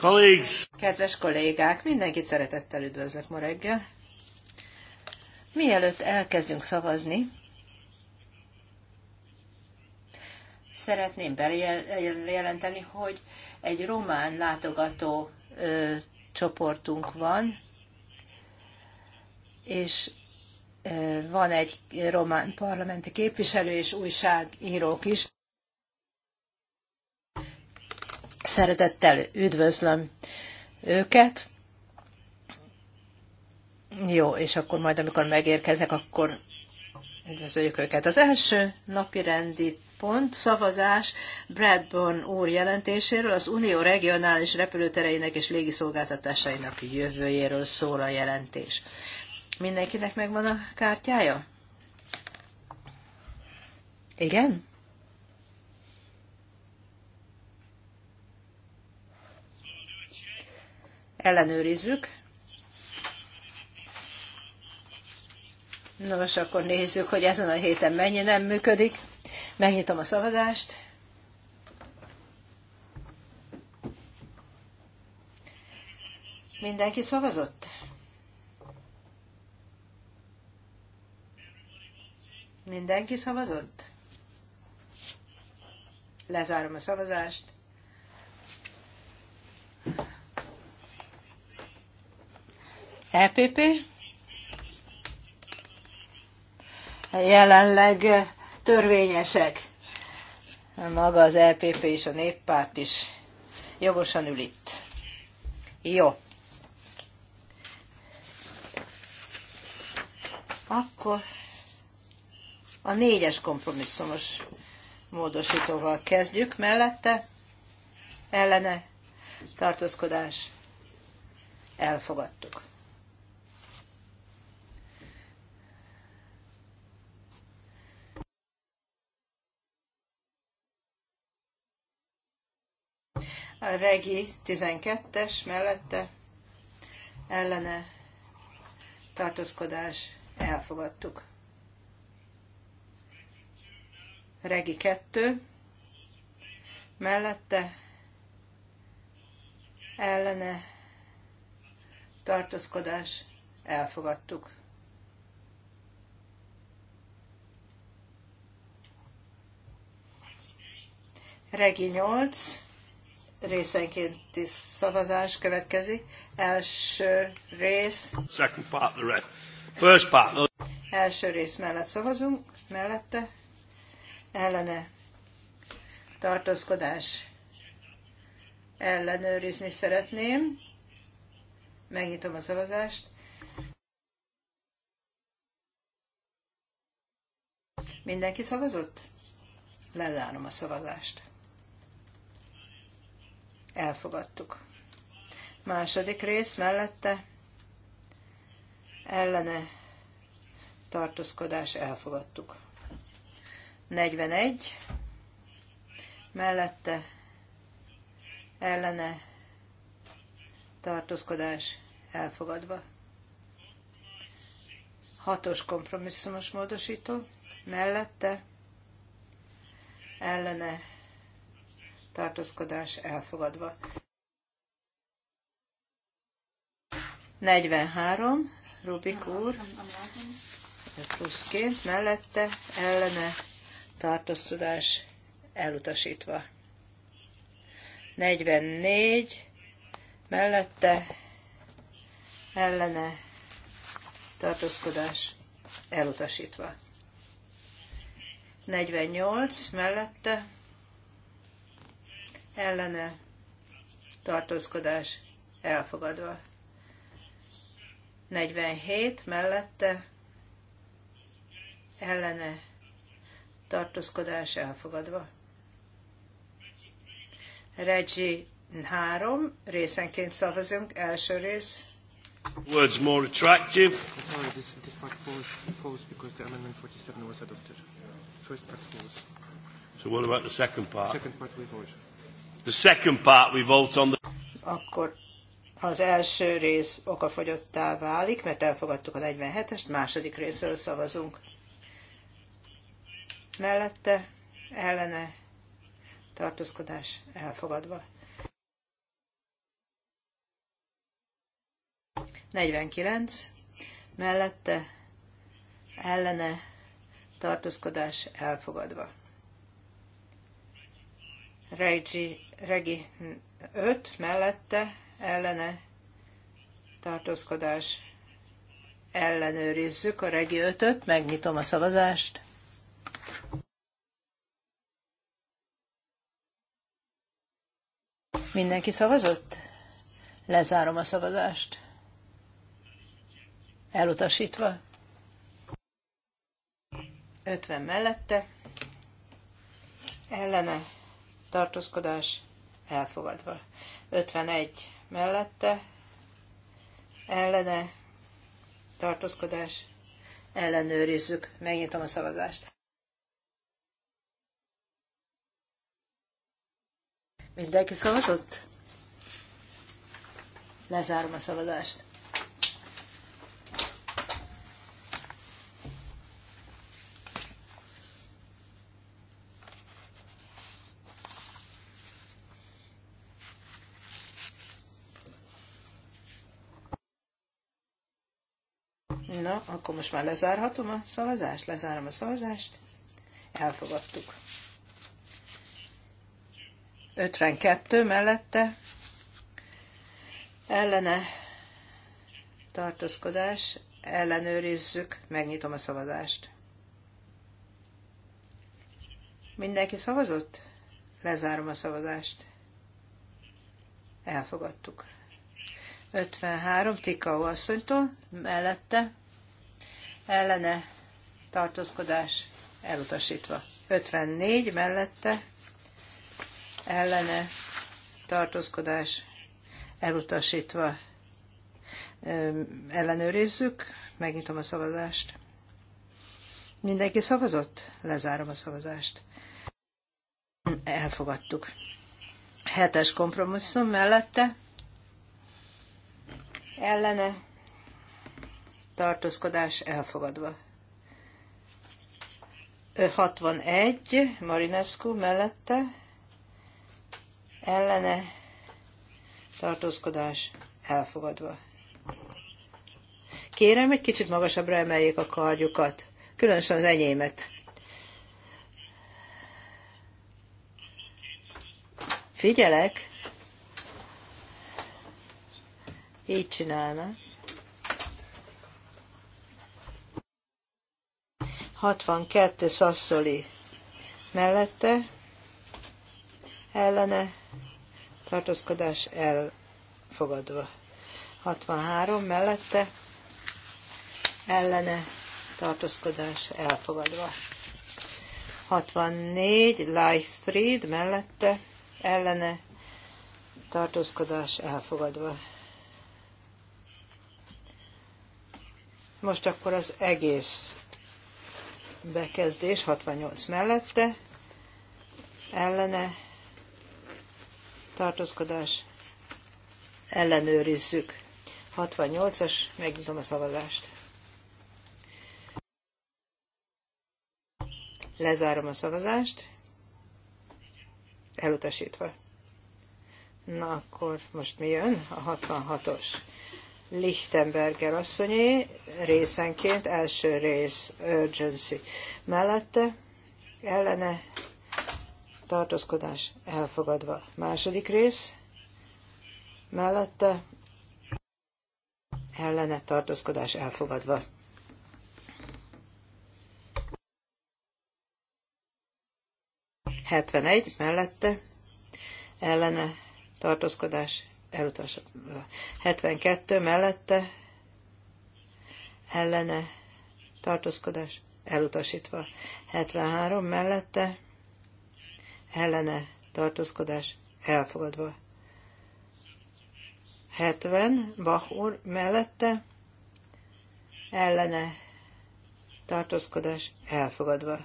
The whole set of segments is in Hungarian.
Colleagues. Kedves kollégák, mindenkit szeretettel üdvözlök ma reggel. Mielőtt elkezdünk szavazni, szeretném bejelenteni, hogy egy román látogató ö, csoportunk van, és ö, van egy román parlamenti képviselő és újságírók is, Szeretettel üdvözlöm őket. Jó, és akkor majd, amikor megérkeznek, akkor üdvözöljük őket. Az első napi rendi pont szavazás Bradburn úr jelentéséről, az Unió regionális repülőtereinek és légiszolgáltatásainak jövőjéről szól a jelentés. Mindenkinek megvan a kártyája? Igen? ellenőrizzük. Na most akkor nézzük, hogy ezen a héten mennyi nem működik. Megnyitom a szavazást. Mindenki szavazott? Mindenki szavazott? Lezárom a szavazást. EPP jelenleg törvényesek. Maga az EPP és a néppárt is jogosan ül itt. Jó. Akkor a négyes kompromisszumos módosítóval kezdjük. Mellette ellene tartózkodás elfogadtuk. A regi 12-es mellette ellene tartózkodás elfogadtuk. Regi 2 mellette ellene tartózkodás elfogadtuk. Regi 8 részenkénti szavazás következik. Első rész. Second part, the red. First part. Első rész mellett szavazunk, mellette ellene tartózkodás ellenőrizni szeretném. Megnyitom a szavazást. Mindenki szavazott? Lezárom a szavazást. Elfogadtuk. Második rész mellette ellene tartózkodás elfogadtuk. 41 mellette ellene tartózkodás elfogadva. Hatos kompromisszumos módosító mellette ellene tartózkodás elfogadva. 43, Rubik úr, plusz két, mellette, ellene, tartózkodás elutasítva. 44, mellette, ellene, tartózkodás elutasítva. 48 mellette ellene tartózkodás elfogadva. 47 mellette ellene tartózkodás elfogadva. Reggie 3 részenként szavazunk, első rész. Words more attractive. Sorry, this, this part falls, falls because the amendment 47 was adopted. First part falls. So what about the second part? Second part we vote. The second part we vote on the... Akkor az első rész okafogyottá válik, mert elfogadtuk a 47-est, második részről szavazunk. Mellette, ellene, tartózkodás elfogadva. 49. Mellette, ellene, tartózkodás elfogadva. Reggie Regi 5 mellette ellene tartózkodás ellenőrizzük a regi 5-öt, megnyitom a szavazást. Mindenki szavazott? Lezárom a szavazást. Elutasítva. 50 mellette. Ellene tartózkodás elfogadva. 51 mellette, ellene, tartózkodás, ellenőrizzük, megnyitom a szavazást. Mindenki szavazott? Lezárom a szavazást. Akkor most már lezárhatom a szavazást? Lezárom a szavazást. Elfogadtuk. 52 mellette ellene tartózkodás, ellenőrizzük, megnyitom a szavazást. Mindenki szavazott? Lezárom a szavazást. Elfogadtuk. 53 Tikau asszonytól, mellette ellene tartózkodás elutasítva. 54 mellette ellene tartózkodás elutasítva. Ellenőrizzük, megnyitom a szavazást. Mindenki szavazott? Lezárom a szavazást. Elfogadtuk. Hetes kompromisszum mellette. Ellene tartózkodás elfogadva. 61, Marinescu mellette, ellene tartózkodás elfogadva. Kérem, egy kicsit magasabbra emeljék a kardjukat, különösen az enyémet. Figyelek, így csinálnak. 62 szasszoli mellette ellene tartózkodás elfogadva. 63 mellette ellene tartózkodás elfogadva. 64 Street mellette ellene tartózkodás elfogadva. Most akkor az egész bekezdés 68 mellette, ellene tartózkodás ellenőrizzük. 68-as, megnyitom a szavazást. Lezárom a szavazást. Elutasítva. Na akkor most mi jön? A 66-os Lichtenberger asszonyé részenként, első rész urgency mellette, ellene tartózkodás elfogadva. Második rész mellette, ellene tartózkodás elfogadva. Hetvenegy mellette, ellene tartózkodás elutasítva. 72 mellette ellene tartózkodás elutasítva. 73 mellette ellene tartózkodás elfogadva. 70 Bahur mellette ellene tartózkodás elfogadva.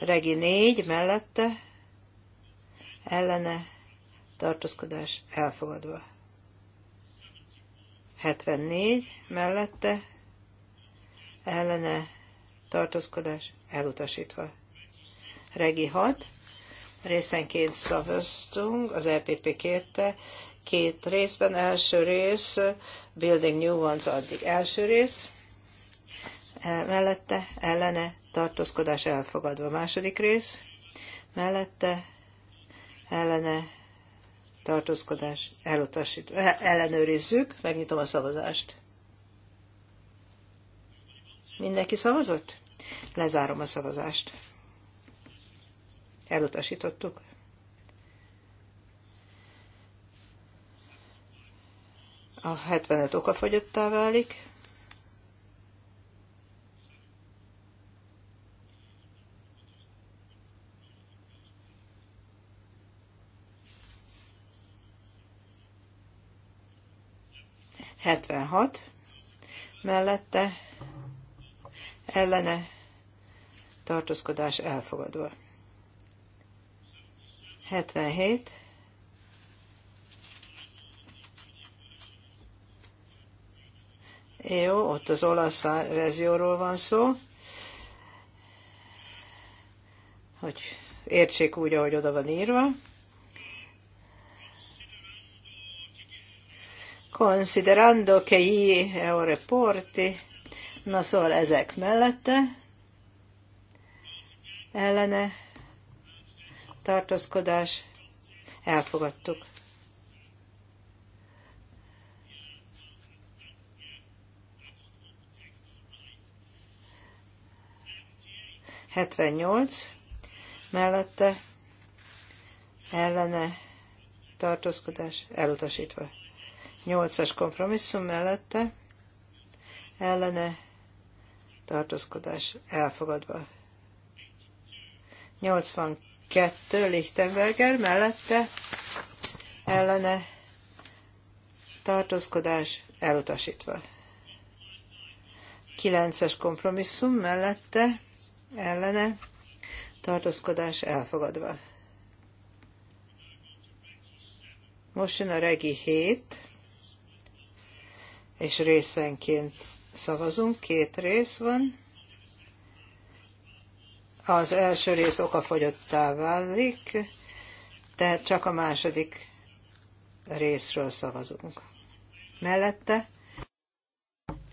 Regi 4 mellette ellene tartózkodás elfogadva. 74 mellette ellene tartózkodás elutasítva. Regi 6 részenként szavaztunk, az LPP e kérte, két részben, első rész, Building New Ones addig első rész, e, mellette, ellene, tartózkodás elfogadva, második rész, mellette, ellene, tartózkodás elutasít. E, ellenőrizzük, megnyitom a szavazást. Mindenki szavazott? Lezárom a szavazást. Elutasítottuk. A 75 fogyottá válik. 76 mellette ellene tartózkodás elfogadva. 77 Jó, ott az olasz verzióról van szó, hogy értsék úgy, ahogy oda van írva. Considerando che i aeroporti, non szóval ezek mellette, ellene, tartózkodás, elfogadtuk. Hetvennyolc mellette ellene tartózkodás elutasítva. Nyolcas kompromisszum mellette ellene tartózkodás elfogadva. 82 Lichtenberger mellette ellene tartózkodás elutasítva. 9-es kompromisszum mellette ellene tartózkodás elfogadva. Most jön a regi 7 és részenként szavazunk. Két rész van. Az első rész okafogyottá válik, tehát csak a második részről szavazunk. Mellette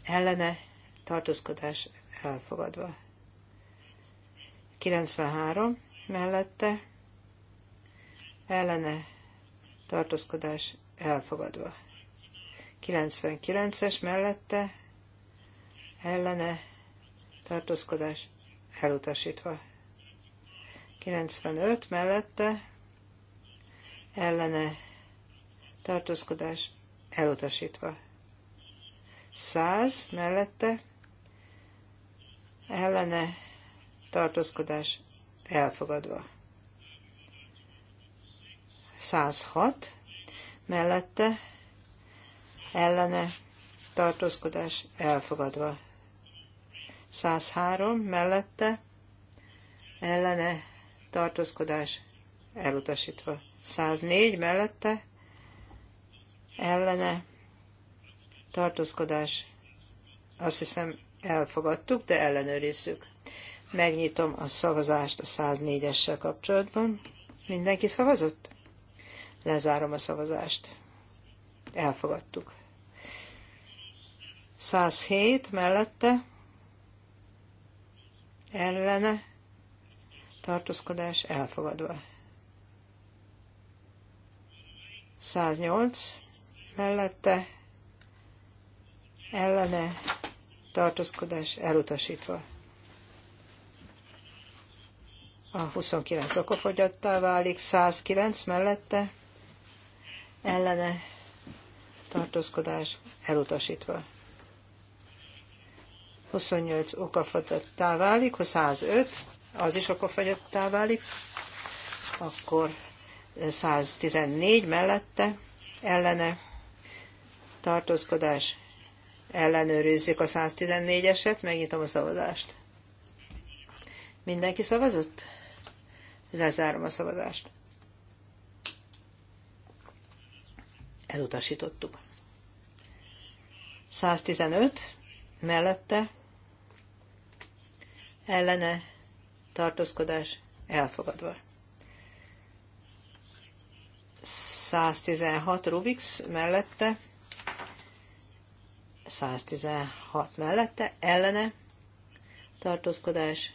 ellene tartózkodás elfogadva. 93 mellette ellene tartózkodás elfogadva. 99-es mellette ellene tartózkodás elutasítva. 95 mellette ellene tartózkodás elutasítva. 100 mellette ellene tartózkodás elfogadva. 106 mellette ellene tartózkodás elfogadva. 103 mellette ellene tartózkodás elutasítva. 104 mellette ellene tartózkodás azt hiszem elfogadtuk, de ellenőrizzük. Megnyitom a szavazást a 104-essel kapcsolatban. Mindenki szavazott? Lezárom a szavazást. Elfogadtuk. 107 mellette ellene tartózkodás elfogadva. 108 mellette ellene tartózkodás elutasítva. A 29 okofogyattá válik, 109 mellette ellene tartózkodás elutasítva. 28 okafogyottá válik, ha 105, az is okafogyottá válik, akkor 114 mellette ellene tartózkodás ellenőrizzük a 114-eset, megnyitom a szavazást. Mindenki szavazott? Zárom a szavazást. Elutasítottuk. 115 mellette ellene tartózkodás elfogadva. 116 Rubix mellette, 116 mellette, ellene tartózkodás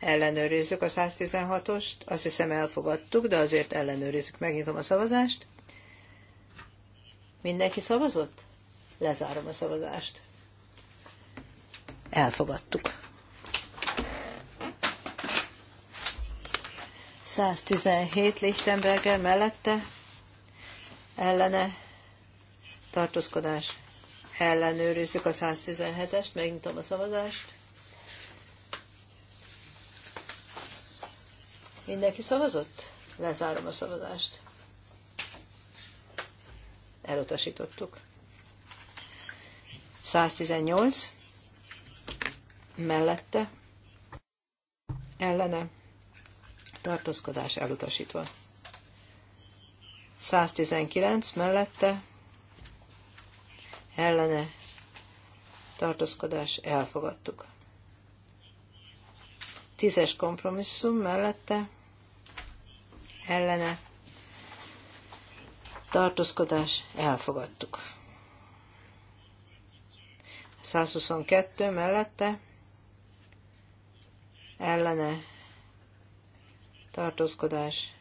ellenőrizzük a 116-ost, azt hiszem elfogadtuk, de azért ellenőrizzük, megnyitom a szavazást. Mindenki szavazott? Lezárom a szavazást. Elfogadtuk. 117 Lichtenberger mellette ellene tartózkodás. Ellenőrizzük a 117-est, megnyitom a szavazást. Mindenki szavazott? Lezárom a szavazást. Elutasítottuk. 118 mellette ellene tartózkodás elutasítva. 119 mellette ellene tartózkodás elfogadtuk. Tízes kompromisszum mellette ellene tartózkodás elfogadtuk. 122 mellette ellene tartózkodás,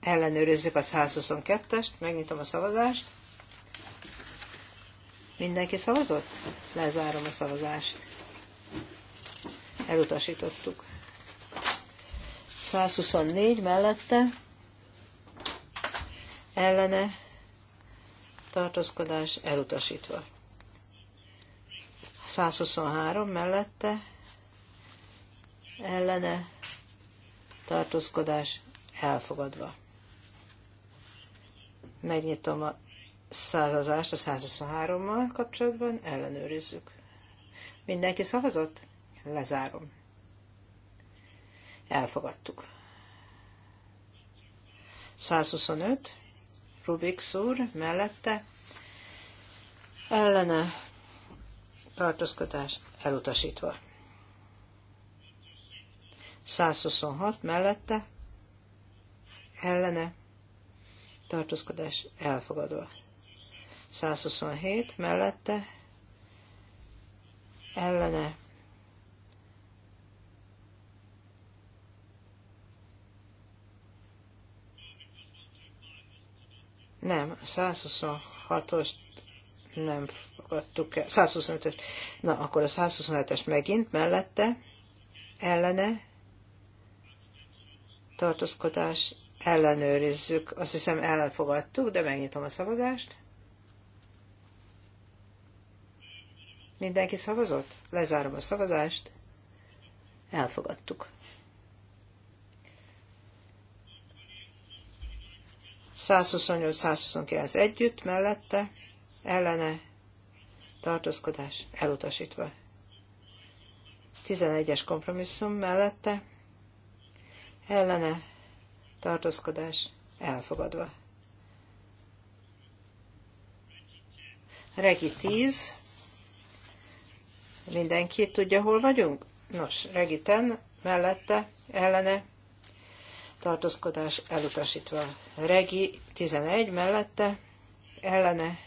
ellenőrizzük a 122-est, megnyitom a szavazást. Mindenki szavazott? Lezárom a szavazást. Elutasítottuk. 124 mellette ellene tartózkodás elutasítva. 123 mellette ellene tartózkodás elfogadva. Megnyitom a szavazást a 123-mal kapcsolatban, ellenőrizzük. Mindenki szavazott? Lezárom. Elfogadtuk. 125, Rubik szúr mellette, ellene tartózkodás elutasítva. 126 mellette ellene tartózkodás elfogadva. 127 mellette ellene Nem, 126-ost nem fogadtuk el. 125-ös. Na, akkor a 127 es megint mellette, ellene, tartózkodás ellenőrizzük. Azt hiszem elfogadtuk, de megnyitom a szavazást. Mindenki szavazott? Lezárom a szavazást. Elfogadtuk. 128 együtt, mellette, ellene, tartózkodás, elutasítva. 11-es kompromisszum mellette, ellene tartózkodás elfogadva. Regi 10. Mindenki tudja, hol vagyunk? Nos, Regi 10, mellette, ellene, tartózkodás elutasítva. Regi 11, mellette, ellene,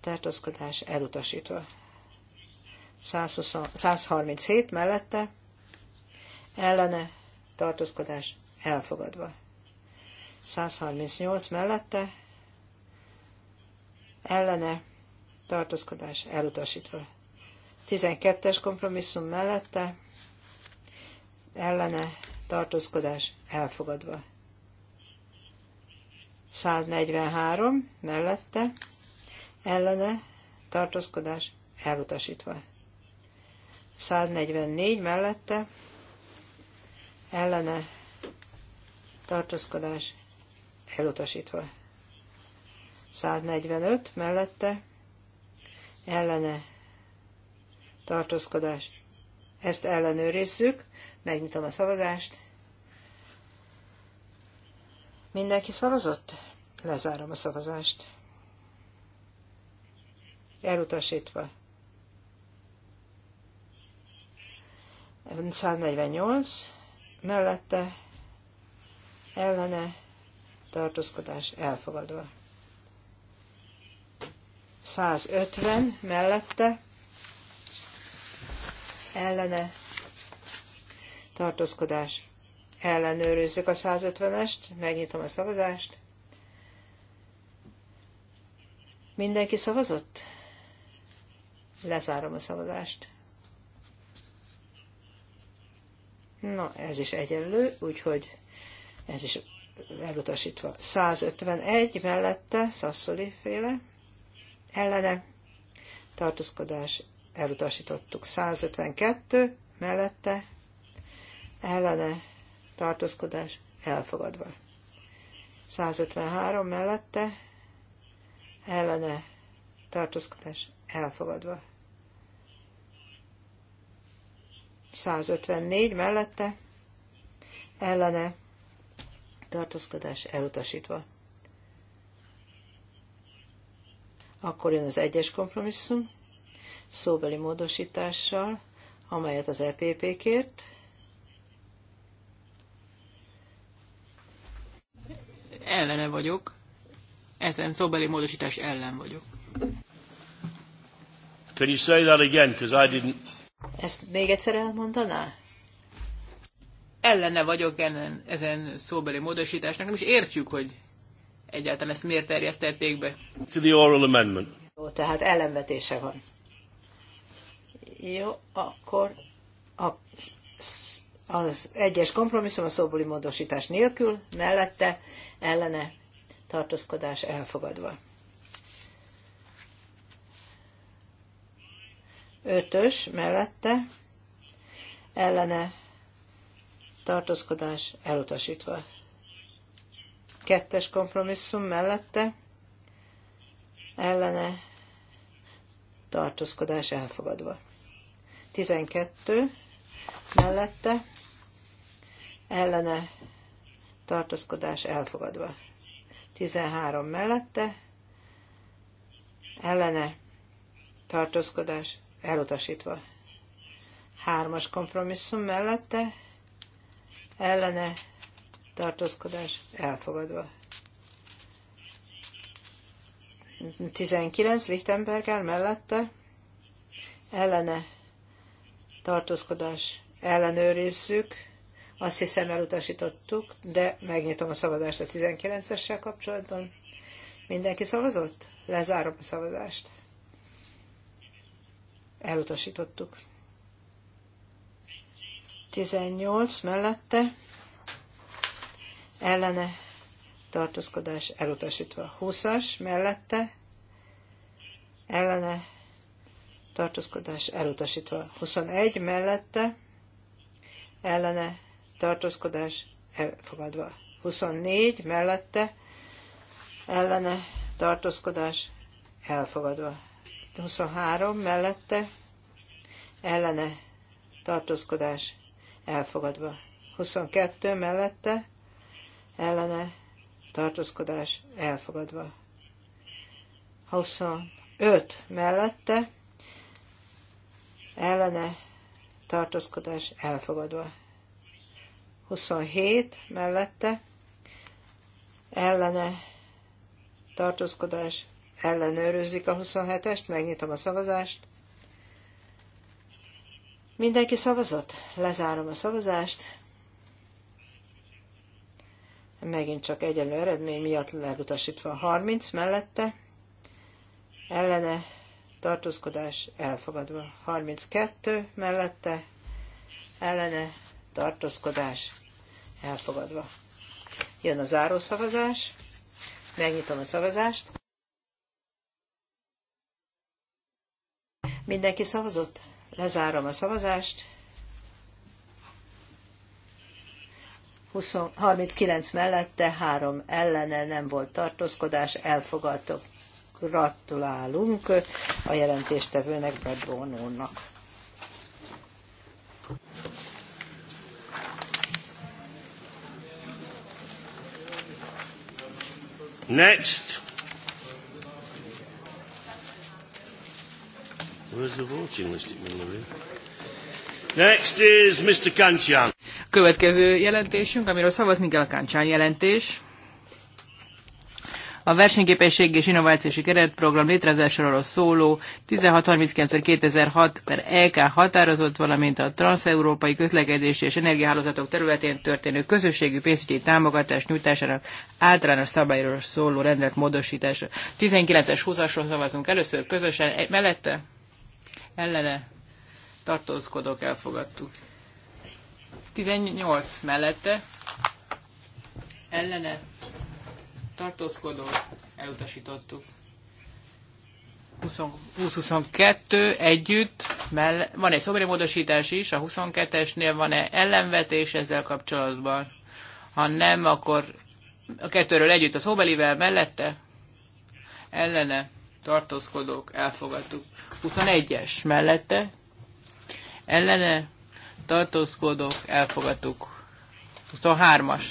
tartózkodás elutasítva. 127 mellette, ellene, tartózkodás elfogadva. 138 mellette ellene tartózkodás elutasítva. 12-es kompromisszum mellette ellene tartózkodás elfogadva. 143 mellette ellene tartózkodás elutasítva. 144 mellette ellene tartózkodás elutasítva. 145 mellette ellene tartózkodás. Ezt ellenőrizzük, megnyitom a szavazást. Mindenki szavazott? Lezárom a szavazást. Elutasítva. 148 mellette ellene tartózkodás elfogadva. 150 mellette ellene tartózkodás ellenőrizzük a 150-est, megnyitom a szavazást. Mindenki szavazott? Lezárom a szavazást. Na, ez is egyenlő, úgyhogy ez is elutasítva. 151 mellette, szasszoli féle, ellene, tartózkodás, elutasítottuk. 152 mellette, ellene, tartózkodás, elfogadva. 153 mellette, ellene, tartózkodás, elfogadva. 154 mellette ellene tartózkodás elutasítva. Akkor jön az egyes kompromisszum, szóbeli módosítással, amelyet az EPP kért. Ellene vagyok. Ezen szóbeli módosítás ellen vagyok. Can you say that again? Because I didn't ezt még egyszer elmondaná? Ellene vagyok ennen, ezen szóbeli módosításnak, nem is értjük, hogy egyáltalán ezt miért terjesztették be. To the oral amendment. Jó, tehát ellenvetése van. Jó, akkor a, az egyes kompromisszum a szóbeli módosítás nélkül, mellette ellene tartózkodás elfogadva. Ötös mellette ellene tartózkodás elutasítva. Kettes kompromisszum mellette ellene tartózkodás elfogadva. tizenkettő mellette ellene tartózkodás elfogadva. 13 mellette ellene tartózkodás elutasítva. Hármas kompromisszum mellette ellene tartózkodás elfogadva. 19 Lichtenberger mellette ellene tartózkodás ellenőrizzük. Azt hiszem elutasítottuk, de megnyitom a szavazást a 19-essel kapcsolatban. Mindenki szavazott? Lezárom a szavazást elutasítottuk. 18 mellette ellene tartózkodás elutasítva. 20-as mellette ellene tartózkodás elutasítva. 21 mellette ellene tartózkodás elfogadva. 24 mellette ellene tartózkodás elfogadva. 23 mellette ellene tartózkodás elfogadva. 22 mellette ellene tartózkodás elfogadva. 25 mellette ellene tartózkodás elfogadva. 27 mellette ellene tartózkodás ellenőrözzük a 27-est, megnyitom a szavazást. Mindenki szavazott? Lezárom a szavazást. Megint csak egyenlő eredmény miatt legutasítva 30 mellette. Ellene tartózkodás elfogadva. 32 mellette. Ellene tartózkodás elfogadva. Jön a zárószavazás. Megnyitom a szavazást. Mindenki szavazott? Lezárom a szavazást. 20, 39 mellette, 3 ellene nem volt tartózkodás, elfogadtok. Gratulálunk a jelentéstevőnek, Bedbón úrnak. Next. Where's the voting list Next is Mr. Kanchan. Következő jelentésünk, amiről szavazni kell a Kanchan jelentés. A versenyképesség és innovációs keretprogram létrehozásáról szóló 1639-2006 per EK határozott, valamint a transeurópai közlekedési és energiahálózatok területén történő közösségű pénzügyi támogatás nyújtásának általános szabályról szóló rendelet módosítása. 19-es 20-asról szavazunk először közösen, mellette ellene tartózkodok, elfogadtuk. 18 mellette ellene tartózkodók elutasítottuk. 20-22 együtt, mell- van egy szobrémódosítás is, a 22-esnél van-e ellenvetés ezzel kapcsolatban? Ha nem, akkor a kettőről együtt a szóbelivel mellette ellene tartózkodók, elfogadtuk. 21-es mellette, ellene, tartózkodók, elfogadtuk. 23-as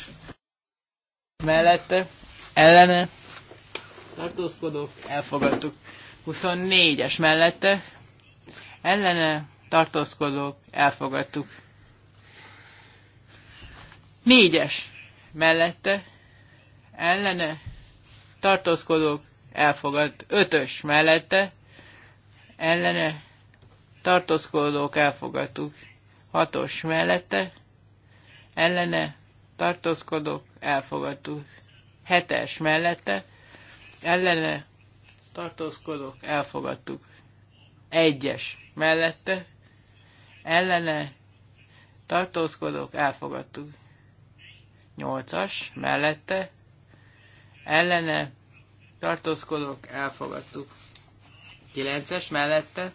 mellette, ellene, tartózkodók, elfogadtuk. 24-es mellette, ellene, tartózkodók, elfogadtuk. 4-es mellette, ellene, tartózkodók, elfogadt, ötös mellette, ellene tartózkodók elfogadtuk, hatos mellette, ellene tartózkodók elfogadtuk, hetes mellette, ellene tartózkodók elfogadtuk, egyes mellette, ellene tartózkodók elfogadtuk, nyolcas mellette, ellene tartózkodók, elfogadtuk. 9-es mellette,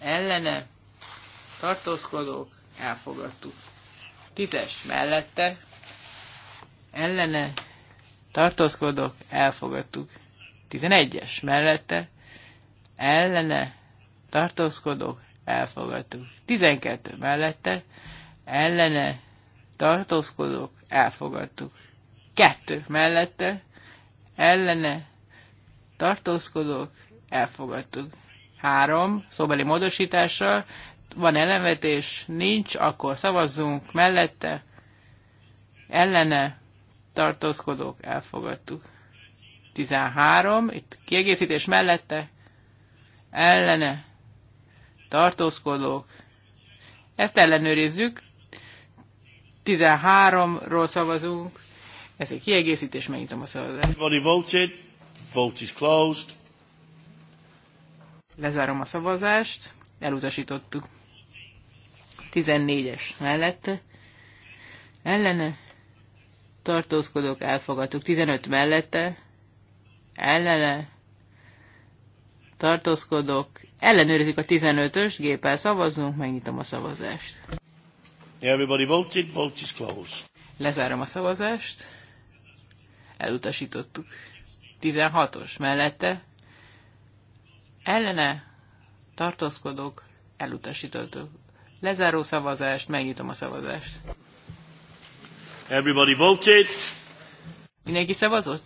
ellene, tartózkodók, elfogadtuk. 10-es mellette, ellene, tartózkodók, elfogadtuk. 11-es mellette, ellene, tartózkodók, elfogadtuk. 12 mellette, ellene, tartózkodók, elfogadtuk. 2 mellette, ellene tartózkodók, elfogadtuk. Három, szóbeli módosítással, van ellenvetés, nincs, akkor szavazzunk mellette, ellene tartózkodók, elfogadtuk. 13, itt kiegészítés mellette, ellene tartózkodók. Ezt ellenőrizzük. 13-ról szavazunk. Ez egy kiegészítés, megnyitom a szavazást. Everybody voted. Vote is closed. Lezárom a szavazást. Elutasítottuk. 14-es mellette. Ellene. Tartózkodok, elfogadtuk. 15 mellette. Ellene. Tartózkodok. Ellenőrizzük a 15-ös géppel szavazunk, megnyitom a szavazást. Everybody voted, vote is closed. Lezárom a szavazást elutasítottuk. 16-os mellette ellene tartózkodok, elutasítottuk. Lezáró szavazást, megnyitom a szavazást. Everybody voted. Mindenki szavazott?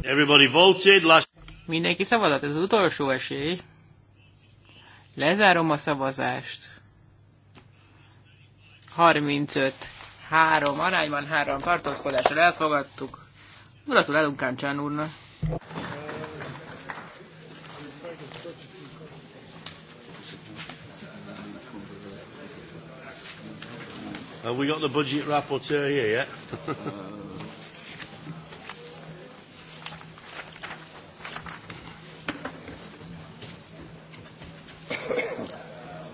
Everybody voted. Last... Mindenki szavazott, ez az utolsó esély. Lezárom a szavazást. 35 három arányban, három tartózkodással elfogadtuk. Gratulálunk Káncsán úrnak! Have we got the budget rapporteur here yet?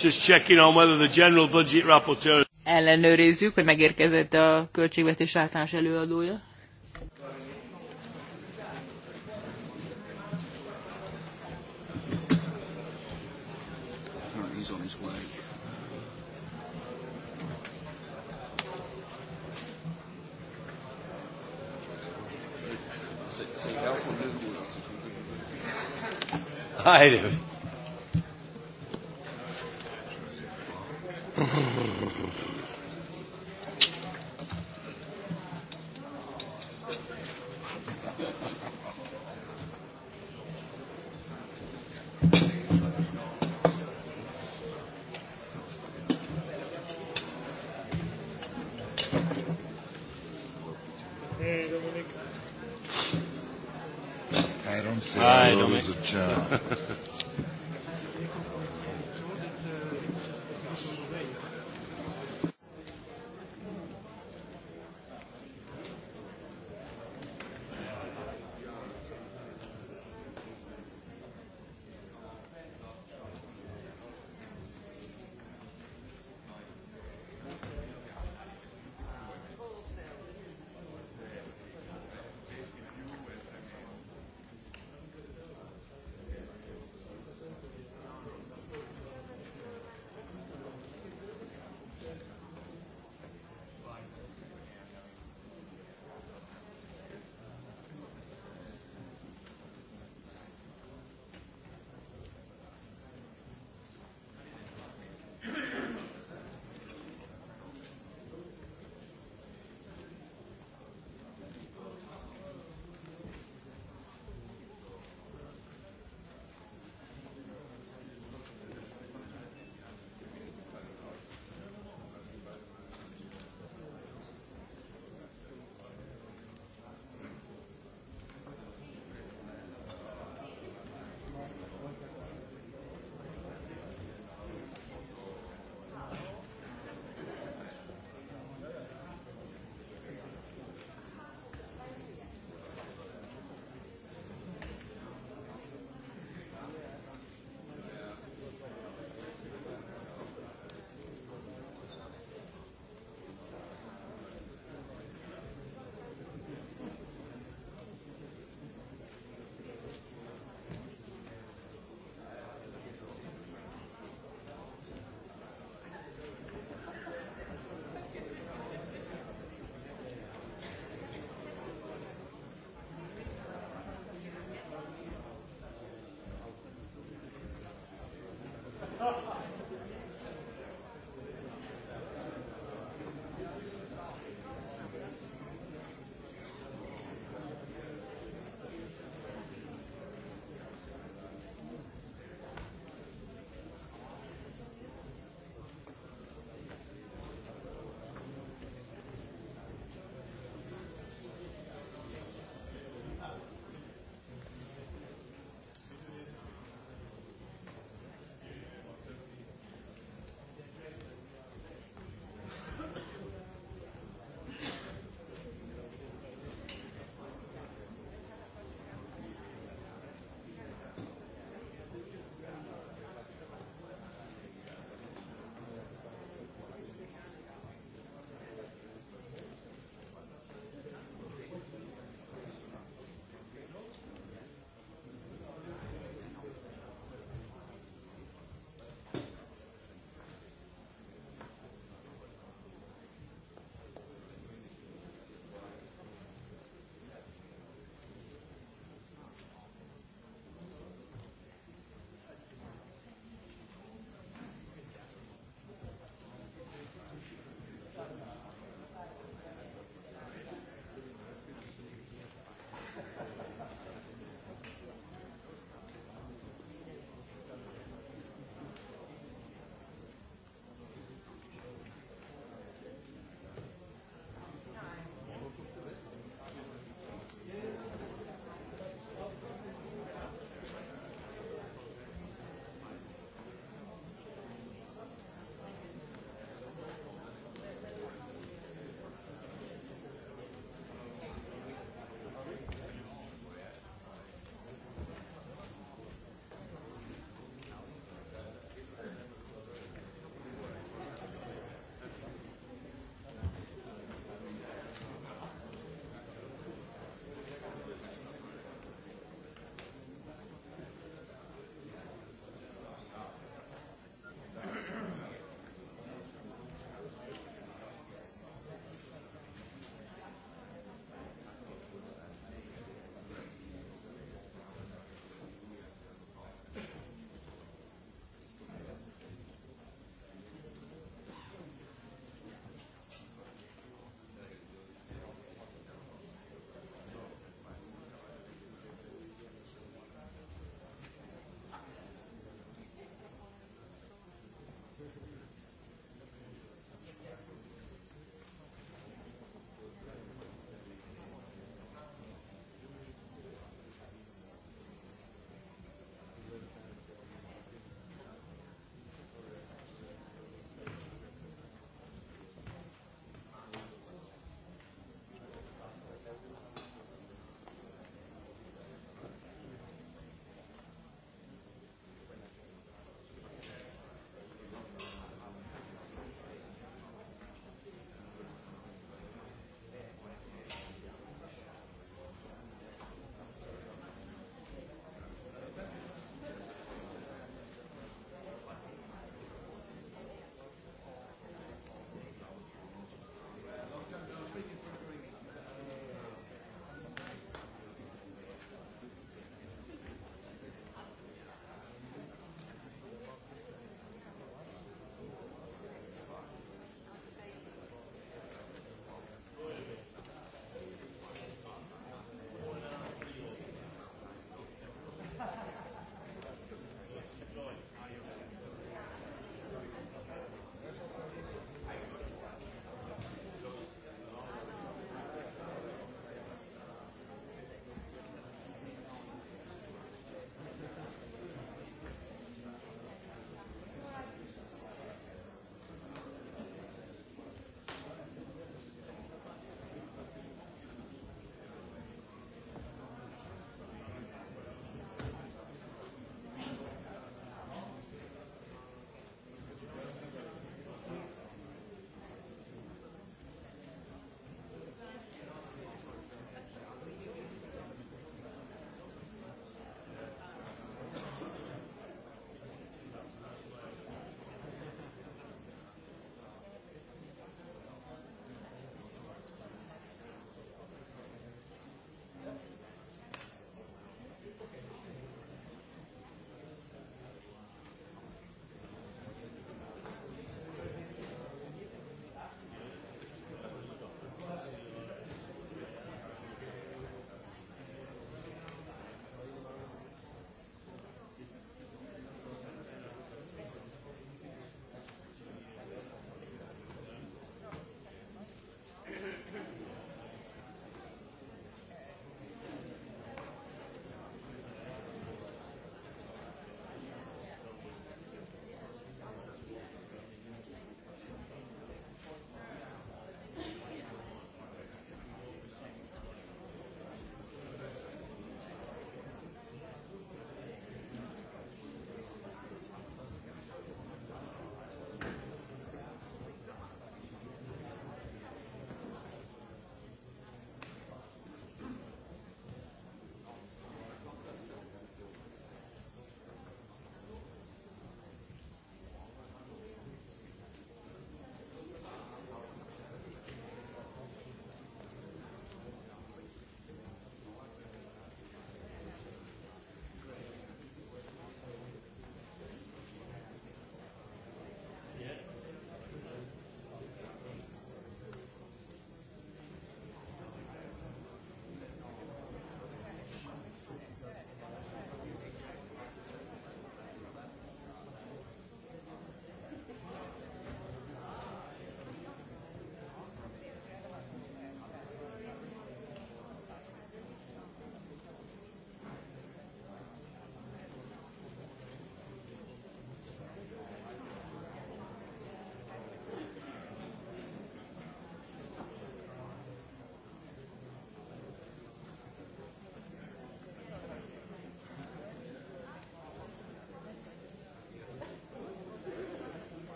Just checking on whether the general budget rapporteur ellenőrizzük, hogy megérkezett a költségvetés általános előadója. Hi, dude.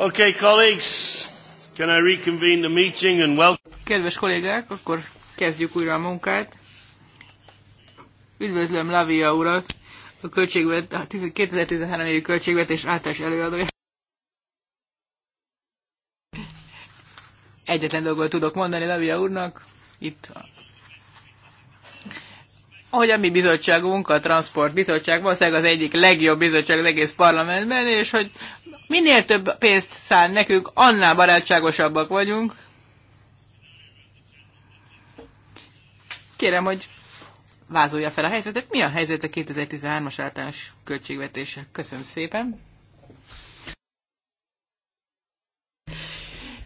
Okay, colleagues, can I reconvene the meeting and welcome... Kedves kollégák, akkor kezdjük újra a munkát. Üdvözlöm Lavia urat, a, költségvet, a 2013 évi költségvetés általános előadója. Egyetlen dolgot tudok mondani Lavia úrnak, itt ahogy a mi bizottságunk, a Transport Bizottság valószínűleg az egyik legjobb bizottság az egész parlamentben, és hogy Minél több pénzt száll nekünk, annál barátságosabbak vagyunk. Kérem, hogy vázolja fel a helyzetet. Mi a helyzet a 2013-as általános költségvetése? Köszönöm szépen.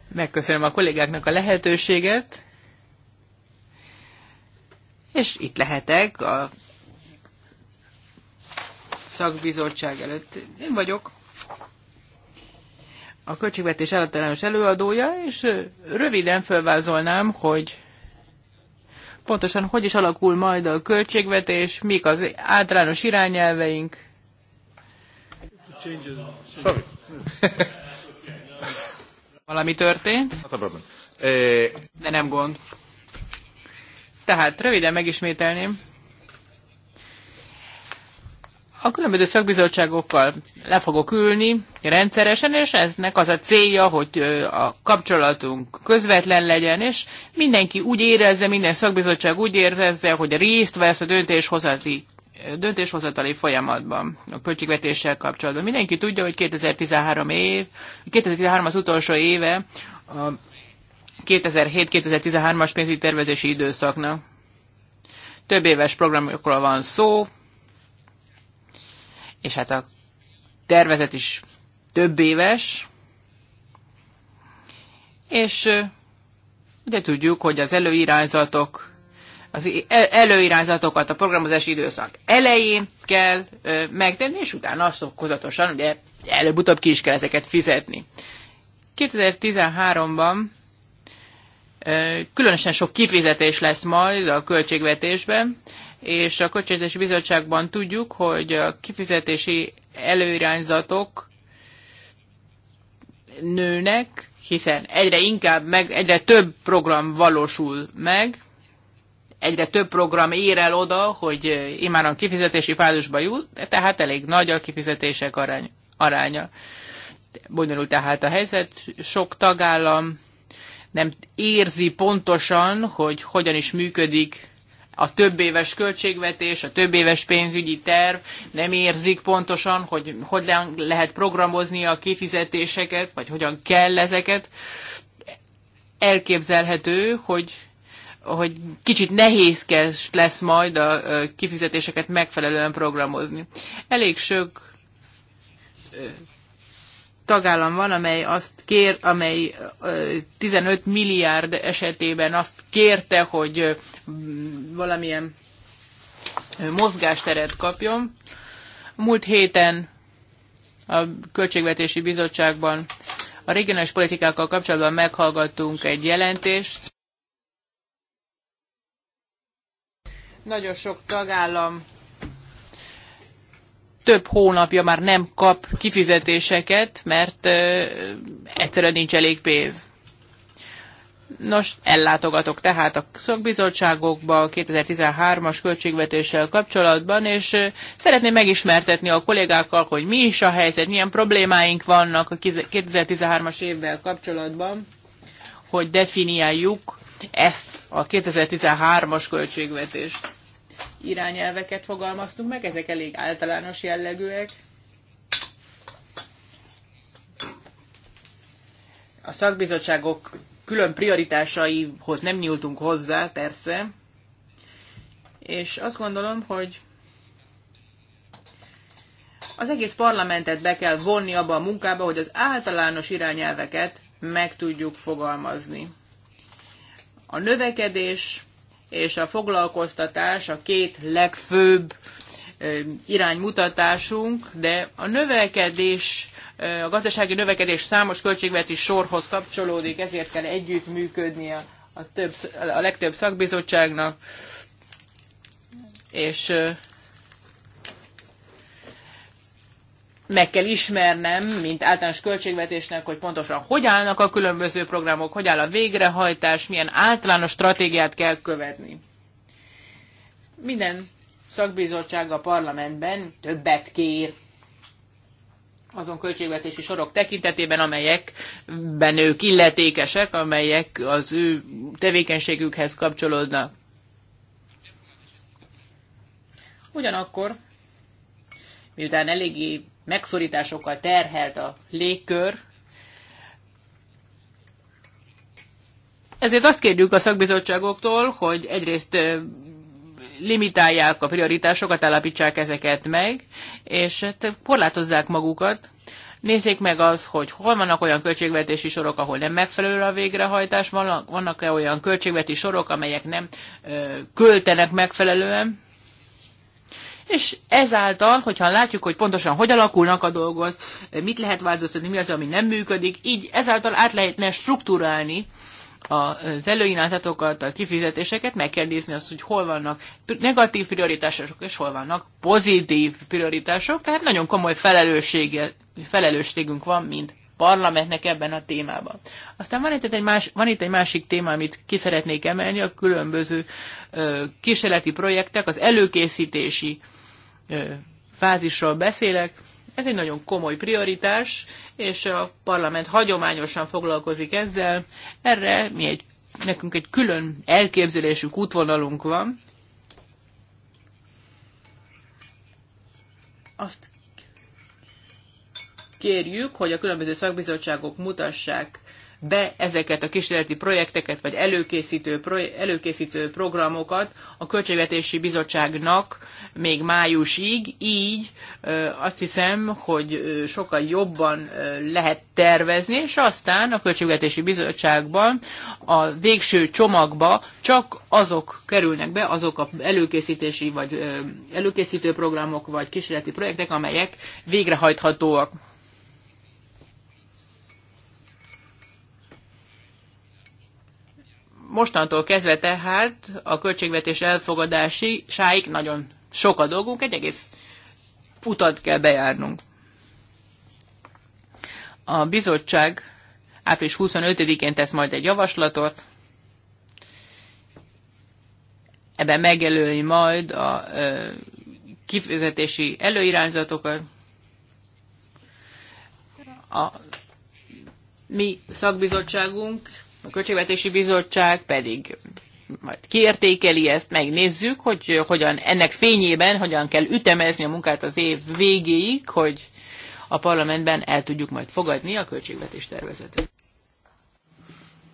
Megköszönöm a kollégáknak a lehetőséget. És itt lehetek a szakbizottság előtt. Én vagyok a költségvetés általános előadója, és röviden felvázolnám, hogy pontosan hogy is alakul majd a költségvetés, mik az általános irányelveink. Sorry. Valami történt? Eh, De nem gond. Tehát röviden megismételném a különböző szakbizottságokkal le fogok ülni rendszeresen, és eznek az a célja, hogy a kapcsolatunk közvetlen legyen, és mindenki úgy érezze, minden szakbizottság úgy érezze, hogy részt vesz a döntéshozatali döntéshozatali folyamatban, a költségvetéssel kapcsolatban. Mindenki tudja, hogy 2013 év, 2013 az utolsó éve a 2007-2013-as pénzügyi tervezési időszaknak. Több éves programokról van szó, és hát a tervezet is több éves, és ugye tudjuk, hogy az előirányzatok, az előirányzatokat a programozási időszak elején kell megtenni, és utána szokozatosan, ugye előbb-utóbb ki is kell ezeket fizetni. 2013-ban különösen sok kifizetés lesz majd a költségvetésben, és a Költségvetési Bizottságban tudjuk, hogy a kifizetési előirányzatok nőnek, hiszen egyre inkább, meg, egyre több program valósul meg, egyre több program ér el oda, hogy imáron kifizetési fázisba jut, tehát elég nagy a kifizetések arány, aránya. Bonyolult tehát a helyzet, sok tagállam nem érzi pontosan, hogy hogyan is működik a több éves költségvetés, a több éves pénzügyi terv, nem érzik pontosan, hogy hogyan lehet programozni a kifizetéseket, vagy hogyan kell ezeket. Elképzelhető, hogy hogy kicsit nehézkes lesz majd a kifizetéseket megfelelően programozni. Elég sok tagállam van, amely azt kér, amely 15 milliárd esetében azt kérte, hogy valamilyen mozgásteret kapjon. Múlt héten a Költségvetési Bizottságban a regionális politikákkal kapcsolatban meghallgattunk egy jelentést. Nagyon sok tagállam több hónapja már nem kap kifizetéseket, mert egyszerűen nincs elég pénz. Nos, ellátogatok tehát a szakbizottságokba 2013-as költségvetéssel kapcsolatban, és szeretném megismertetni a kollégákkal, hogy mi is a helyzet, milyen problémáink vannak a 2013-as évvel kapcsolatban, hogy definiáljuk ezt a 2013-as költségvetést irányelveket fogalmaztunk meg, ezek elég általános jellegűek. A szakbizottságok külön prioritásaihoz nem nyúltunk hozzá, persze, és azt gondolom, hogy az egész parlamentet be kell vonni abba a munkába, hogy az általános irányelveket meg tudjuk fogalmazni. A növekedés, és a foglalkoztatás a két legfőbb iránymutatásunk, de a növekedés, a gazdasági növekedés számos költségvetés sorhoz kapcsolódik, ezért kell együttműködni a, a, több, a legtöbb szakbizottságnak, és meg kell ismernem, mint általános költségvetésnek, hogy pontosan hogy állnak a különböző programok, hogy áll a végrehajtás, milyen általános stratégiát kell követni. Minden szakbizottság a parlamentben többet kér azon költségvetési sorok tekintetében, amelyekben ők illetékesek, amelyek az ő tevékenységükhez kapcsolódnak. Ugyanakkor, miután eléggé megszorításokkal terhelt a légkör. Ezért azt kérjük a szakbizottságoktól, hogy egyrészt limitálják a prioritásokat, állapítsák ezeket meg, és hát korlátozzák magukat. Nézzék meg az, hogy hol vannak olyan költségvetési sorok, ahol nem megfelelő a végrehajtás, vannak-e olyan költségvetési sorok, amelyek nem költenek megfelelően és ezáltal, hogyha látjuk, hogy pontosan hogy alakulnak a dolgok, mit lehet változtatni, mi az, ami nem működik, így ezáltal át lehetne struktúrálni az előírásokat, a kifizetéseket, meg kell nézni azt, hogy hol vannak negatív prioritások, és hol vannak pozitív prioritások, tehát nagyon komoly felelősségünk van, mint parlamentnek ebben a témában. Aztán van itt egy, más, van itt egy másik téma, amit ki szeretnék emelni, a különböző ö, kísérleti projektek, az előkészítési fázisról beszélek. Ez egy nagyon komoly prioritás, és a parlament hagyományosan foglalkozik ezzel. Erre mi egy, nekünk egy külön elképzelésük, útvonalunk van. Azt kérjük, hogy a különböző szakbizottságok mutassák be ezeket a kísérleti projekteket, vagy előkészítő, előkészítő programokat a Költségvetési Bizottságnak még májusig, így azt hiszem, hogy sokkal jobban lehet tervezni, és aztán a Költségvetési Bizottságban a végső csomagba csak azok kerülnek be, azok a előkészítési vagy előkészítő programok, vagy kísérleti projektek, amelyek végrehajthatóak. mostantól kezdve tehát a költségvetés sáig nagyon sok a dolgunk, egy egész utat kell bejárnunk. A bizottság április 25-én tesz majd egy javaslatot, ebben megjelöli majd a kifizetési előirányzatokat. A mi szakbizottságunk a Költségvetési Bizottság pedig majd kiértékeli ezt, megnézzük, hogy hogyan ennek fényében hogyan kell ütemezni a munkát az év végéig, hogy a parlamentben el tudjuk majd fogadni a költségvetés tervezetet.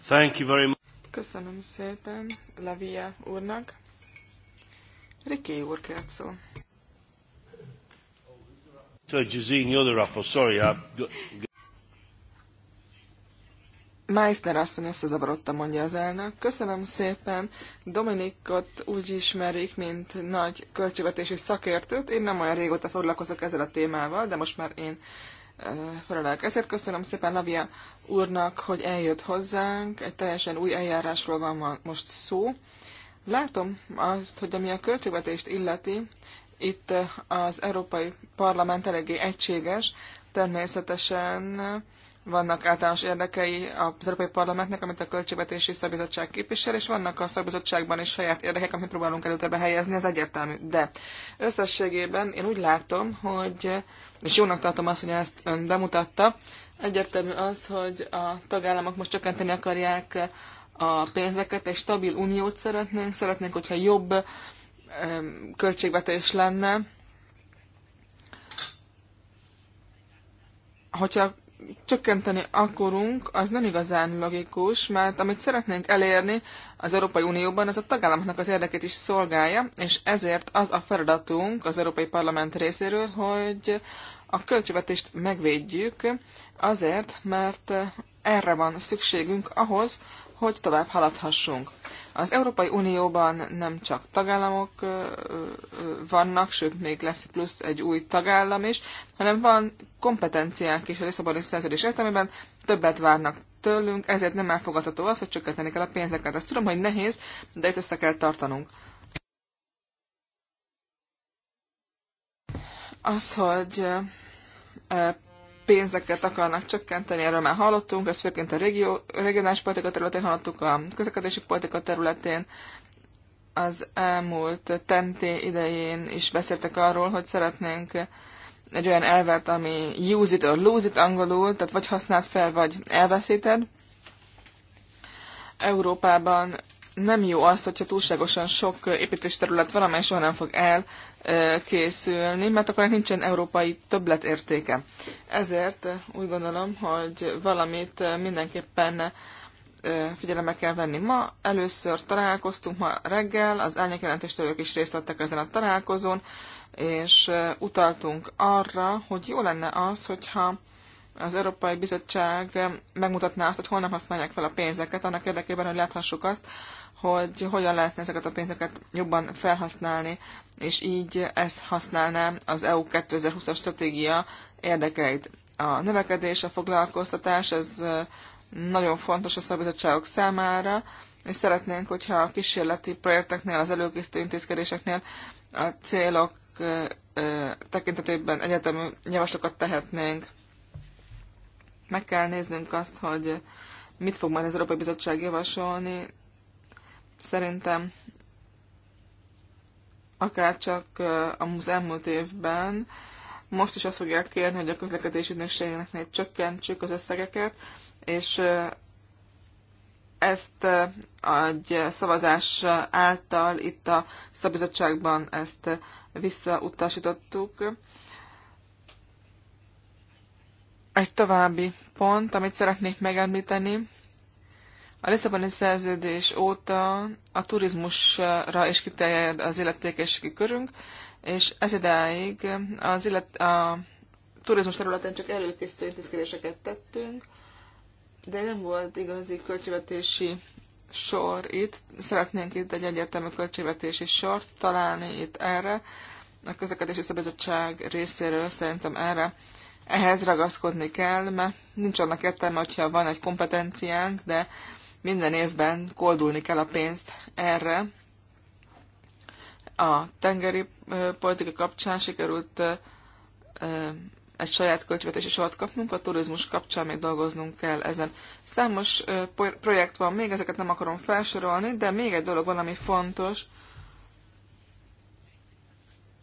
Thank you very much. Köszönöm szépen Lavia úrnak. Riké úr kért szó. Jazine, you're Meissner asszony összezavarodta, mondja az elnök. Köszönöm szépen. Dominikot úgy ismerik, mint nagy költségvetési szakértőt. Én nem olyan régóta foglalkozok ezzel a témával, de most már én felelek. Ezért köszönöm szépen Lavia úrnak, hogy eljött hozzánk. Egy teljesen új eljárásról van most szó. Látom azt, hogy ami a költségvetést illeti, itt az Európai Parlament eléggé egységes, természetesen vannak általános érdekei az Európai Parlamentnek, amit a Költségvetési Szabizottság képvisel, és vannak a szabizottságban is saját érdekek, amit próbálunk előtte helyezni, ez egyértelmű. De összességében én úgy látom, hogy, és jónak tartom azt, hogy ezt ön bemutatta, egyértelmű az, hogy a tagállamok most csökkenteni akarják a pénzeket, egy stabil uniót szeretnénk, szeretnénk, hogyha jobb költségvetés lenne, hogyha csökkenteni akarunk, az nem igazán logikus, mert amit szeretnénk elérni az Európai Unióban, az a tagállamoknak az érdekét is szolgálja, és ezért az a feladatunk az Európai Parlament részéről, hogy a költségvetést megvédjük, azért, mert erre van szükségünk ahhoz, hogy tovább haladhassunk. Az Európai Unióban nem csak tagállamok vannak, sőt még lesz plusz egy új tagállam is, hanem van kompetenciák is a Lisszaboni szerződés értelmében, többet várnak tőlünk, ezért nem elfogadható az, hogy csökkenteni kell a pénzeket. Azt tudom, hogy nehéz, de itt össze kell tartanunk. Az, hogy pénzeket akarnak csökkenteni, erről már hallottunk, ezt főként a regió, regionális politika területén hallottuk, a közlekedési politika területén, az elmúlt tenté idején is beszéltek arról, hogy szeretnénk egy olyan elvet, ami use it or lose it angolul, tehát vagy használd fel, vagy elveszíted. Európában nem jó az, hogyha túlságosan sok terület van, amely soha nem fog el készülni, mert akkor nincsen európai többletértéke. Ezért úgy gondolom, hogy valamit mindenképpen figyelembe kell venni. Ma először találkoztunk ma reggel, az elnyekjelentéstevők is részt vettek ezen a találkozón, és utaltunk arra, hogy jó lenne az, hogyha az Európai Bizottság megmutatná azt, hogy holnap használják fel a pénzeket, annak érdekében, hogy láthassuk azt, hogy hogyan lehetne ezeket a pénzeket jobban felhasználni, és így ez használná az EU 2020-as stratégia érdekeit. A növekedés, a foglalkoztatás, ez nagyon fontos a szabadságok számára, és szeretnénk, hogyha a kísérleti projekteknél, az előkészítő intézkedéseknél a célok tekintetében egyetemű javaslatokat tehetnénk. Meg kell néznünk azt, hogy mit fog majd az Európai Bizottság javasolni, Szerintem akár csak a elmúlt évben most is azt fogják kérni, hogy a közlekedési ügynökségeknél csökkentsük az összegeket, és ezt egy szavazás által itt a szabizottságban ezt visszautasítottuk. Egy további pont, amit szeretnék megemlíteni, a Lisszaboni szerződés óta a turizmusra is kiterjed az illetékességi körünk, és ez idáig az illet, a turizmus területén csak előkészítő intézkedéseket tettünk, de nem volt igazi költségvetési sor itt. Szeretnénk itt egy egyértelmű költségvetési sort találni itt erre. A közlekedési szabadság részéről szerintem erre ehhez ragaszkodni kell, mert nincs annak értelme, hogyha van egy kompetenciánk, de minden évben koldulni kell a pénzt erre. A tengeri politika kapcsán sikerült egy saját költségvetési sort kapnunk, a turizmus kapcsán még dolgoznunk kell ezen. Számos projekt van még, ezeket nem akarom felsorolni, de még egy dolog van, ami fontos.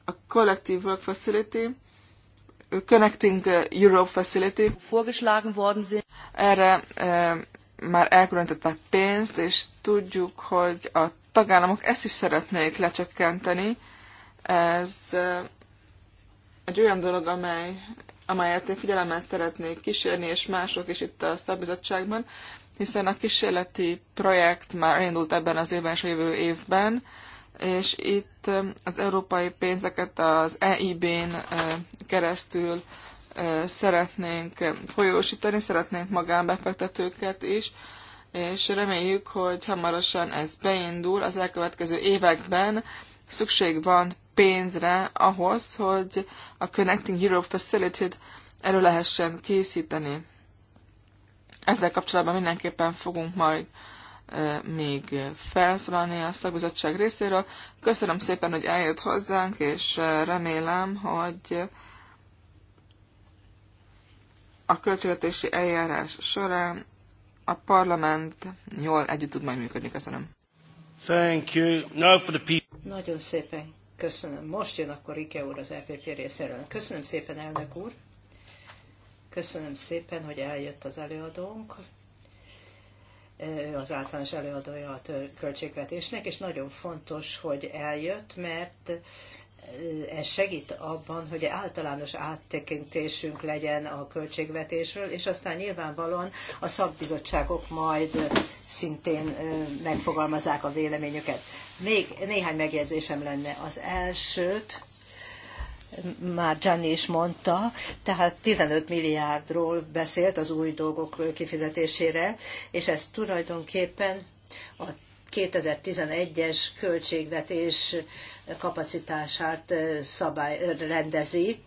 A Collective Work Facility, Connecting Europe Facility. Erre már elkülönítettek pénzt, és tudjuk, hogy a tagállamok ezt is szeretnék lecsökkenteni. Ez egy olyan dolog, amely, amelyet én figyelemmel szeretnék kísérni, és mások is itt a szabizottságban, hiszen a kísérleti projekt már elindult ebben az évben és a jövő évben, és itt az európai pénzeket az EIB-n keresztül szeretnénk folyósítani, szeretnénk magánbefektetőket is, és reméljük, hogy hamarosan ez beindul az elkövetkező években. Szükség van pénzre ahhoz, hogy a Connecting Europe Facility-t elő lehessen készíteni. Ezzel kapcsolatban mindenképpen fogunk majd még felszólalni a szakbizottság részéről. Köszönöm szépen, hogy eljött hozzánk, és remélem, hogy a költségvetési eljárás során a parlament jól együtt tud majd működni. Köszönöm. Thank you. Now for the people. Nagyon szépen köszönöm. Most jön akkor Ike úr az LPP e részéről. Köszönöm szépen, elnök úr. Köszönöm szépen, hogy eljött az előadónk. Ő e, az általános előadója a költségvetésnek, és nagyon fontos, hogy eljött, mert ez segít abban, hogy általános áttekintésünk legyen a költségvetésről, és aztán nyilvánvalóan a szakbizottságok majd szintén megfogalmazzák a véleményüket. Még néhány megjegyzésem lenne. Az elsőt már Gianni is mondta, tehát 15 milliárdról beszélt az új dolgok kifizetésére, és ez tulajdonképpen a 2011-es költségvetés kapacitását szabály, rendezi.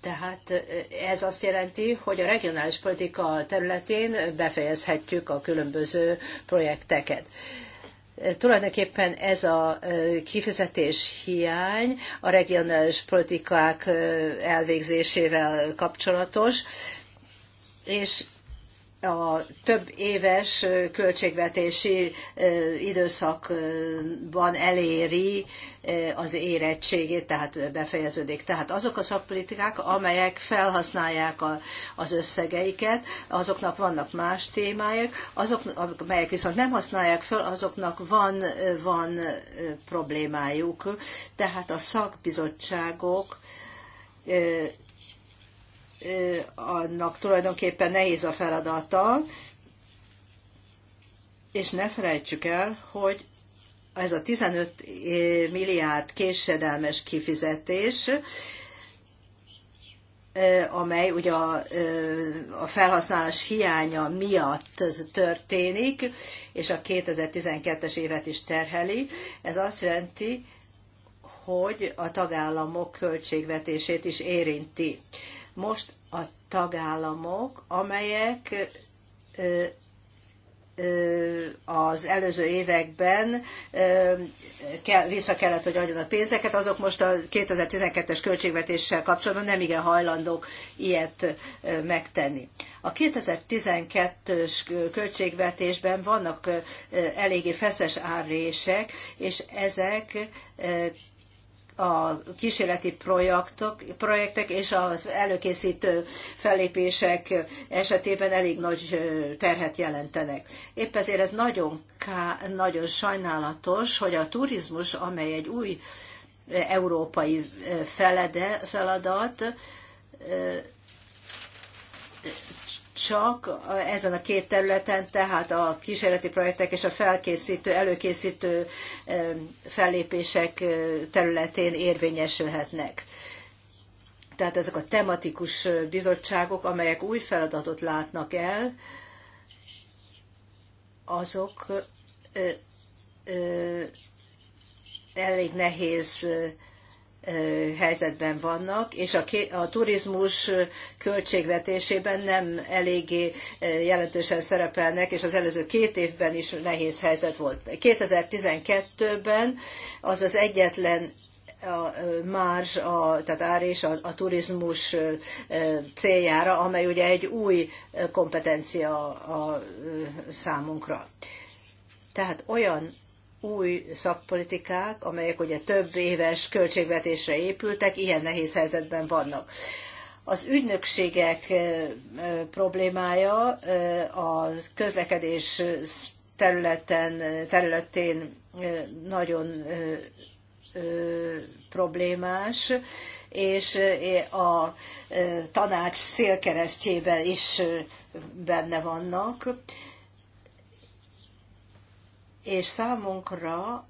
Tehát ez azt jelenti, hogy a regionális politika területén befejezhetjük a különböző projekteket tulajdonképpen ez a kifizetés hiány a regionális politikák elvégzésével kapcsolatos, és a több éves költségvetési időszakban eléri az érettségét, tehát befejeződik. Tehát azok a szakpolitikák, amelyek felhasználják az összegeiket, azoknak vannak más témáik, azok, amelyek viszont nem használják fel, azoknak van, van problémájuk. Tehát a szakbizottságok annak tulajdonképpen nehéz a feladata, és ne felejtsük el, hogy ez a 15 milliárd késedelmes kifizetés, amely ugye a, a felhasználás hiánya miatt történik, és a 2012-es évet is terheli. Ez azt jelenti, hogy a tagállamok költségvetését is érinti. Most a tagállamok, amelyek az előző években vissza kellett, hogy adjon a pénzeket, azok most a 2012-es költségvetéssel kapcsolatban nem igen hajlandók ilyet megtenni. A 2012-ös költségvetésben vannak eléggé feszes árrések, és ezek a kísérleti projektok, projektek és az előkészítő fellépések esetében elég nagy terhet jelentenek. Épp ezért ez nagyon, ká, nagyon sajnálatos, hogy a turizmus, amely egy új európai felede, feladat, csak ezen a két területen, tehát a kísérleti projektek és a felkészítő, előkészítő fellépések területén érvényesülhetnek. Tehát ezek a tematikus bizottságok, amelyek új feladatot látnak el, azok elég nehéz helyzetben vannak, és a, a turizmus költségvetésében nem eléggé jelentősen szerepelnek, és az előző két évben is nehéz helyzet volt. 2012-ben az az egyetlen a márs, a, tehát ár és a, a turizmus céljára, amely ugye egy új kompetencia a számunkra. Tehát olyan új szakpolitikák, amelyek ugye több éves költségvetésre épültek, ilyen nehéz helyzetben vannak. Az ügynökségek problémája a közlekedés területen, területén nagyon problémás, és a tanács szélkeresztjében is benne vannak és számunkra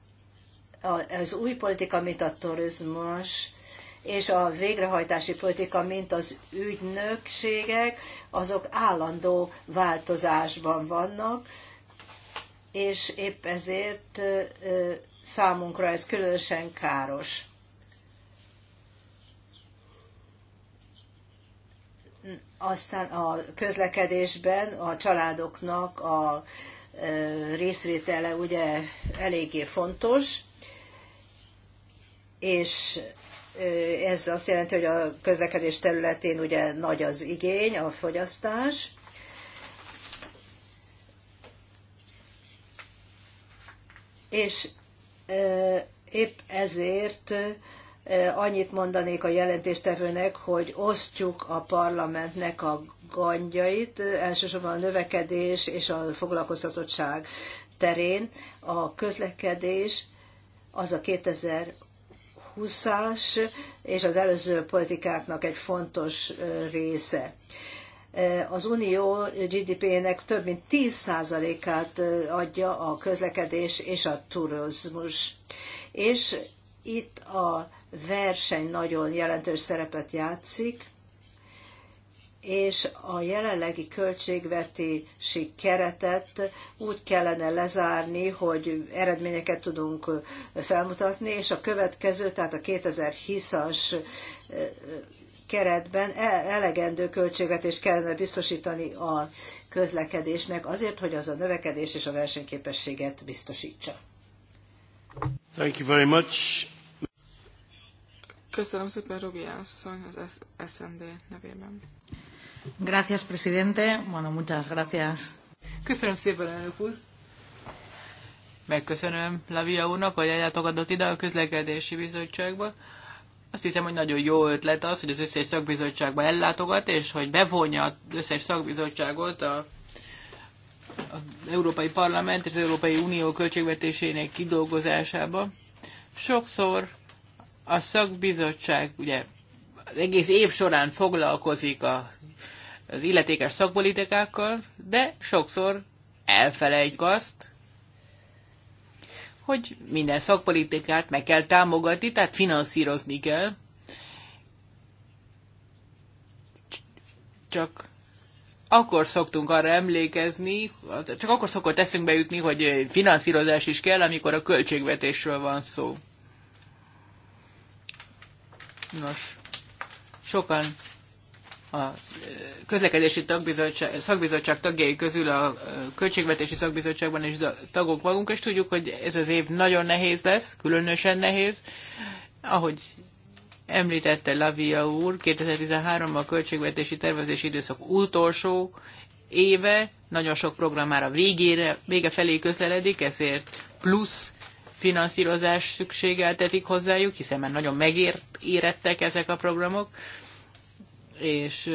az új politika, mint a turizmus, és a végrehajtási politika, mint az ügynökségek, azok állandó változásban vannak, és épp ezért számunkra ez különösen káros. Aztán a közlekedésben a családoknak a részvétele ugye eléggé fontos, és ez azt jelenti, hogy a közlekedés területén ugye nagy az igény, a fogyasztás. És épp ezért Annyit mondanék a jelentéstevőnek, hogy osztjuk a parlamentnek a gondjait, elsősorban a növekedés és a foglalkoztatottság terén. A közlekedés az a 2000 20-as és az előző politikáknak egy fontos része. Az Unió GDP-nek több mint 10%-át adja a közlekedés és a turizmus. És itt a verseny nagyon jelentős szerepet játszik, és a jelenlegi költségvetési keretet úgy kellene lezárni, hogy eredményeket tudunk felmutatni, és a következő, tehát a 2020-as keretben e, elegendő költségvetést kellene biztosítani a közlekedésnek azért, hogy az a növekedés és a versenyképességet biztosítsa. Thank you very much. Köszönöm szépen, Robi asszony, az SND nevében. Gracias, presidente. Bueno, muchas gracias. Köszönöm szépen, elnök úr. Megköszönöm Lavia úrnak, hogy adott ide a közlekedési bizottságba. Azt hiszem, hogy nagyon jó ötlet az, hogy az összes szakbizottságba ellátogat, és hogy bevonja az összes szakbizottságot a az Európai Parlament és az Európai Unió költségvetésének kidolgozásába. Sokszor a szakbizottság ugye az egész év során foglalkozik a, az illetékes szakpolitikákkal, de sokszor elfelejtjük azt, hogy minden szakpolitikát meg kell támogatni, tehát finanszírozni kell. Csak akkor szoktunk arra emlékezni, csak akkor szokott eszünkbe jutni, hogy finanszírozás is kell, amikor a költségvetésről van szó. Nos, sokan a közlekedési tagbizottság, szakbizottság tagjai közül a költségvetési szakbizottságban is tagok magunk, és tudjuk, hogy ez az év nagyon nehéz lesz, különösen nehéz. Ahogy említette Lavia úr, 2013 a költségvetési tervezési időszak utolsó éve, nagyon sok program már a végére, vége felé közeledik, ezért plusz finanszírozás szükségeltetik hozzájuk, hiszen már nagyon megérettek ezek a programok, és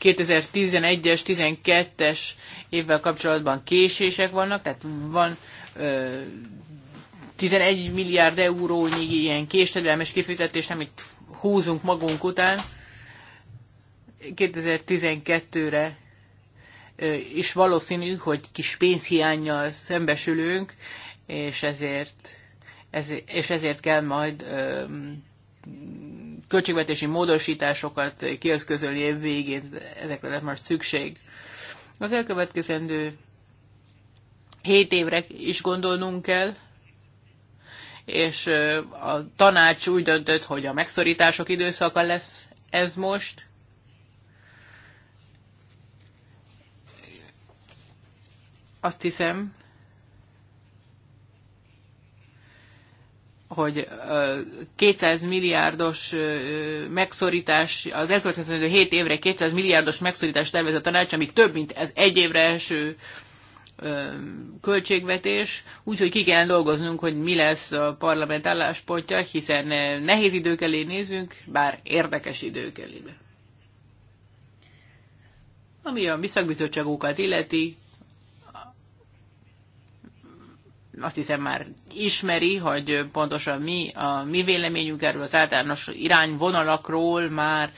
2011-es, 12-es évvel kapcsolatban késések vannak, tehát van 11 milliárd eurónyi ilyen késedelmes kifizetés, amit húzunk magunk után. 2012-re és valószínű, hogy kis pénzhiányjal szembesülünk, és ezért, ezért, és ezért kell majd költségvetési módosításokat kieszközölni év végén, ezekre lett már szükség. Az elkövetkezendő 7 évre is gondolnunk kell, és a tanács úgy döntött, hogy a megszorítások időszaka lesz ez most, Azt hiszem, hogy 200 milliárdos megszorítás, az elkövetkező 7 évre 200 milliárdos megszorítás tervez a tanács, ami több, mint ez egy évre első költségvetés, úgyhogy ki kell dolgoznunk, hogy mi lesz a parlament álláspontja, hiszen nehéz idők elé nézünk, bár érdekes idők elébe. Ami a visszakbizottságokat illeti, azt hiszem már ismeri, hogy pontosan mi a mi véleményünk erről az általános irányvonalakról már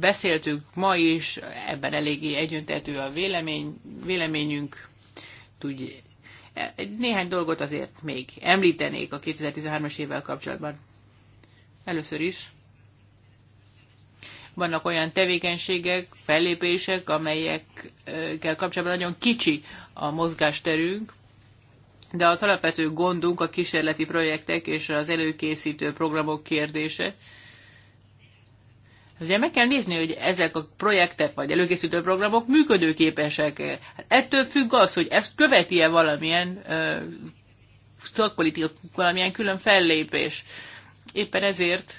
beszéltünk ma is, ebben eléggé együttető a vélemény, véleményünk. Tudj, e, néhány dolgot azért még említenék a 2013-as évvel kapcsolatban. Először is vannak olyan tevékenységek, fellépések, amelyekkel kapcsolatban nagyon kicsi a mozgásterünk, de az alapvető gondunk a kísérleti projektek és az előkészítő programok kérdése. Ugye meg kell nézni, hogy ezek a projektek vagy előkészítő programok működőképesek. Hát ettől függ az, hogy ezt követi-e valamilyen uh, szakpolitika, valamilyen külön fellépés. Éppen ezért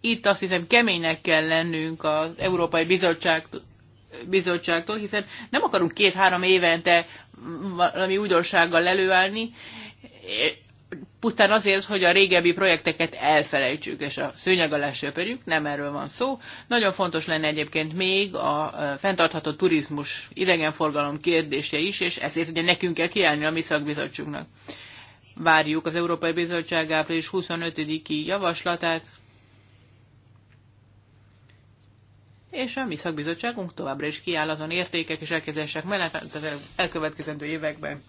itt azt hiszem keménynek kell lennünk az Európai Bizottság, Bizottságtól, hiszen nem akarunk két-három évente valami újdonsággal előállni, pusztán azért, hogy a régebbi projekteket elfelejtsük, és a szőnyeg alá söpörjük, nem erről van szó. Nagyon fontos lenne egyébként még a fenntartható turizmus idegenforgalom kérdése is, és ezért ugye nekünk kell kiállni a mi szakbizottságnak. Várjuk az Európai Bizottság április 25-i javaslatát, és a mi szakbizottságunk továbbra is kiáll azon értékek és elkezdések mellett az elkövetkezendő években.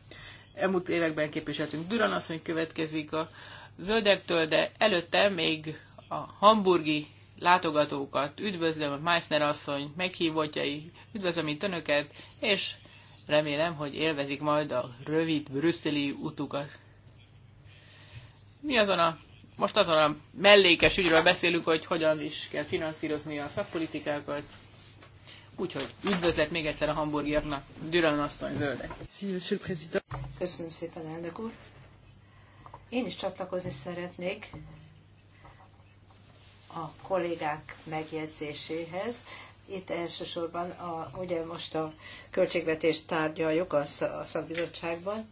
Elmúlt években képviseltünk Duran hogy következik a zöldektől, de előtte még a hamburgi látogatókat üdvözlöm, a Meissner asszony meghívottjai, üdvözlöm itt önöket, és remélem, hogy élvezik majd a rövid brüsszeli utukat. Mi azon a most azon a mellékes ügyről beszélünk, hogy hogyan is kell finanszírozni a szakpolitikákat. Úgyhogy üdvözlet még egyszer a hamburgiaknak, Dürön asszony zöldek. Köszönöm szépen, elnök úr. Én is csatlakozni szeretnék a kollégák megjegyzéséhez. Itt elsősorban, a, ugye most a költségvetést tárgyaljuk a, a szakbizottságban,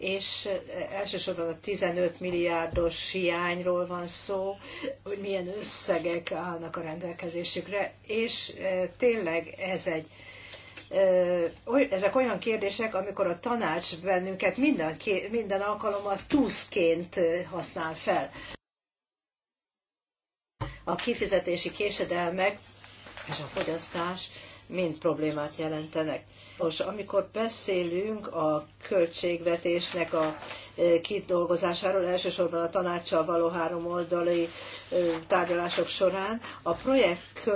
és elsősorban a 15 milliárdos hiányról van szó, hogy milyen összegek állnak a rendelkezésükre, és tényleg ez egy ezek olyan kérdések, amikor a tanács bennünket minden, minden alkalommal túszként használ fel. A kifizetési késedelmek és a fogyasztás mind problémát jelentenek. Most amikor beszélünk a költségvetésnek a e, kidolgozásáról, elsősorban a tanácssal való három oldali e, tárgyalások során, a projekt e,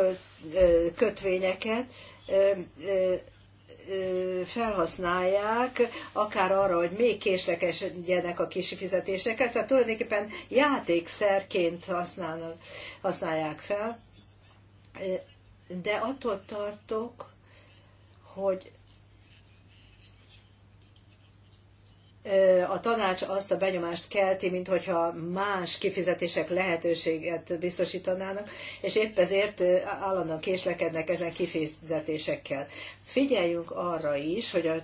kötvényeket felhasználják, akár arra, hogy még késlekedjenek a fizetéseket, tehát tulajdonképpen játékszerként használják fel de attól tartok, hogy a tanács azt a benyomást kelti, mint hogyha más kifizetések lehetőséget biztosítanának, és épp ezért állandóan késlekednek ezen kifizetésekkel. Figyeljünk arra is, hogy a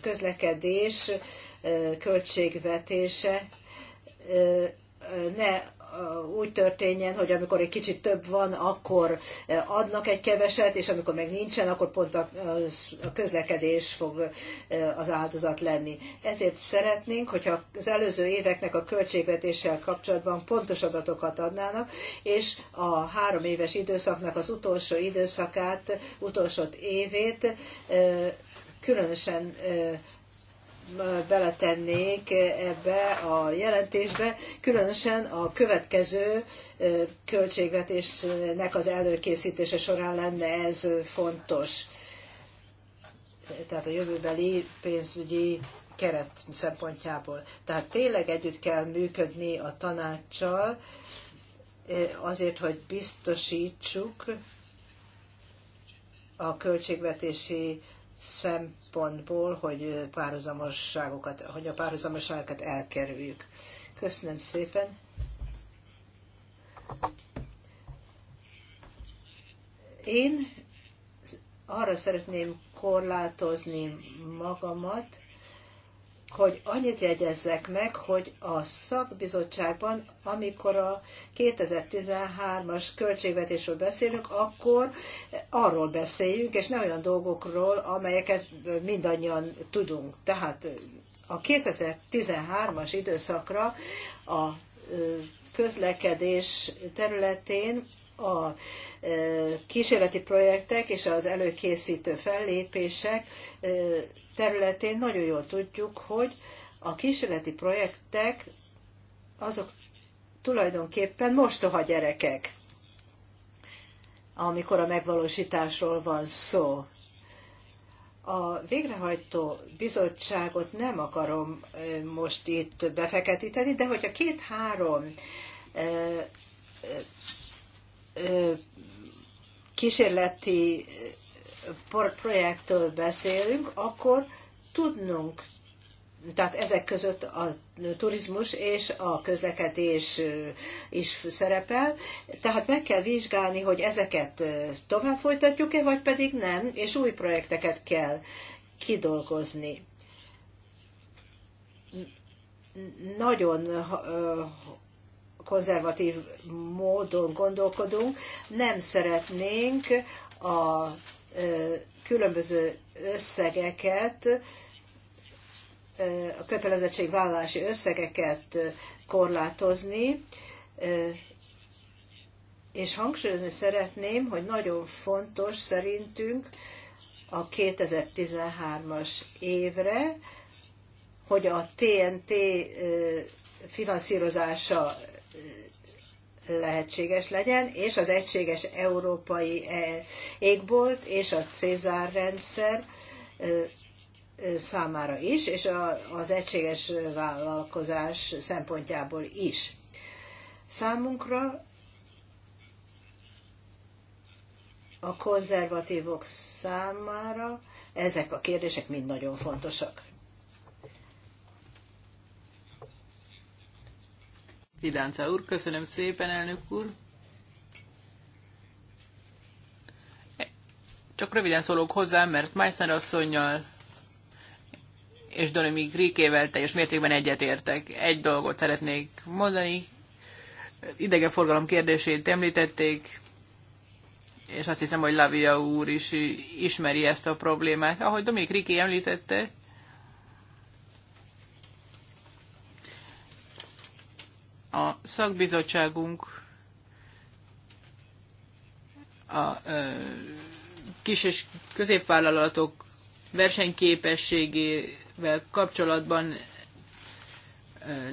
közlekedés költségvetése ne úgy történjen, hogy amikor egy kicsit több van, akkor adnak egy keveset, és amikor meg nincsen, akkor pont a közlekedés fog az áldozat lenni. Ezért szeretnénk, hogyha az előző éveknek a költségvetéssel kapcsolatban pontos adatokat adnának, és a három éves időszaknak az utolsó időszakát, utolsó évét különösen beletennék ebbe a jelentésbe, különösen a következő költségvetésnek az előkészítése során lenne ez fontos. Tehát a jövőbeli pénzügyi keret szempontjából. Tehát tényleg együtt kell működni a tanácssal, azért, hogy biztosítsuk a költségvetési szempontjából, szempontból, hogy, párhuzamosságokat, hogy a párhuzamosságokat elkerüljük. Köszönöm szépen. Én arra szeretném korlátozni magamat, hogy annyit jegyezzek meg, hogy a szakbizottságban, amikor a 2013-as költségvetésről beszélünk, akkor arról beszéljünk, és ne olyan dolgokról, amelyeket mindannyian tudunk. Tehát a 2013-as időszakra a közlekedés területén a kísérleti projektek és az előkészítő fellépések területén nagyon jól tudjuk, hogy a kísérleti projektek azok tulajdonképpen mostoha gyerekek, amikor a megvalósításról van szó. A végrehajtó bizottságot nem akarom most itt befeketíteni, de hogyha két-három kísérleti projektről beszélünk, akkor tudnunk, tehát ezek között a turizmus és a közlekedés is szerepel, tehát meg kell vizsgálni, hogy ezeket tovább folytatjuk-e, vagy pedig nem, és új projekteket kell kidolgozni. Nagyon konzervatív módon gondolkodunk, nem szeretnénk a különböző összegeket, a kötelezettségvállalási összegeket korlátozni, és hangsúlyozni szeretném, hogy nagyon fontos szerintünk a 2013-as évre, hogy a TNT finanszírozása lehetséges legyen, és az egységes európai e, égbolt és a Cézár rendszer e, e, számára is, és az egységes vállalkozás szempontjából is. Számunkra a konzervatívok számára ezek a kérdések mind nagyon fontosak. Vidánca úr, köszönöm szépen, elnök úr. Csak röviden szólok hozzá, mert Meissner asszonynal és Dominik Rikével teljes mértékben egyetértek. Egy dolgot szeretnék mondani. Idegenforgalom kérdését említették, és azt hiszem, hogy Lavia úr is ismeri ezt a problémát. Ahogy Dominik Riki említette, A szakbizottságunk a kis és középvállalatok versenyképességével kapcsolatban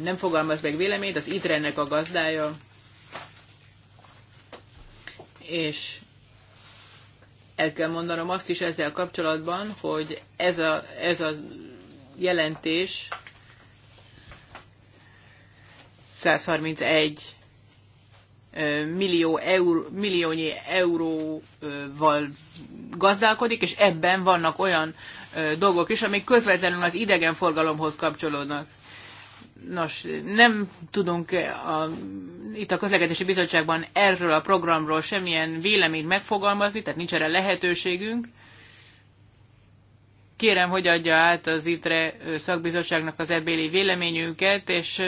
nem fogalmaz meg véleményt, az ITRE-nek a gazdája, és el kell mondanom azt is ezzel kapcsolatban, hogy ez a, ez a jelentés 131 millió euró, milliónyi euróval gazdálkodik, és ebben vannak olyan dolgok is, amik közvetlenül az idegenforgalomhoz kapcsolódnak. Nos, nem tudunk a, itt a közlekedési bizottságban erről a programról semmilyen véleményt megfogalmazni, tehát nincs erre lehetőségünk. Kérem, hogy adja át az ITRE szakbizottságnak az ebbéli véleményünket, és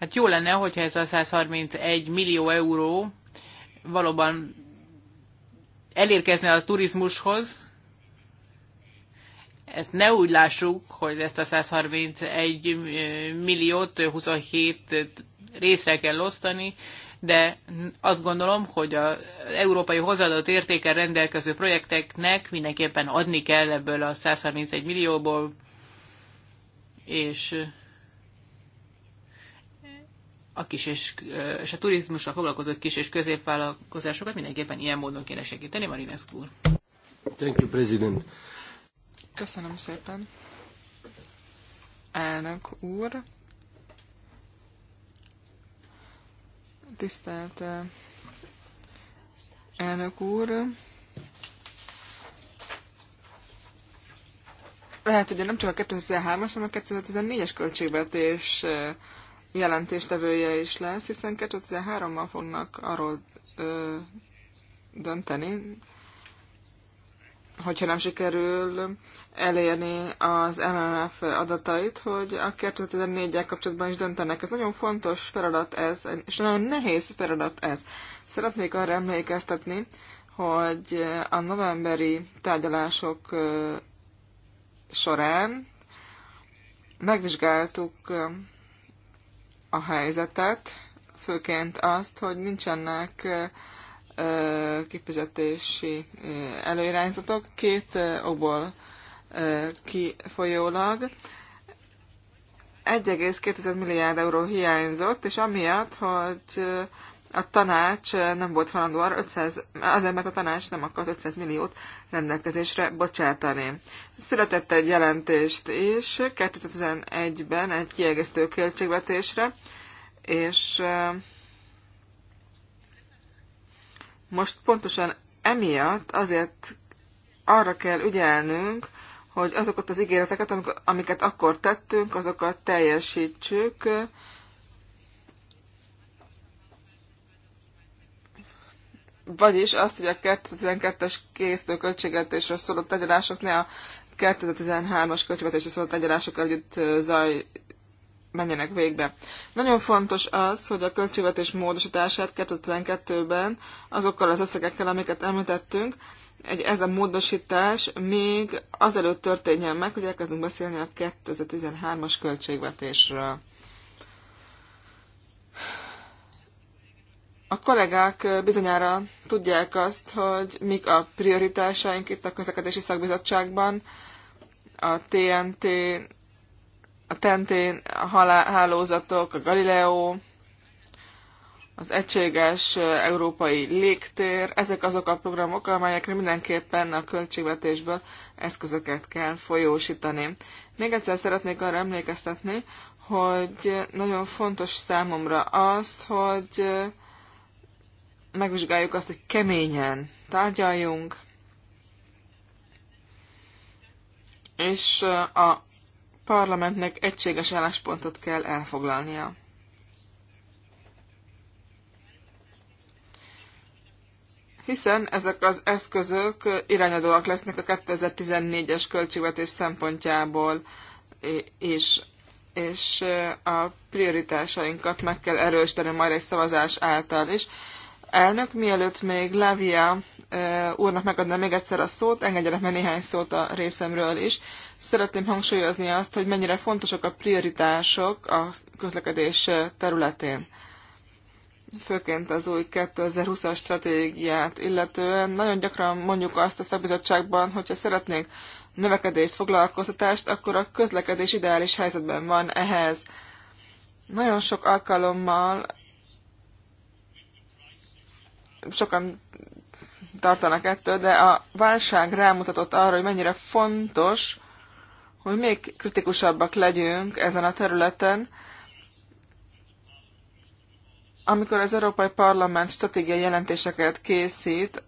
Hát jó lenne, hogyha ez a 131 millió euró valóban elérkezne a turizmushoz, ezt ne úgy lássuk, hogy ezt a 131 milliót 27 részre kell osztani, de azt gondolom, hogy az európai hozzáadott értéken rendelkező projekteknek mindenképpen adni kell ebből a 131 millióból, és a kis és, és a turizmusra foglalkozó kis és középvállalkozásokat mindenképpen ilyen módon kéne segíteni, Marinescu úr. Thank you, President. Köszönöm szépen. Elnök úr. Tisztelt elnök úr. Lehet, hogy nem csak a 2013-as, hanem a 2014-es költségvetés jelentéstevője is lesz, hiszen 2013-ban fognak arról ö, dönteni, hogyha nem sikerül elérni az MMF adatait, hogy a 2004-el kapcsolatban is döntenek. Ez nagyon fontos feladat ez, és nagyon nehéz feladat ez. Szeretnék arra emlékeztetni, hogy a novemberi tárgyalások során megvizsgáltuk a helyzetet, főként azt, hogy nincsenek kifizetési előirányzatok két okból kifolyólag. 1,2 milliárd euró hiányzott, és amiatt, hogy a tanács eh, nem volt halandó arra 500, azért, mert a tanács nem akart 500 milliót rendelkezésre bocsátani. Született egy jelentést is 2011-ben egy kiegészítő költségvetésre, és eh, most pontosan emiatt azért arra kell ügyelnünk, hogy azokat az ígéreteket, amiket akkor tettünk, azokat teljesítsük, vagyis azt, hogy a 2012-es készítő költségvetésről szóló tegyelások ne a 2013-as költségvetésről szóló tegyelásokkal együtt zaj menjenek végbe. Nagyon fontos az, hogy a költségvetés módosítását 2012-ben azokkal az összegekkel, amiket említettünk, egy, ez a módosítás még azelőtt történjen meg, hogy elkezdünk beszélni a 2013-as költségvetésről. A kollégák bizonyára tudják azt, hogy mik a prioritásaink itt a közlekedési szakbizottságban, a TNT, a TNT a hálózatok, a Galileo, az egységes európai légtér, ezek azok a programok, amelyekre mindenképpen a költségvetésből eszközöket kell folyósítani. Még egyszer szeretnék arra emlékeztetni, hogy nagyon fontos számomra az, hogy megvizsgáljuk azt, hogy keményen tárgyaljunk, és a parlamentnek egységes álláspontot kell elfoglalnia. Hiszen ezek az eszközök irányadóak lesznek a 2014-es költségvetés szempontjából, és, és a prioritásainkat meg kell erősíteni majd egy szavazás által is. Elnök, mielőtt még Lavia úrnak megadna még egyszer a szót, engedjenek meg néhány szót a részemről is. Szeretném hangsúlyozni azt, hogy mennyire fontosak a prioritások a közlekedés területén. Főként az új 2020-as stratégiát illetően nagyon gyakran mondjuk azt a szakbizottságban, hogyha szeretnénk növekedést, foglalkoztatást, akkor a közlekedés ideális helyzetben van ehhez. Nagyon sok alkalommal sokan tartanak ettől, de a válság rámutatott arra, hogy mennyire fontos, hogy még kritikusabbak legyünk ezen a területen, amikor az Európai Parlament stratégiai jelentéseket készít,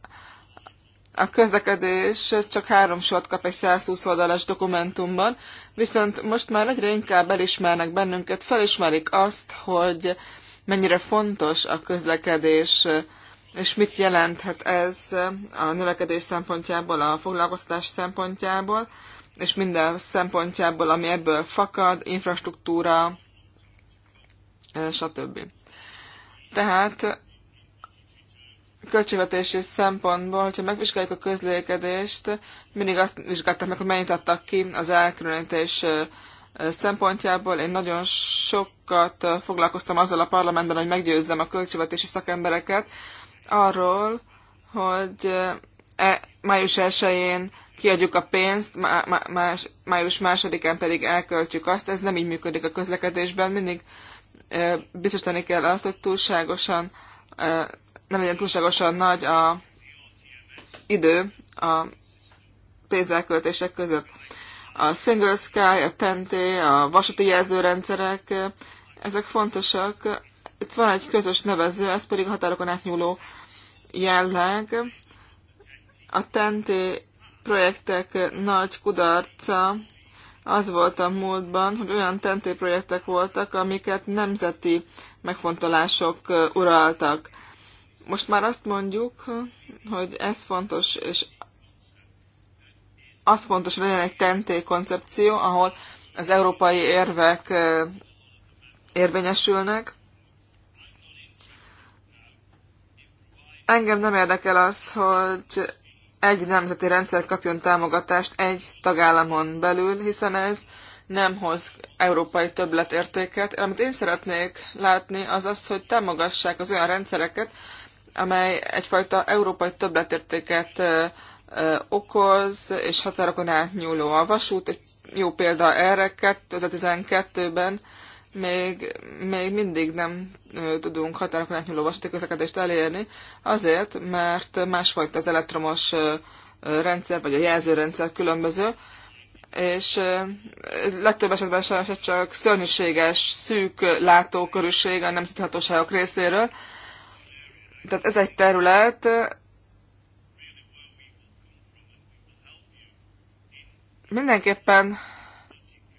a közlekedés csak három sort kap egy 120 oldalas dokumentumban, viszont most már egyre inkább elismernek bennünket, felismerik azt, hogy mennyire fontos a közlekedés és mit jelenthet ez a növekedés szempontjából, a foglalkoztatás szempontjából, és minden szempontjából, ami ebből fakad, infrastruktúra, stb. Tehát költségvetési szempontból, hogyha megvizsgáljuk a közlékedést, mindig azt vizsgáltak meg, hogy mennyit adtak ki az elkülönítés szempontjából. Én nagyon sokat foglalkoztam azzal a parlamentben, hogy meggyőzzem a költségvetési szakembereket, arról, hogy e, május 1-én kiadjuk a pénzt, má, má, más, május másodikán pedig elköltjük azt, ez nem így működik a közlekedésben, mindig e, biztosítani kell azt, hogy túlságosan, e, nem legyen túlságosan nagy a idő a pénzelköltések között. A Single Sky, a Tenté, a vasúti jelzőrendszerek, ezek fontosak itt van egy közös nevező, ez pedig a határokon átnyúló jelleg. A tenté projektek nagy kudarca az volt a múltban, hogy olyan tenté projektek voltak, amiket nemzeti megfontolások uraltak. Most már azt mondjuk, hogy ez fontos, és az fontos, hogy legyen egy tenté koncepció, ahol az európai érvek érvényesülnek, Engem nem érdekel az, hogy egy nemzeti rendszer kapjon támogatást egy tagállamon belül, hiszen ez nem hoz európai többletértéket. Amit én szeretnék látni, az az, hogy támogassák az olyan rendszereket, amely egyfajta európai többletértéket okoz, és határokon átnyúló a vasút. Egy jó példa erre 2012-ben még, még mindig nem tudunk határokon átnyúló vasúti közlekedést elérni, azért, mert másfajta az elektromos rendszer, vagy a jelzőrendszer különböző, és legtöbb esetben sajnos csak szörnyűséges, szűk látókörűség a nemzeti hatóságok részéről. Tehát ez egy terület, mindenképpen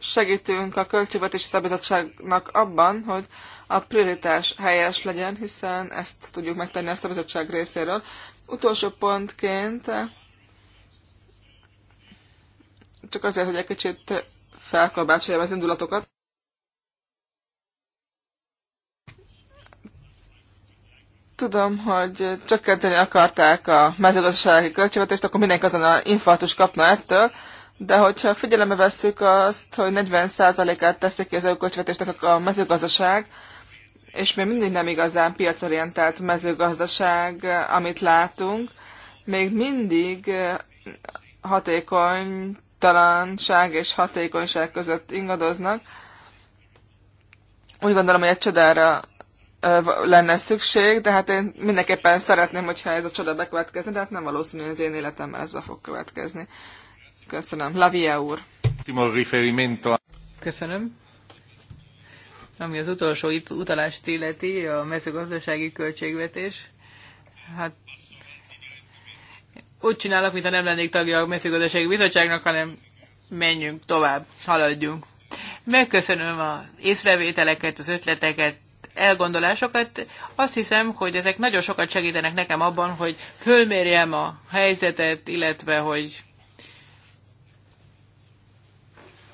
segítünk a Költségvetési szabadságnak abban, hogy a prioritás helyes legyen, hiszen ezt tudjuk megtenni a szabadság részéről. Utolsó pontként, csak azért, hogy egy kicsit felkabácsoljam az indulatokat, tudom, hogy csökkenteni akarták a mezőgazdasági költségvetést, akkor mindenki azon a infartus kapna ettől, de hogyha figyelembe vesszük azt, hogy 40%-át teszik ki az EU költségvetésnek a mezőgazdaság, és még mindig nem igazán piacorientált mezőgazdaság, amit látunk, még mindig hatékonytalanság és hatékonyság között ingadoznak. Úgy gondolom, hogy egy csodára lenne szükség, de hát én mindenképpen szeretném, hogyha ez a csoda bekövetkezne, de hát nem valószínű, hogy az én életemben ez be fog következni. Köszönöm. Lavia úr. Köszönöm. Ami az utolsó itt utalást illeti, a mezőgazdasági költségvetés. Hát úgy csinálok, mintha nem lennék tagja a mezőgazdasági bizottságnak, hanem menjünk tovább, haladjunk. Megköszönöm az észrevételeket, az ötleteket, elgondolásokat. Azt hiszem, hogy ezek nagyon sokat segítenek nekem abban, hogy fölmérjem a helyzetet, illetve hogy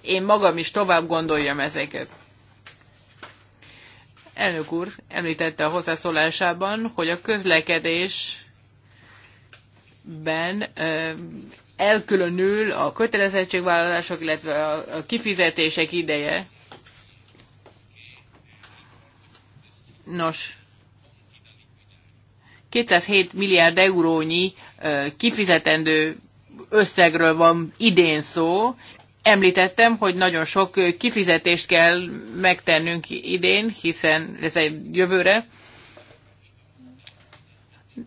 én magam is tovább gondoljam ezeket. Elnök úr említette a hozzászólásában, hogy a közlekedésben elkülönül a kötelezettségvállalások, illetve a kifizetések ideje. Nos, 207 milliárd eurónyi kifizetendő összegről van idén szó, Említettem, hogy nagyon sok kifizetést kell megtennünk idén, hiszen ez egy jövőre.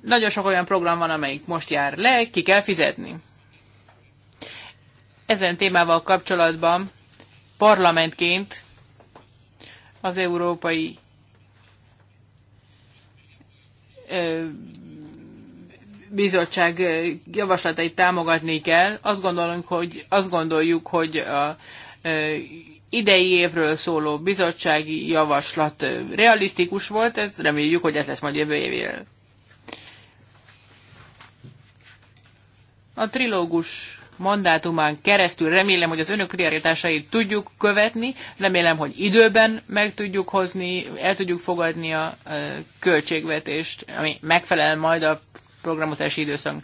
Nagyon sok olyan program van, amelyik most jár le, ki kell fizetni. Ezen témával kapcsolatban parlamentként az Európai bizottság javaslatait támogatni kell. Azt, gondolunk, hogy, azt gondoljuk, hogy a idei évről szóló bizottsági javaslat realisztikus volt, ez reméljük, hogy ez lesz majd jövő évvel. A trilógus mandátumán keresztül remélem, hogy az önök prioritásait tudjuk követni, remélem, hogy időben meg tudjuk hozni, el tudjuk fogadni a költségvetést, ami megfelel majd a programozási időszak.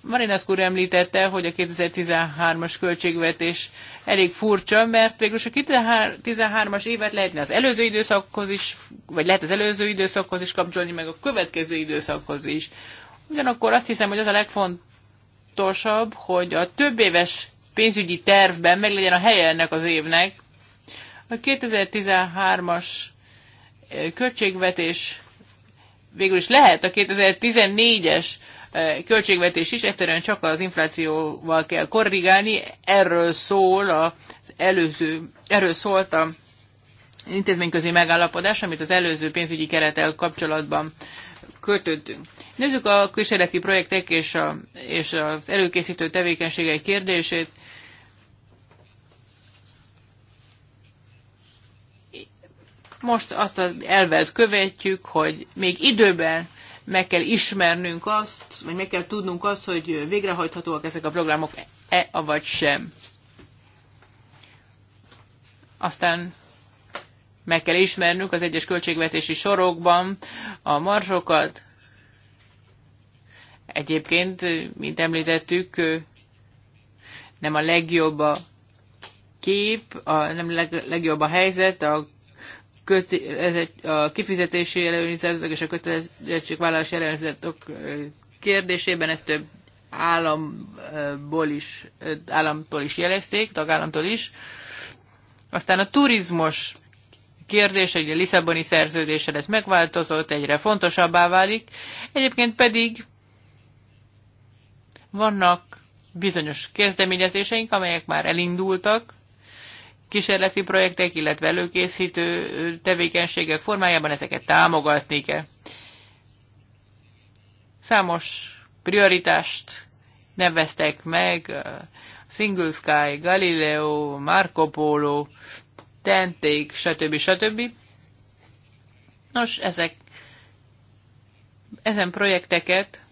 Marinas úr említette, hogy a 2013-as költségvetés elég furcsa, mert végülis a 2013-as évet lehetne az előző időszakhoz is, vagy lehet az előző időszakhoz is kapcsolni, meg a következő időszakhoz is. Ugyanakkor azt hiszem, hogy az a legfontosabb, hogy a több éves pénzügyi tervben meg legyen a helye ennek az évnek. A 2013-as eh, költségvetés végül is lehet a 2014-es eh, költségvetés is, egyszerűen csak az inflációval kell korrigálni, erről szól az előző, erről szólt a intézményközi megállapodás, amit az előző pénzügyi kerettel kapcsolatban kötöttünk. Nézzük a kísérleti projektek és, a, és az előkészítő tevékenységek kérdését. Most azt az elvet követjük, hogy még időben meg kell ismernünk azt, vagy meg kell tudnunk azt, hogy végrehajthatóak ezek a programok e, vagy sem. Aztán meg kell ismernünk az egyes költségvetési sorokban a marsokat. Egyébként, mint említettük, nem a legjobb a kép, a, nem a legjobb a helyzet a köt, ez egy, a kifizetési jelölni és a kötelezettségvállalási jelölni kérdésében ezt több államból is, államtól is jelezték, tagállamtól is. Aztán a turizmus kérdés, hogy a Lisszaboni szerződéssel ez megváltozott, egyre fontosabbá válik. Egyébként pedig vannak bizonyos kezdeményezéseink, amelyek már elindultak, kísérleti projektek, illetve előkészítő tevékenységek formájában ezeket támogatni kell. Számos prioritást neveztek meg, Single Sky, Galileo, Marco Polo, Tenték, stb. stb. Nos, ezek, ezen projekteket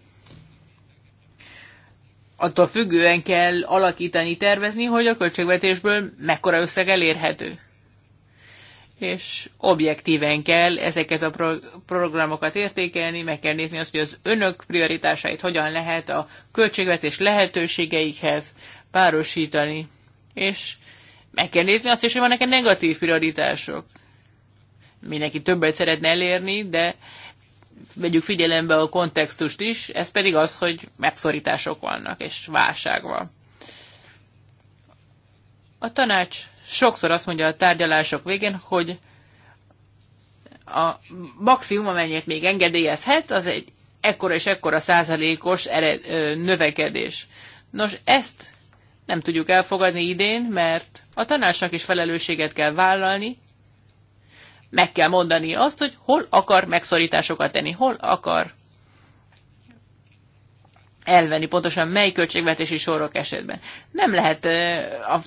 attól függően kell alakítani, tervezni, hogy a költségvetésből mekkora összeg elérhető. És objektíven kell ezeket a pro- programokat értékelni, meg kell nézni azt, hogy az önök prioritásait hogyan lehet a költségvetés lehetőségeikhez párosítani. És meg kell nézni azt is, hogy vannak-e negatív prioritások. Mindenki többet szeretne elérni, de vegyük figyelembe a kontextust is, ez pedig az, hogy megszorítások vannak, és válság van. A tanács sokszor azt mondja a tárgyalások végén, hogy a maximum, amennyit még engedélyezhet, az egy ekkora és ekkora százalékos ered, ö, növekedés. Nos, ezt nem tudjuk elfogadni idén, mert a tanácsnak is felelősséget kell vállalni, meg kell mondani azt, hogy hol akar megszorításokat tenni, hol akar elvenni, pontosan mely költségvetési sorok esetben. Nem lehet a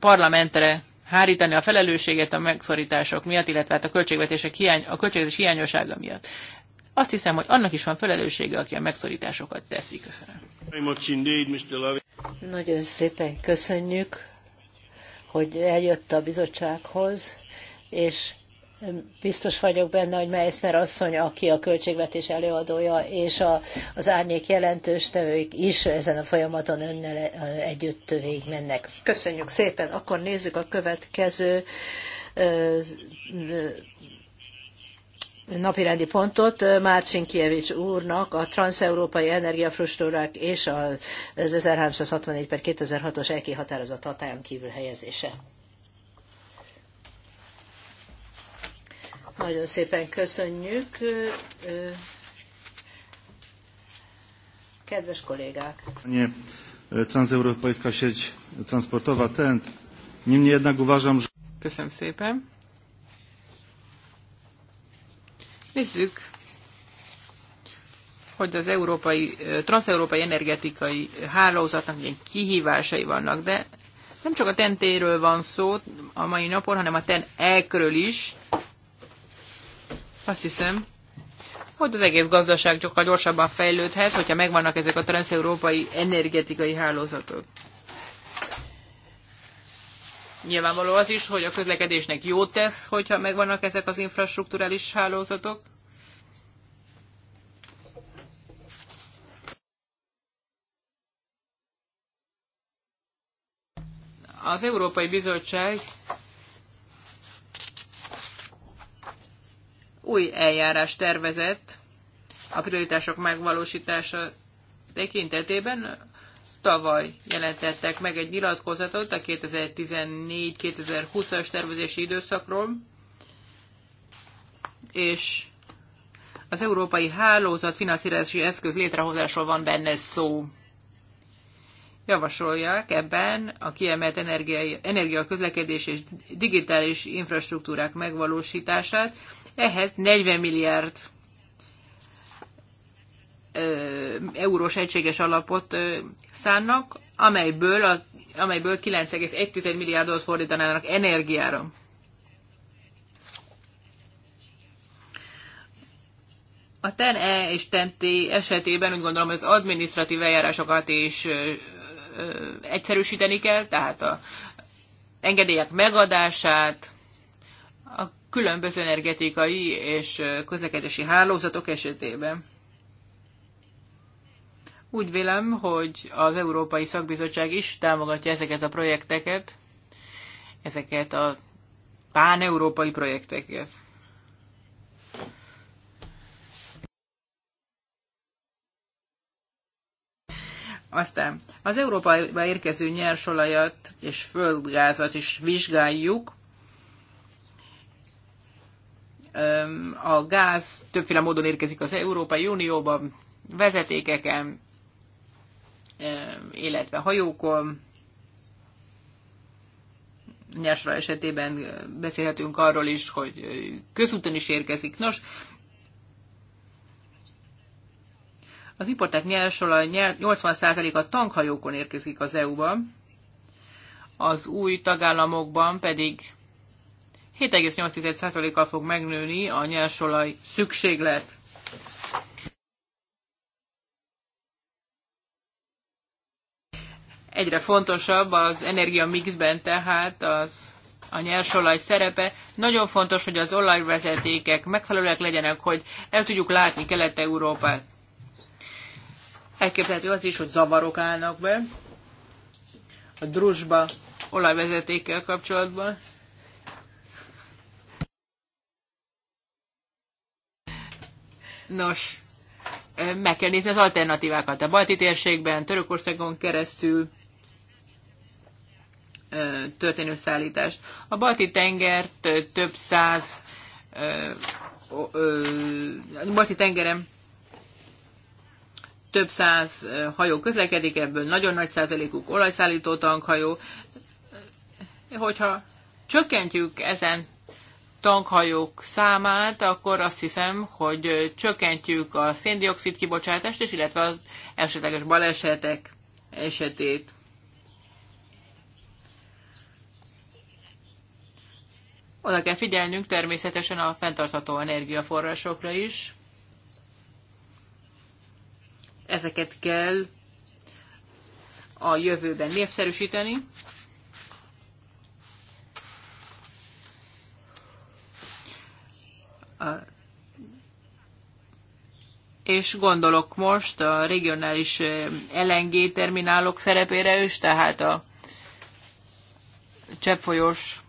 parlamentre hárítani a felelősséget a megszorítások miatt, illetve hát a, költségvetések hiány, a költségvetés hiányossága miatt. Azt hiszem, hogy annak is van felelőssége, aki a megszorításokat teszi. Köszönöm. Nagyon szépen köszönjük, hogy eljött a bizottsághoz, és Biztos vagyok benne, hogy Meissner asszony, aki a költségvetés előadója, és a, az árnyék jelentős tevőik is ezen a folyamaton önnel e, együtt végig mennek. Köszönjük szépen. Akkor nézzük a következő napirendi pontot Márcsin Kievics úrnak a transeurópai energiafrustruktúrák és az 1364 per 2006-os EK határozat hatályán kívül helyezése. Nagyon szépen köszönjük. Kedves kollégák! E, transeuropejska sieć transportowa TENT. Niemniej jednak uważam, że... Köszönöm szépen. Nézzük, hogy az európai, e, transeurópai energetikai hálózatnak ilyen kihívásai vannak, de nem csak a tentéről van szó a mai napon, hanem a ten e is. Azt hiszem, hogy az egész gazdaság sokkal gyorsabban fejlődhet, hogyha megvannak ezek a transeurópai energetikai hálózatok. Nyilvánvaló az is, hogy a közlekedésnek jót tesz, hogyha megvannak ezek az infrastruktúrális hálózatok. Az Európai Bizottság új eljárás tervezett a prioritások megvalósítása tekintetében. Tavaly jelentettek meg egy nyilatkozatot a 2014-2020-as tervezési időszakról, és az Európai Hálózat finanszírozási eszköz létrehozásról van benne szó. Javasolják ebben a kiemelt energia-energia energiaközlekedés és digitális infrastruktúrák megvalósítását, ehhez 40 milliárd eurós egységes alapot szánnak, amelyből, amelyből 9,1 milliárdot fordítanának energiára. A TEN-E és TEN-T esetében úgy gondolom, hogy az administratív eljárásokat is ö, ö, egyszerűsíteni kell, tehát a engedélyek megadását, különböző energetikai és közlekedési hálózatok esetében. Úgy vélem, hogy az Európai Szakbizottság is támogatja ezeket a projekteket, ezeket a pán-európai projekteket. Aztán az Európába érkező nyersolajat és földgázat is vizsgáljuk, a gáz többféle módon érkezik az Európai Unióba, vezetékeken, illetve hajókon, nyásra esetében beszélhetünk arról is, hogy közúton is érkezik. Nos, az importált nyersolaj 80%-a tankhajókon érkezik az EU-ba, az új tagállamokban pedig 7,8%-kal fog megnőni a nyersolaj szükséglet. Egyre fontosabb az energiamixben tehát az a nyersolaj szerepe. Nagyon fontos, hogy az olajvezetékek megfelelőek legyenek, hogy el tudjuk látni Kelet-Európát. Elképzelhető az is, hogy zavarok állnak be a drusba olajvezetékkel kapcsolatban. Nos, meg kell nézni az alternatívákat a balti térségben, Törökországon keresztül történő szállítást. A balti tengert több száz a balti tengerem több száz hajó közlekedik, ebből nagyon nagy százalékuk olajszállító tankhajó. Hogyha csökkentjük ezen tankhajók számát, akkor azt hiszem, hogy csökkentjük a széndiokszid kibocsátást, és illetve az esetleges balesetek esetét. Oda kell figyelnünk természetesen a fenntartható energiaforrásokra is. Ezeket kell a jövőben népszerűsíteni, és gondolok most a regionális LNG terminálok szerepére is, tehát a cseppfolyós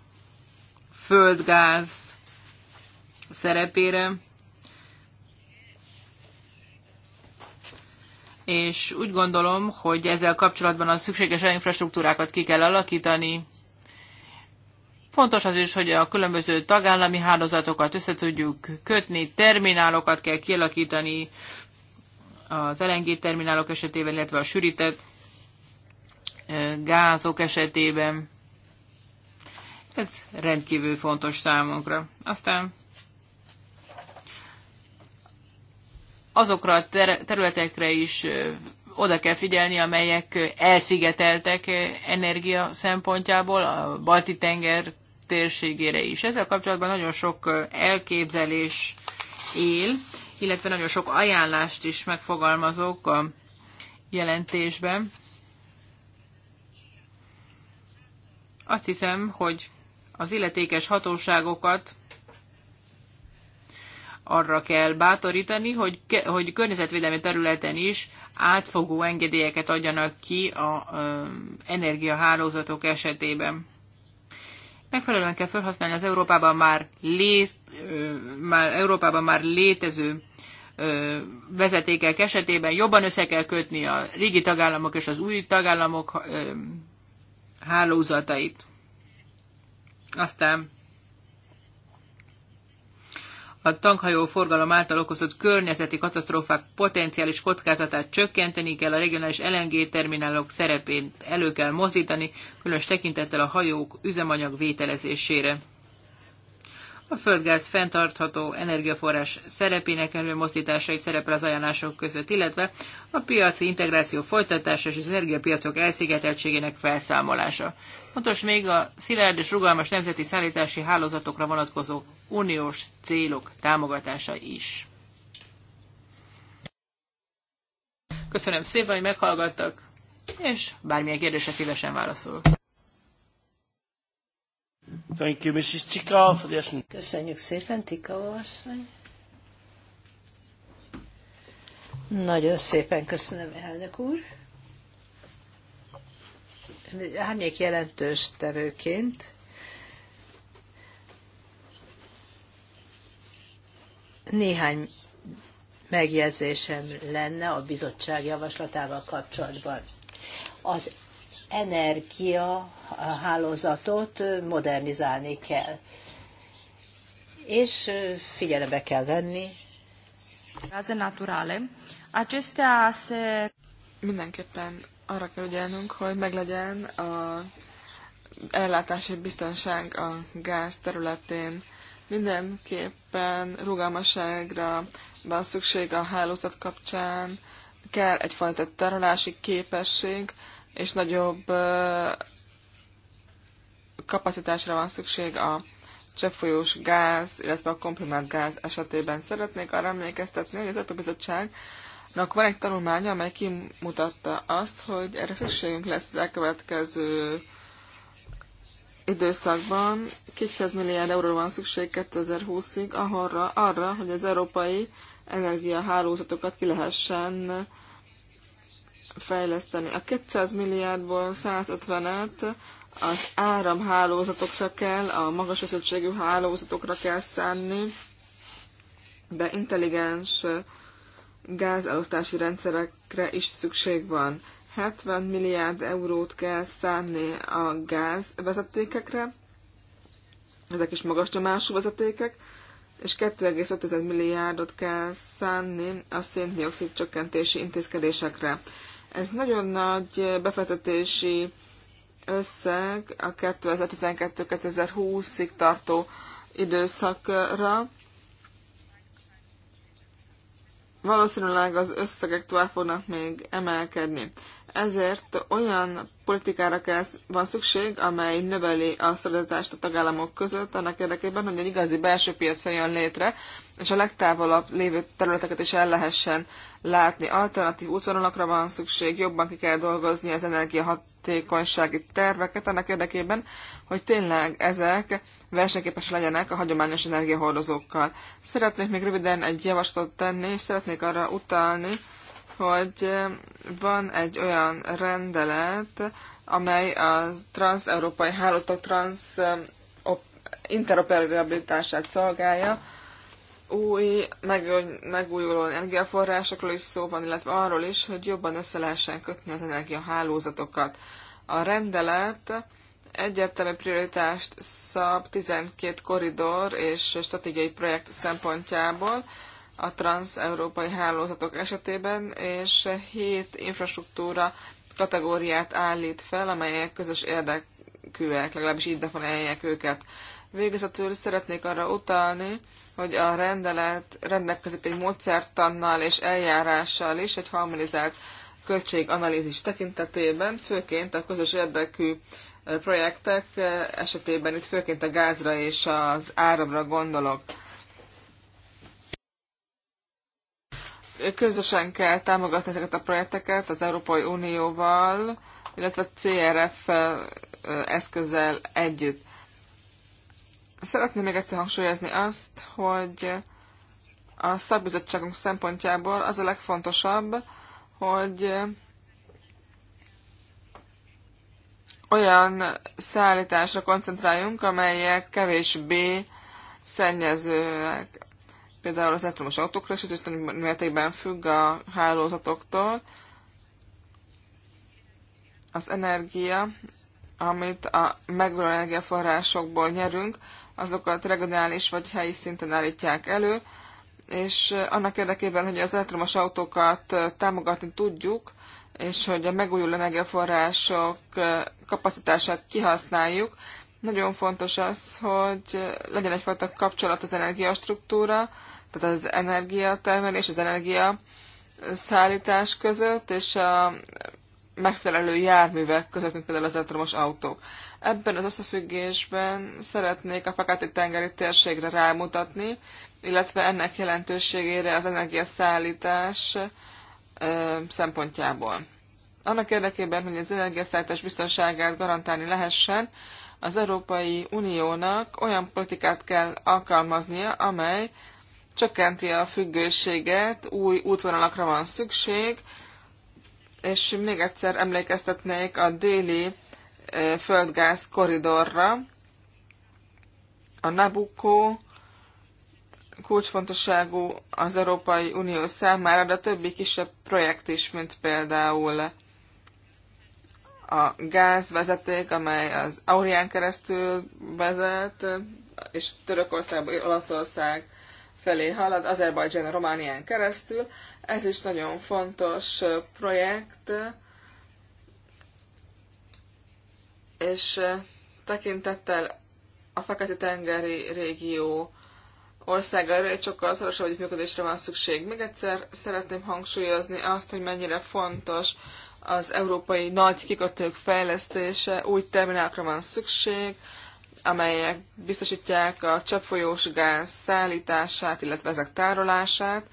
földgáz szerepére. És úgy gondolom, hogy ezzel kapcsolatban a szükséges infrastruktúrákat ki kell alakítani, Fontos az is, hogy a különböző tagállami hálózatokat össze tudjuk kötni, terminálokat kell kialakítani az LNG terminálok esetében, illetve a sűrített gázok esetében. Ez rendkívül fontos számunkra. Aztán azokra a ter- területekre is oda kell figyelni, amelyek elszigeteltek energia szempontjából, a Balti tenger térségére is. Ezzel kapcsolatban nagyon sok elképzelés él, illetve nagyon sok ajánlást is megfogalmazok a jelentésben. Azt hiszem, hogy az illetékes hatóságokat arra kell bátorítani, hogy, hogy környezetvédelmi területen is átfogó engedélyeket adjanak ki a energiahálózatok esetében. Megfelelően kell felhasználni az Európában már, lé, már, Európában már létező vezetékek esetében jobban össze kell kötni a régi tagállamok és az új tagállamok hálózatait. Aztán a tankhajó forgalom által okozott környezeti katasztrófák potenciális kockázatát csökkenteni kell, a regionális LNG terminálok szerepét elő kell mozdítani, különös tekintettel a hajók üzemanyag vételezésére. A földgáz fenntartható energiaforrás szerepének előmozdításait szerepel az ajánlások között, illetve a piaci integráció folytatása és az energiapiacok elszigeteltségének felszámolása. Fontos még a szilárd és rugalmas nemzeti szállítási hálózatokra vonatkozó uniós célok támogatása is. Köszönöm szépen, hogy meghallgattak, és bármilyen kérdésre szívesen válaszol. Thank you, Mrs. Tikal, for the Köszönjük szépen, Tikal asszony. Nagyon szépen köszönöm, elnök úr. Árnyék jelentős tevőként néhány megjegyzésem lenne a bizottság javaslatával kapcsolatban. Az energia hálózatot modernizálni kell. És figyelembe kell venni. naturale. se... Mindenképpen arra kell ügyelnünk, hogy meglegyen a ellátási biztonság a gáz területén. Mindenképpen rugalmasságra van szükség a hálózat kapcsán, kell egyfajta tarolási képesség, és nagyobb kapacitásra van szükség a cseppfolyós gáz, illetve a komprimált gáz esetében. Szeretnék arra emlékeztetni, hogy az Európai Bizottságnak van egy tanulmánya, amely kimutatta azt, hogy erre szükségünk lesz az elkövetkező időszakban 200 milliárd euróra van szükség 2020-ig arra, arra, hogy az európai energiahálózatokat ki lehessen fejleszteni. A 200 milliárdból 150-et az áramhálózatokra kell, a magas feszültségű hálózatokra kell szánni, de intelligens gázelosztási rendszerekre is szükség van. 70 milliárd eurót kell szánni a gázvezetékekre, ezek is magas nyomású vezetékek, és 2,5 milliárdot kell szánni a széndiokszid csökkentési intézkedésekre. Ez nagyon nagy befektetési összeg a 2012-2020-ig tartó időszakra. Valószínűleg az összegek tovább fognak még emelkedni. Ezért olyan politikára kell, van szükség, amely növeli a szolidaritást a tagállamok között, annak érdekében, hogy egy igazi belső piac jön létre, és a legtávolabb lévő területeket is el lehessen látni. Alternatív útvonalakra van szükség, jobban ki kell dolgozni az energiahatékonysági terveket annak érdekében, hogy tényleg ezek versenyképes legyenek a hagyományos energiahordozókkal. Szeretnék még röviden egy javaslatot tenni, és szeretnék arra utalni, hogy van egy olyan rendelet, amely a transeurópai hálózatok trans interoperabilitását szolgálja, új, megújuló energiaforrásokról is szó van, illetve arról is, hogy jobban össze lehessen kötni az energiahálózatokat. A rendelet egyértelmű prioritást szab 12 koridor és stratégiai projekt szempontjából a transeurópai hálózatok esetében, és 7 infrastruktúra kategóriát állít fel, amelyek közös érdekűek, legalábbis így definiálják őket. Végezetül szeretnék arra utalni, hogy a rendelet rendelkezik egy módszertannal és eljárással is, egy harmonizált költséganalízis tekintetében, főként a közös érdekű projektek esetében, itt főként a gázra és az áramra gondolok. Közösen kell támogatni ezeket a projekteket az Európai Unióval, illetve CRF eszközzel együtt. Szeretném még egyszer hangsúlyozni azt, hogy a szakbizottságunk szempontjából az a legfontosabb, hogy olyan szállításra koncentráljunk, amelyek kevésbé szennyezőek. Például az elektromos autókra, és ez is mértékben függ a hálózatoktól. Az energia, amit a megújuló energiaforrásokból nyerünk, azokat regionális vagy helyi szinten állítják elő, és annak érdekében, hogy az elektromos autókat támogatni tudjuk, és hogy a megújuló energiaforrások kapacitását kihasználjuk, nagyon fontos az, hogy legyen egyfajta kapcsolat az energiastruktúra, tehát az energiatermelés, az energia szállítás között, és a megfelelő járművek között, mint például az elektromos autók. Ebben az összefüggésben szeretnék a Fakáti tengeri térségre rámutatni, illetve ennek jelentőségére az energiaszállítás szempontjából. Annak érdekében, hogy az energiaszállítás biztonságát garantálni lehessen, az Európai Uniónak olyan politikát kell alkalmaznia, amely csökkenti a függőséget, új útvonalakra van szükség, és még egyszer emlékeztetnék a déli földgáz koridorra. A Nabucco kulcsfontosságú az Európai Unió számára, de a többi kisebb projekt is, mint például a gázvezeték, amely az Aurián keresztül vezet, és Törökország, Olaszország felé halad, Azerbajdzsán, Románián keresztül. Ez is nagyon fontos projekt, és tekintettel a Fekete-tengeri régió országára egy sokkal szorosabb együttműködésre van szükség. Még egyszer szeretném hangsúlyozni azt, hogy mennyire fontos az európai nagy kikötők fejlesztése, új terminálokra van szükség, amelyek biztosítják a cseppfolyós gáz szállítását, illetve ezek tárolását,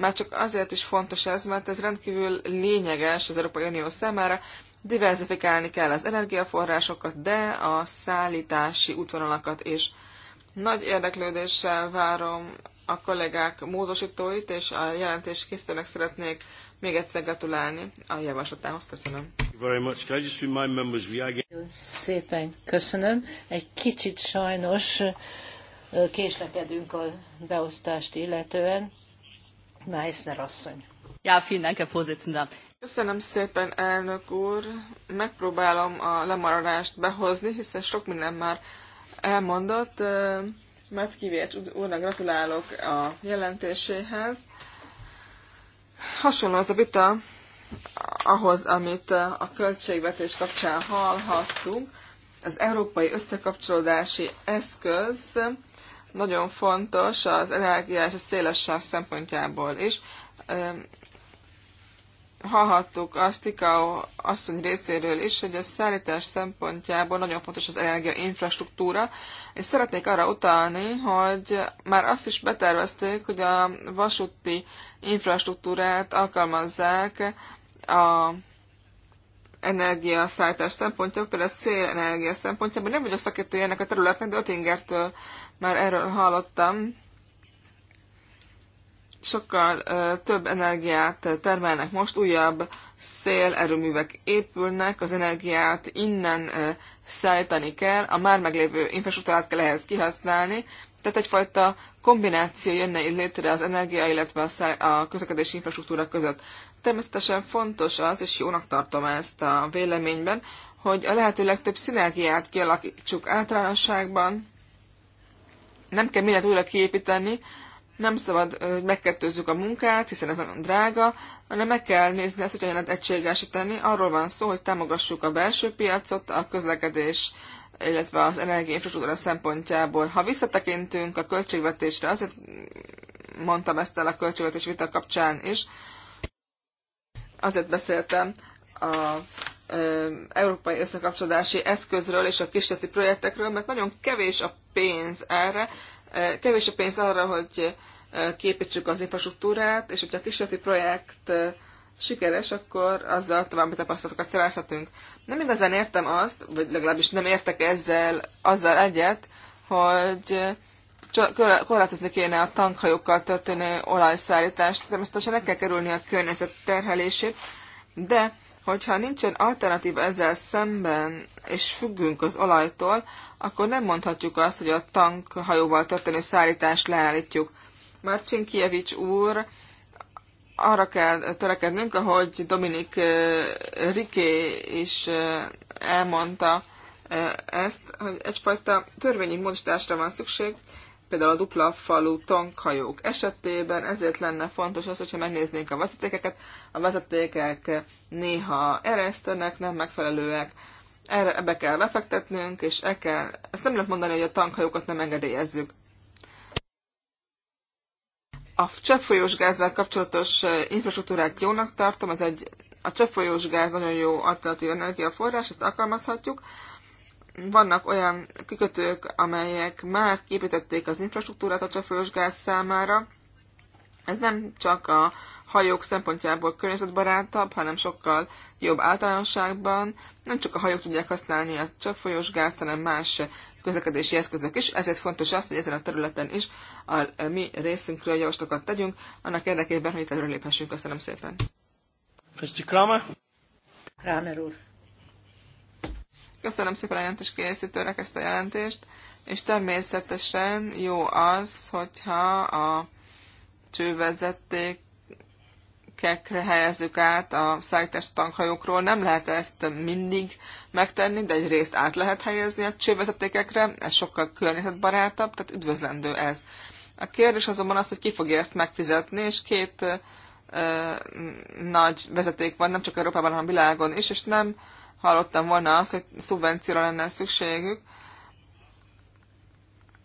már csak azért is fontos ez, mert ez rendkívül lényeges az Európai Unió számára. Diversifikálni kell az energiaforrásokat, de a szállítási útvonalakat is. Nagy érdeklődéssel várom a kollégák módosítóit, és a jelentés készítőnek szeretnék még egyszer gratulálni a javaslatához. Köszönöm. Szépen köszönöm. Egy kicsit sajnos késlekedünk a beosztást illetően, Meissner asszony. Ja, vielen Dank, Herr Köszönöm szépen, elnök úr. Megpróbálom a lemaradást behozni, hiszen sok minden már elmondott. Mert Kivécs úrnak gratulálok a jelentéséhez. Hasonló az a vita ahhoz, amit a költségvetés kapcsán hallhattunk. Az európai összekapcsolódási eszköz nagyon fontos az energiás és szélessel szempontjából is. Hallhattuk azt Tikao asszony részéről is, hogy a szállítás szempontjából nagyon fontos az energia infrastruktúra, és szeretnék arra utalni, hogy már azt is betervezték, hogy a vasúti infrastruktúrát alkalmazzák a energiaszállítás szempontjából, például a szélenergia szempontjából. Nem vagyok szakértője ennek a területnek, de Ottingertől már erről hallottam, sokkal több energiát termelnek most, újabb szélerőművek épülnek, az energiát innen szállítani kell, a már meglévő infrastruktúrát kell ehhez kihasználni, tehát egyfajta kombináció jönne így létre az energia, illetve a, száll- a közlekedési infrastruktúra között. Természetesen fontos az, és jónak tartom ezt a véleményben, hogy a lehető legtöbb szinergiát kialakítsuk általánosságban, nem kell mindent újra kiépíteni, nem szabad, hogy megkettőzzük a munkát, hiszen ez nagyon drága, hanem meg kell nézni ezt, hogyan lehet egységesíteni. Arról van szó, hogy támogassuk a belső piacot, a közlekedés, illetve az energiainfrastruktúra szempontjából. Ha visszatekintünk a költségvetésre, azért mondtam ezt el a költségvetés vita kapcsán is, azért beszéltem a európai összekapcsolódási eszközről és a kísérleti projektekről, mert nagyon kevés a pénz erre, kevés a pénz arra, hogy képítsük az infrastruktúrát, és hogyha a kísérleti projekt sikeres, akkor azzal további tapasztalatokat szerezhetünk. Nem igazán értem azt, vagy legalábbis nem értek ezzel azzal egyet, hogy korlátozni kéne a tankhajókkal történő olajszállítást. Természetesen le kell kerülni a környezet terhelését, de hogyha nincsen alternatív ezzel szemben, és függünk az olajtól, akkor nem mondhatjuk azt, hogy a tankhajóval történő szállítást leállítjuk. Marcin Kievics úr, arra kell törekednünk, ahogy Dominik eh, Riké is eh, elmondta eh, ezt, hogy egyfajta törvényi módosításra van szükség, például a dupla falú tankhajók esetében, ezért lenne fontos az, hogyha megnéznénk a vezetékeket. A vezetékek néha eresztenek, nem megfelelőek, erre ebbe kell befektetnünk, és e kell, ezt nem lehet mondani, hogy a tankhajókat nem engedélyezzük. A cseppfolyós gázzal kapcsolatos eh, infrastruktúrát jónak tartom, ez egy, a cseppfolyós gáz nagyon jó alternatív energiaforrás, ezt alkalmazhatjuk vannak olyan kikötők, amelyek már képítették az infrastruktúrát a gáz számára. Ez nem csak a hajók szempontjából környezetbarátabb, hanem sokkal jobb általánosságban. Nem csak a hajók tudják használni a cseppfolyós gázt, hanem más közlekedési eszközök is. Ezért fontos az, hogy ezen a területen is a mi részünkről javaslatokat tegyünk, annak érdekében, hogy előre léphessünk. Köszönöm szépen. Mr. Kramer. Kramer úr. Köszönöm szépen a jelentés készítőnek ezt a jelentést, és természetesen jó az, hogyha a csővezetékekre helyezzük át a szállítás tankhajókról. Nem lehet ezt mindig megtenni, de egy részt át lehet helyezni a csővezetékekre, ez sokkal környezetbarátabb, tehát üdvözlendő ez. A kérdés azonban az, hogy ki fogja ezt megfizetni, és két ö, nagy vezeték van, nem csak Európában, hanem a világon is, és nem hallottam volna azt, hogy szubvencióra lenne szükségük.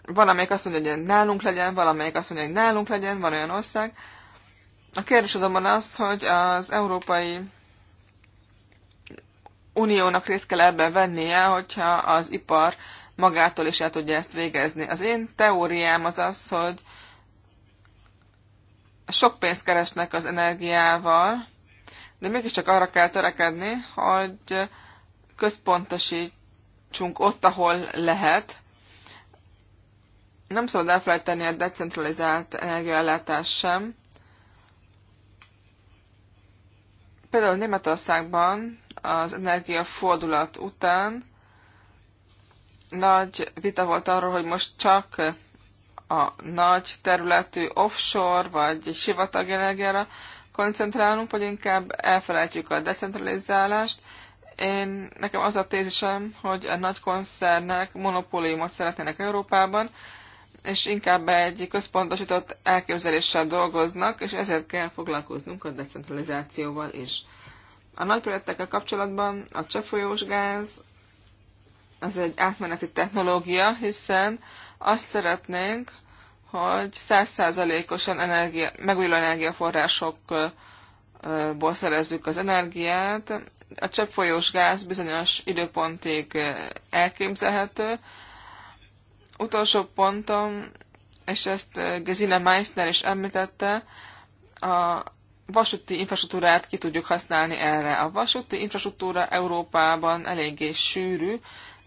Valamelyik azt mondja, hogy nálunk legyen, valamelyik azt mondja, hogy nálunk legyen, van olyan ország. A kérdés azonban az, hogy az Európai Uniónak részt kell ebben vennie, hogyha az ipar magától is el tudja ezt végezni. Az én teóriám az az, hogy sok pénzt keresnek az energiával, de mégiscsak arra kell törekedni, hogy központosítsunk ott, ahol lehet. Nem szabad elfelejteni a decentralizált energiaellátás sem. Például Németországban az energiafordulat után nagy vita volt arról, hogy most csak a nagy területű offshore vagy sivatag energiára koncentrálunk, vagy inkább elfelejtjük a decentralizálást. Én, nekem az a tézisem, hogy a nagy koncernek monopóliumot szeretnének Európában, és inkább egy központosított elképzeléssel dolgoznak, és ezért kell foglalkoznunk a decentralizációval is. A nagy projektekkel kapcsolatban a cseppfolyós gáz, az egy átmeneti technológia, hiszen azt szeretnénk, hogy százszázalékosan energia, megújuló energiaforrásokból szerezzük az energiát. A cseppfolyós gáz bizonyos időpontig elképzelhető. Utolsó pontom, és ezt Gesine Meissner is említette, a vasúti infrastruktúrát ki tudjuk használni erre. A vasúti infrastruktúra Európában eléggé sűrű,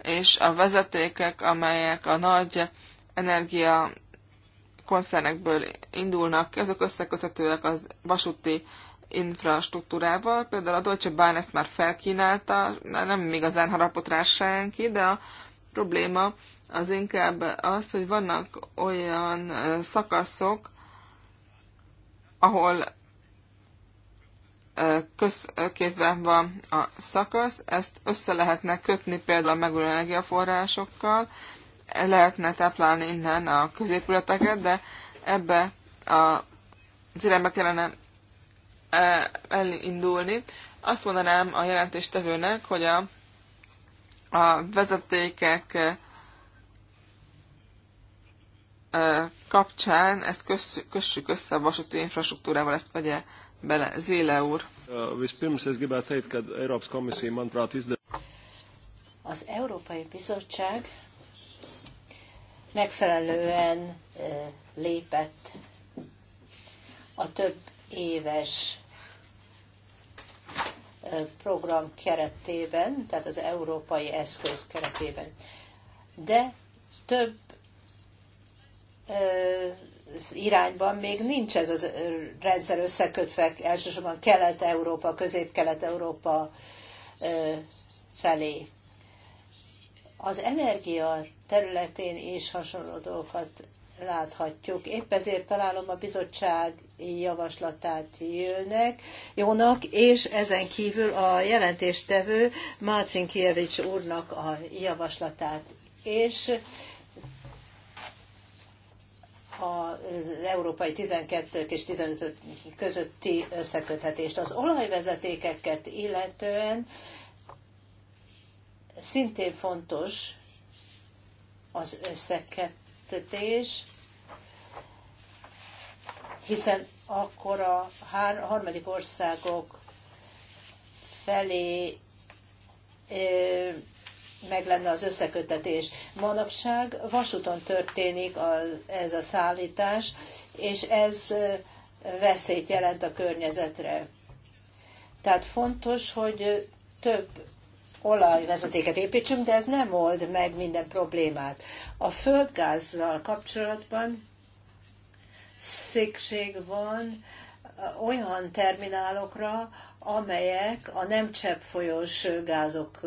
és a vezetékek, amelyek a nagy energia koncernekből indulnak, azok összeköthetőek az vasúti infrastruktúrával. Például a Deutsche Bahn ezt már felkínálta, nem igazán harapott rá senki, de a probléma az inkább az, hogy vannak olyan szakaszok, ahol közkézben van a szakasz, ezt össze lehetne kötni például a megújuló energiaforrásokkal, lehetne táplálni innen a középületeket, de ebbe a az kellene e, elindulni. Azt mondanám a jelentéstevőnek, hogy a, a vezetékek e, e, kapcsán ezt kössük össze a vasúti infrastruktúrával, ezt vegye bele Zéle úr. Az Európai Bizottság megfelelően lépett a több éves program keretében, tehát az európai eszköz keretében. De több irányban még nincs ez a rendszer összekötve, elsősorban Kelet-Európa, Közép-Kelet-Európa felé. Az energia területén is hasonló dolgokat láthatjuk. Épp ezért találom a bizottság javaslatát jönnek, jónak, és ezen kívül a jelentéstevő Márcsin Kievics úrnak a javaslatát. És az európai 12 és 15 közötti összeköthetést. Az olajvezetékeket illetően Szintén fontos az összekettetés, hiszen akkor a harmadik országok felé meg lenne az összekötetés. Manapság vasúton történik a, ez a szállítás, és ez veszélyt jelent a környezetre. Tehát fontos, hogy több olajvezetéket építsünk, de ez nem old meg minden problémát. A földgázzal kapcsolatban szükség van olyan terminálokra, amelyek a nem folyós gázok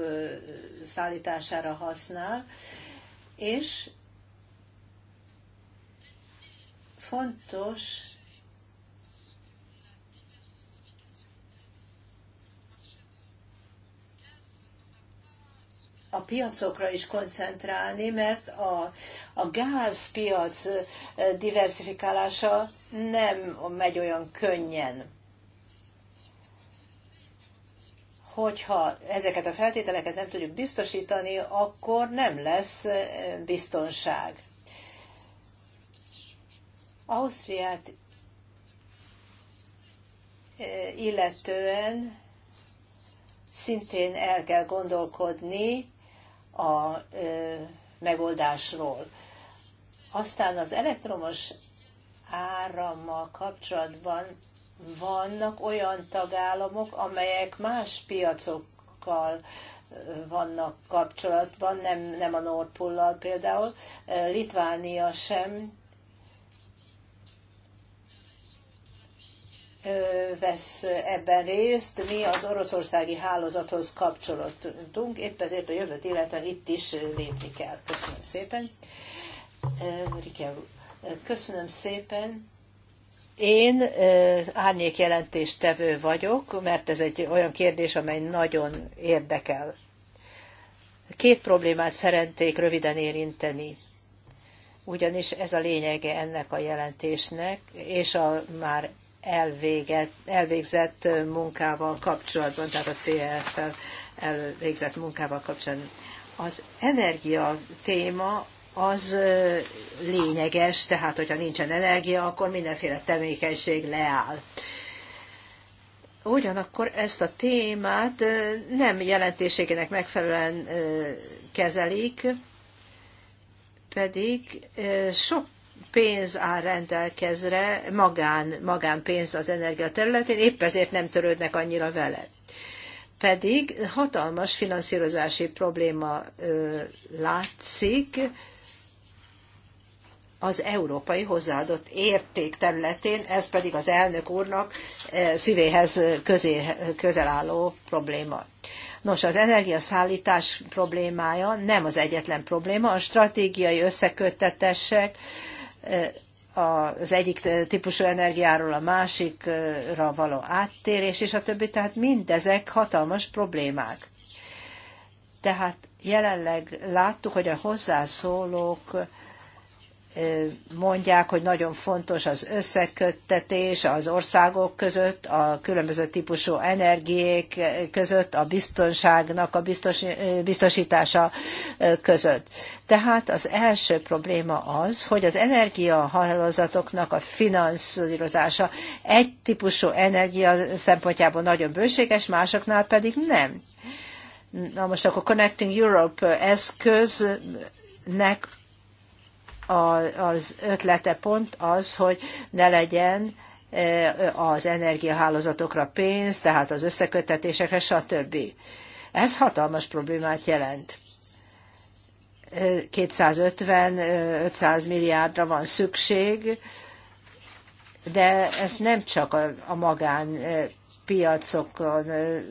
szállítására használ, és fontos a piacokra is koncentrálni, mert a, a gázpiac diversifikálása nem megy olyan könnyen. Hogyha ezeket a feltételeket nem tudjuk biztosítani, akkor nem lesz biztonság. Ausztriát illetően szintén el kell gondolkodni a megoldásról. Aztán az elektromos árammal kapcsolatban vannak olyan tagállamok, amelyek más piacokkal vannak kapcsolatban, nem, nem a Nordpullal például, Litvánia sem vesz ebben részt. Mi az oroszországi hálózathoz kapcsolódtunk, épp ezért a jövőt illetve itt is lépni kell. Köszönöm szépen. köszönöm szépen. Én árnyékjelentéstevő vagyok, mert ez egy olyan kérdés, amely nagyon érdekel. Két problémát szeretnék röviden érinteni ugyanis ez a lényege ennek a jelentésnek, és a már elvéget, elvégzett munkával kapcsolatban, tehát a CEF-fel elvégzett munkával kapcsolatban. Az energia téma az lényeges, tehát hogyha nincsen energia, akkor mindenféle tevékenység leáll. Ugyanakkor ezt a témát nem jelentésének megfelelően kezelik, pedig sok pénz áll rendelkezre, magán, magán pénz az energia területén, épp ezért nem törődnek annyira vele. Pedig hatalmas finanszírozási probléma ö, látszik az európai hozzáadott érték területén, ez pedig az elnök úrnak szívéhez közé, közel álló probléma. Nos, az energiaszállítás problémája nem az egyetlen probléma, a stratégiai összeköttetések, az egyik típusú energiáról a másikra való áttérés, és a többi, tehát mindezek hatalmas problémák. Tehát jelenleg láttuk, hogy a hozzászólók mondják, hogy nagyon fontos az összeköttetés az országok között, a különböző típusú energiék között, a biztonságnak a biztos, biztosítása között. Tehát az első probléma az, hogy az energiahálózatoknak a finanszírozása egy típusú energia szempontjából nagyon bőséges, másoknál pedig nem. Na most akkor Connecting Europe eszköznek az ötlete pont az, hogy ne legyen e, az energiahálózatokra pénz, tehát az összekötetésekre, stb. Ez hatalmas problémát jelent. 250-500 e, e, milliárdra van szükség, de ez nem csak a, magán piacokon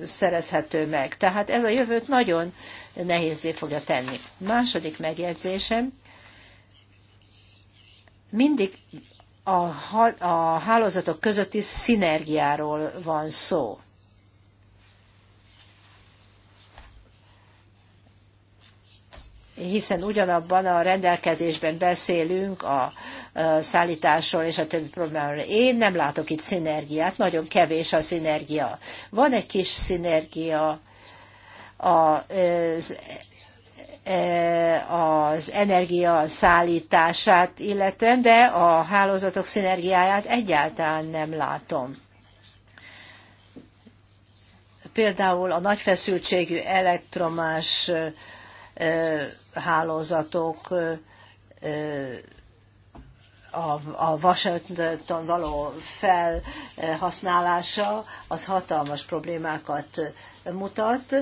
szerezhető meg. Tehát ez a jövőt nagyon nehézé fogja tenni. Második megjegyzésem, mindig a, a hálózatok közötti szinergiáról van szó. hiszen ugyanabban a rendelkezésben beszélünk a szállításról és a többi problémáról. Én nem látok itt szinergiát, nagyon kevés a szinergia. Van egy kis szinergia az az energia szállítását illetően, de a hálózatok szinergiáját egyáltalán nem látom. Például a nagy feszültségű elektromás hálózatok a, a Washington való felhasználása az hatalmas problémákat mutat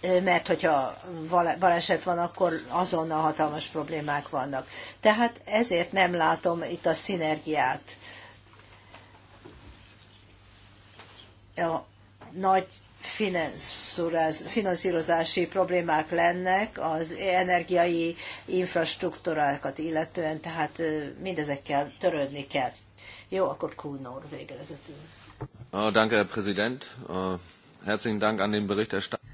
mert hogyha baleset van, akkor azonnal hatalmas problémák vannak. Tehát ezért nem látom itt a szinergiát. A nagy finanszírozási problémák lennek az energiai infrastruktúrákat illetően, tehát mindezekkel törődni kell. Jó, akkor Kuhnor végezetül. Ah, danke, Herr Präsident. Ah, herzlichen Dank an den Berichterstatter.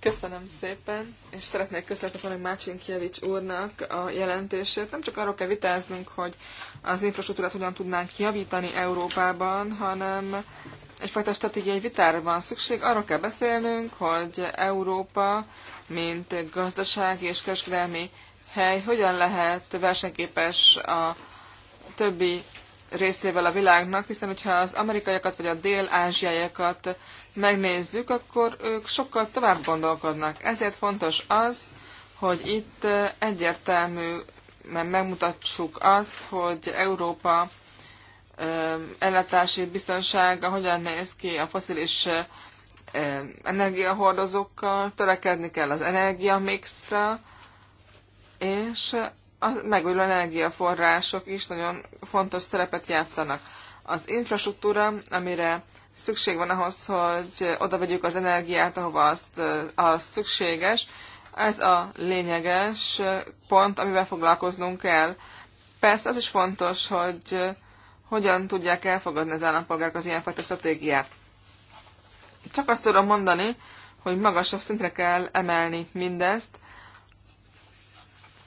Köszönöm szépen, és szeretnék köszönetet mondani Mácsinkievics úrnak a jelentését. Nem csak arról kell vitáznunk, hogy az infrastruktúrát hogyan tudnánk javítani Európában, hanem egyfajta stratégiai vitára van szükség. Arról kell beszélnünk, hogy Európa, mint gazdasági és kereskedelmi hely, hogyan lehet versenyképes a többi részével a világnak, hiszen hogyha az amerikaiakat vagy a dél-ázsiaiakat megnézzük, akkor ők sokkal tovább gondolkodnak. Ezért fontos az, hogy itt egyértelmű mert megmutatjuk azt, hogy Európa ellátási biztonsága hogyan néz ki a foszilis energiahordozókkal, törekedni kell az energiamixra, és a megújuló energiaforrások is nagyon fontos szerepet játszanak. Az infrastruktúra, amire szükség van ahhoz, hogy oda vegyük az energiát, ahova azt, eh, az szükséges. Ez a lényeges eh, pont, amivel foglalkoznunk kell. Persze az is fontos, hogy eh, hogyan tudják elfogadni az állampolgárok az ilyenfajta stratégiát. Csak azt tudom mondani, hogy magasabb szintre kell emelni mindezt,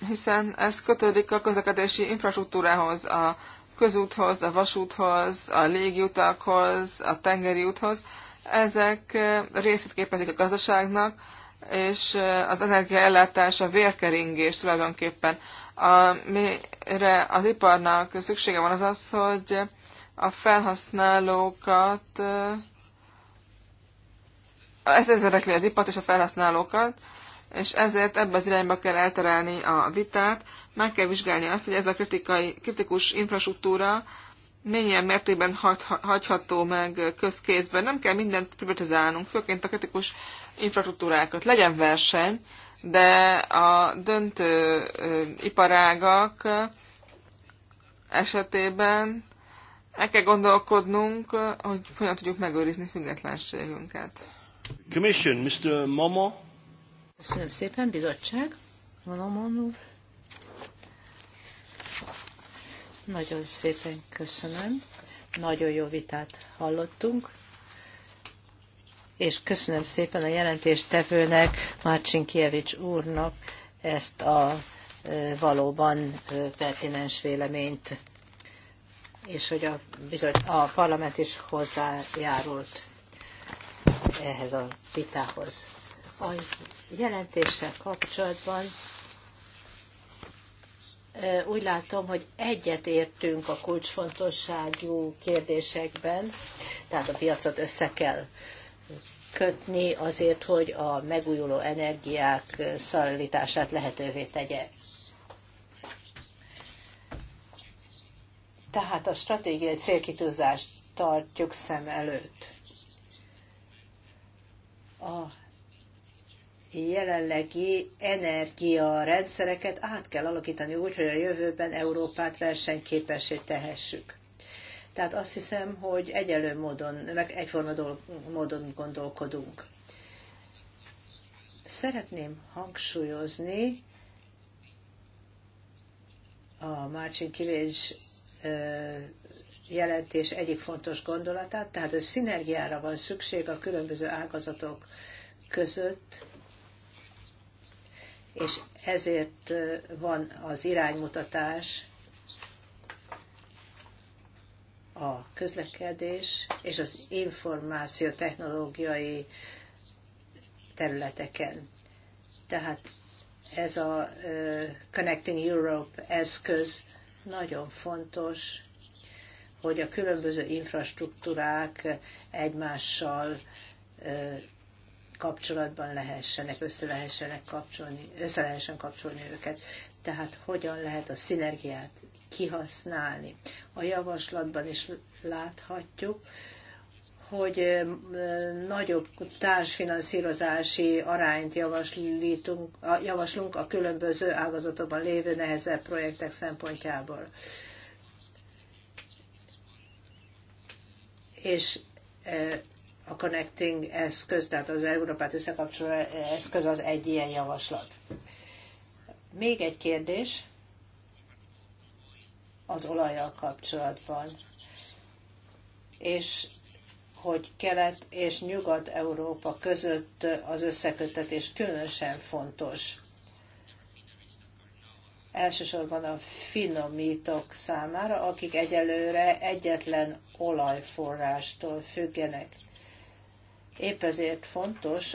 hiszen ez kötődik a közlekedési infrastruktúrához, a közúthoz, a vasúthoz, a légiutakhoz, a tengeri úthoz. Ezek részét képezik a gazdaságnak, és az energiaellátás, a vérkeringés tulajdonképpen. Amire az iparnak szüksége van az az, hogy a felhasználókat ez ezerekli az ipart és a felhasználókat, és ezért ebbe az irányba kell elterelni a vitát, meg kell vizsgálni azt, hogy ez a kritikai, kritikus infrastruktúra milyen mértékben hagy, hagyható meg közkézben. Nem kell mindent privatizálnunk, főként a kritikus infrastruktúrákat. Legyen verseny, de a döntő iparágak esetében el kell gondolkodnunk, hogy hogyan tudjuk megőrizni függetlenségünket. Commission, Mr. Momo. Köszönöm szépen, bizottság. Monomon úr. Nagyon szépen köszönöm. Nagyon jó vitát hallottunk. És köszönöm szépen a jelentéstevőnek, Márcsin Kievics úrnak ezt a valóban pertinens véleményt, és hogy a, bizony, a parlament is hozzájárult ehhez a vitához. A jelentéssel kapcsolatban úgy látom, hogy egyet értünk a kulcsfontosságú kérdésekben, tehát a piacot össze kell kötni azért, hogy a megújuló energiák szállítását lehetővé tegye. Tehát a stratégiai célkitűzást tartjuk szem előtt. A jelenlegi energiarendszereket át kell alakítani úgy, hogy a jövőben Európát versenyképessé tehessük. Tehát azt hiszem, hogy egyelő módon, meg egyforma módon gondolkodunk. Szeretném hangsúlyozni a Márcsin Kivécs jelentés egyik fontos gondolatát, tehát a szinergiára van szükség a különböző ágazatok között, és ezért van az iránymutatás a közlekedés és az információ technológiai területeken. Tehát ez a Connecting Europe eszköz nagyon fontos, hogy a különböző infrastruktúrák egymással kapcsolatban lehessenek, össze lehessenek kapcsolni, össze lehessen kapcsolni őket. Tehát hogyan lehet a szinergiát kihasználni. A javaslatban is láthatjuk, hogy nagyobb társfinanszírozási arányt javaslunk a különböző ágazatokban lévő nehezebb projektek szempontjából. És a connecting eszköz, tehát az Európát összekapcsoló eszköz az egy ilyen javaslat. Még egy kérdés az olajjal kapcsolatban, és hogy Kelet és Nyugat-Európa között az összekötetés különösen fontos. Elsősorban a finomítók számára, akik egyelőre egyetlen olajforrástól függenek Épp ezért fontos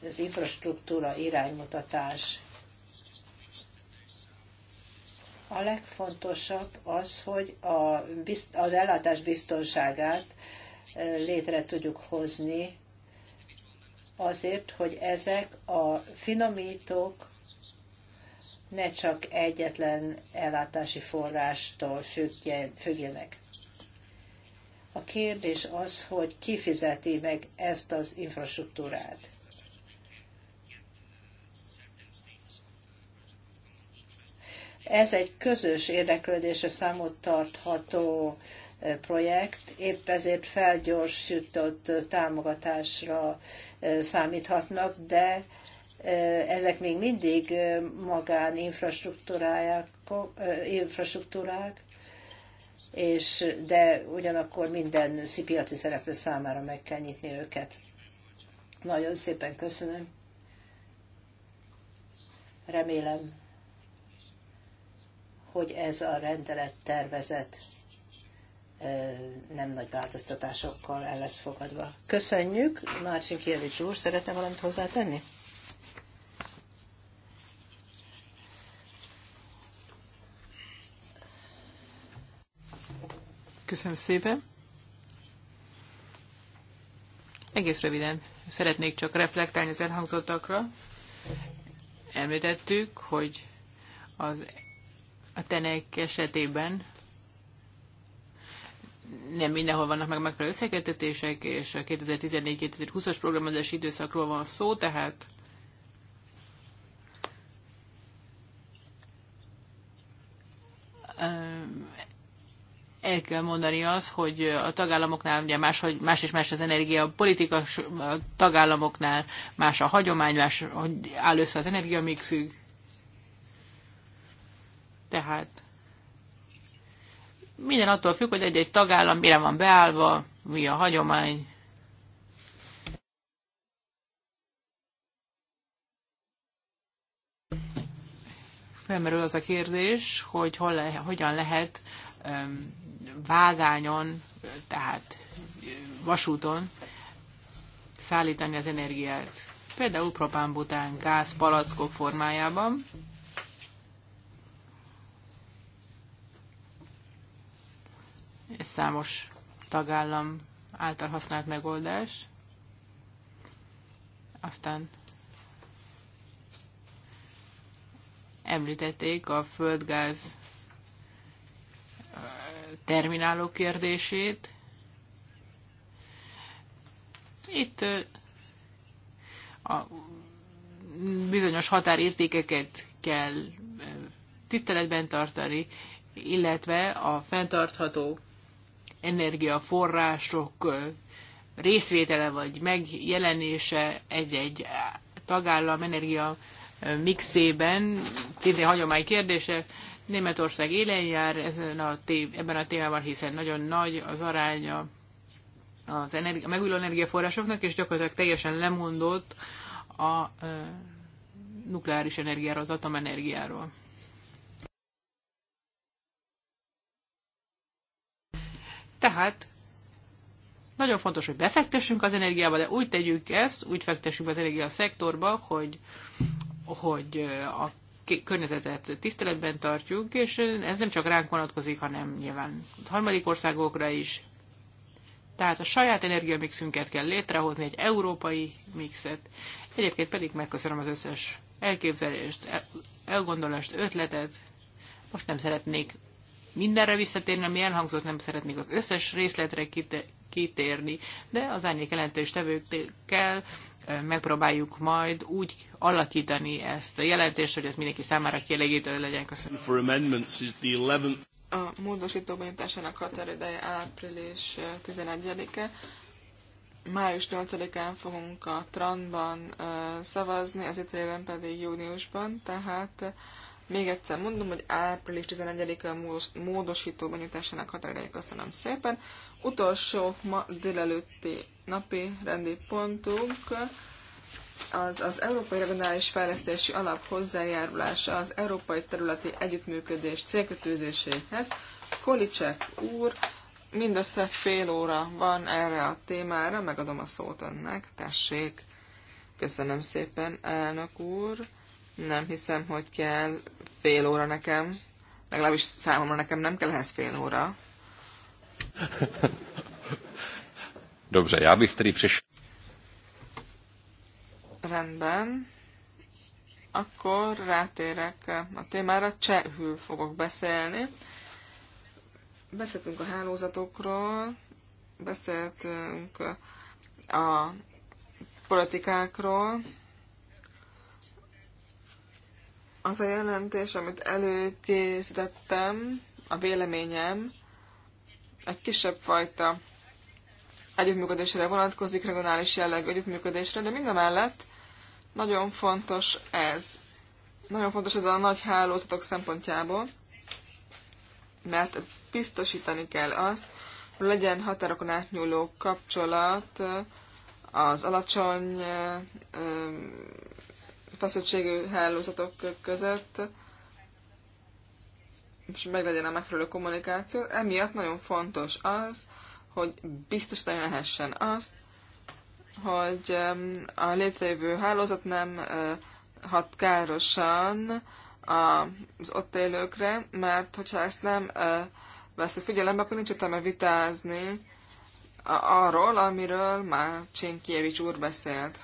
az infrastruktúra iránymutatás. A legfontosabb az, hogy a, az ellátás biztonságát létre tudjuk hozni azért, hogy ezek a finomítók ne csak egyetlen ellátási forrástól függjenek. A kérdés az, hogy ki fizeti meg ezt az infrastruktúrát. Ez egy közös érdeklődésre számot tartható eh, projekt, épp ezért felgyorsított támogatásra eh, számíthatnak, de eh, ezek még mindig magáninfrastruktúrák, infrastruktúrák, és, de ugyanakkor minden piaci szereplő számára meg kell nyitni őket. Nagyon szépen köszönöm. Remélem, hogy ez a rendelet tervezet nem nagy változtatásokkal el lesz fogadva. Köszönjük. Márcsin Kievics úr, szeretne valamit hozzátenni? Köszönöm szépen. Egész röviden szeretnék csak reflektálni az elhangzottakra. Említettük, hogy az, a tenek esetében nem mindenhol vannak meg megfelelő összekeltetések, és a 2014-2020-as programozási időszakról van szó, tehát el kell mondani az, hogy a tagállamoknál ugye más, hogy más és más az energia, a politikas a tagállamoknál más a hagyomány, más hogy áll össze az energiamixük. Tehát minden attól függ, hogy egy-egy tagállam mire van beállva, mi a hagyomány, felmerül az a kérdés, hogy hol le, hogyan lehet um, vágányon, tehát vasúton szállítani az energiát, például propánbután gáz palackok formájában. Ez számos tagállam által használt megoldás. Aztán említették a földgáz termináló kérdését. Itt a bizonyos határértékeket kell tiszteletben tartani, illetve a fenntartható energiaforrások részvétele vagy megjelenése egy-egy tagállam energia mixében, szintén hagyomány kérdése, Németország élen jár ezen a tév, ebben a témában, hiszen nagyon nagy az aránya az energi- a megújuló energiaforrásoknak, és gyakorlatilag teljesen lemondott a e, nukleáris energiáról, az atomenergiáról. Tehát nagyon fontos, hogy befektessünk az energiába, de úgy tegyük ezt, úgy fektessünk az energia szektorba, hogy, hogy a környezetet tiszteletben tartjuk, és ez nem csak ránk vonatkozik, hanem nyilván a harmadik országokra is. Tehát a saját energiamixünket kell létrehozni, egy európai mixet. Egyébként pedig megköszönöm az összes elképzelést, elgondolást, ötletet. Most nem szeretnék mindenre visszatérni, ami elhangzott, nem szeretnék az összes részletre kitérni, de az árnyék jelentős tevőkkel megpróbáljuk majd úgy alakítani ezt a jelentést, hogy ez mindenki számára kielégítő legyen. Köszönöm. A módosító benyújtásának határideje április 11-e. Május 8-án fogunk a Tranban szavazni, az itt pedig júniusban, tehát még egyszer mondom, hogy április 11-e a módosító benyújtásának határideje. Köszönöm szépen. Utolsó ma délelőtti napi rendi pontunk az, az Európai Regionális Fejlesztési Alap hozzájárulása az Európai Területi Együttműködés célkötőzéséhez. Kolicek úr, mindössze fél óra van erre a témára, megadom a szót önnek, tessék. Köszönöm szépen, elnök úr. Nem hiszem, hogy kell fél óra nekem. Legalábbis számomra nekem nem kell ehhez fél óra. Dobře, já bych tedy přišel. Rendben. Akkor rátérek a témára, csehül fogok beszélni. Beszéltünk a hálózatokról, beszéltünk a politikákról. Az a jelentés, amit előkészítettem, a véleményem, egy kisebb fajta együttműködésre vonatkozik, regionális jellegű együttműködésre, de mellett nagyon fontos ez. Nagyon fontos ez a nagy hálózatok szempontjából, mert biztosítani kell azt, hogy legyen határokon átnyúló kapcsolat az alacsony feszültségű hálózatok között, és meg legyen a megfelelő kommunikáció. Emiatt nagyon fontos az, hogy biztosítani lehessen azt, hogy a létrejövő hálózat nem hat károsan az ott élőkre, mert hogyha ezt nem veszük figyelembe, akkor nincs értelme vitázni arról, amiről már Csinkievics úr beszélt.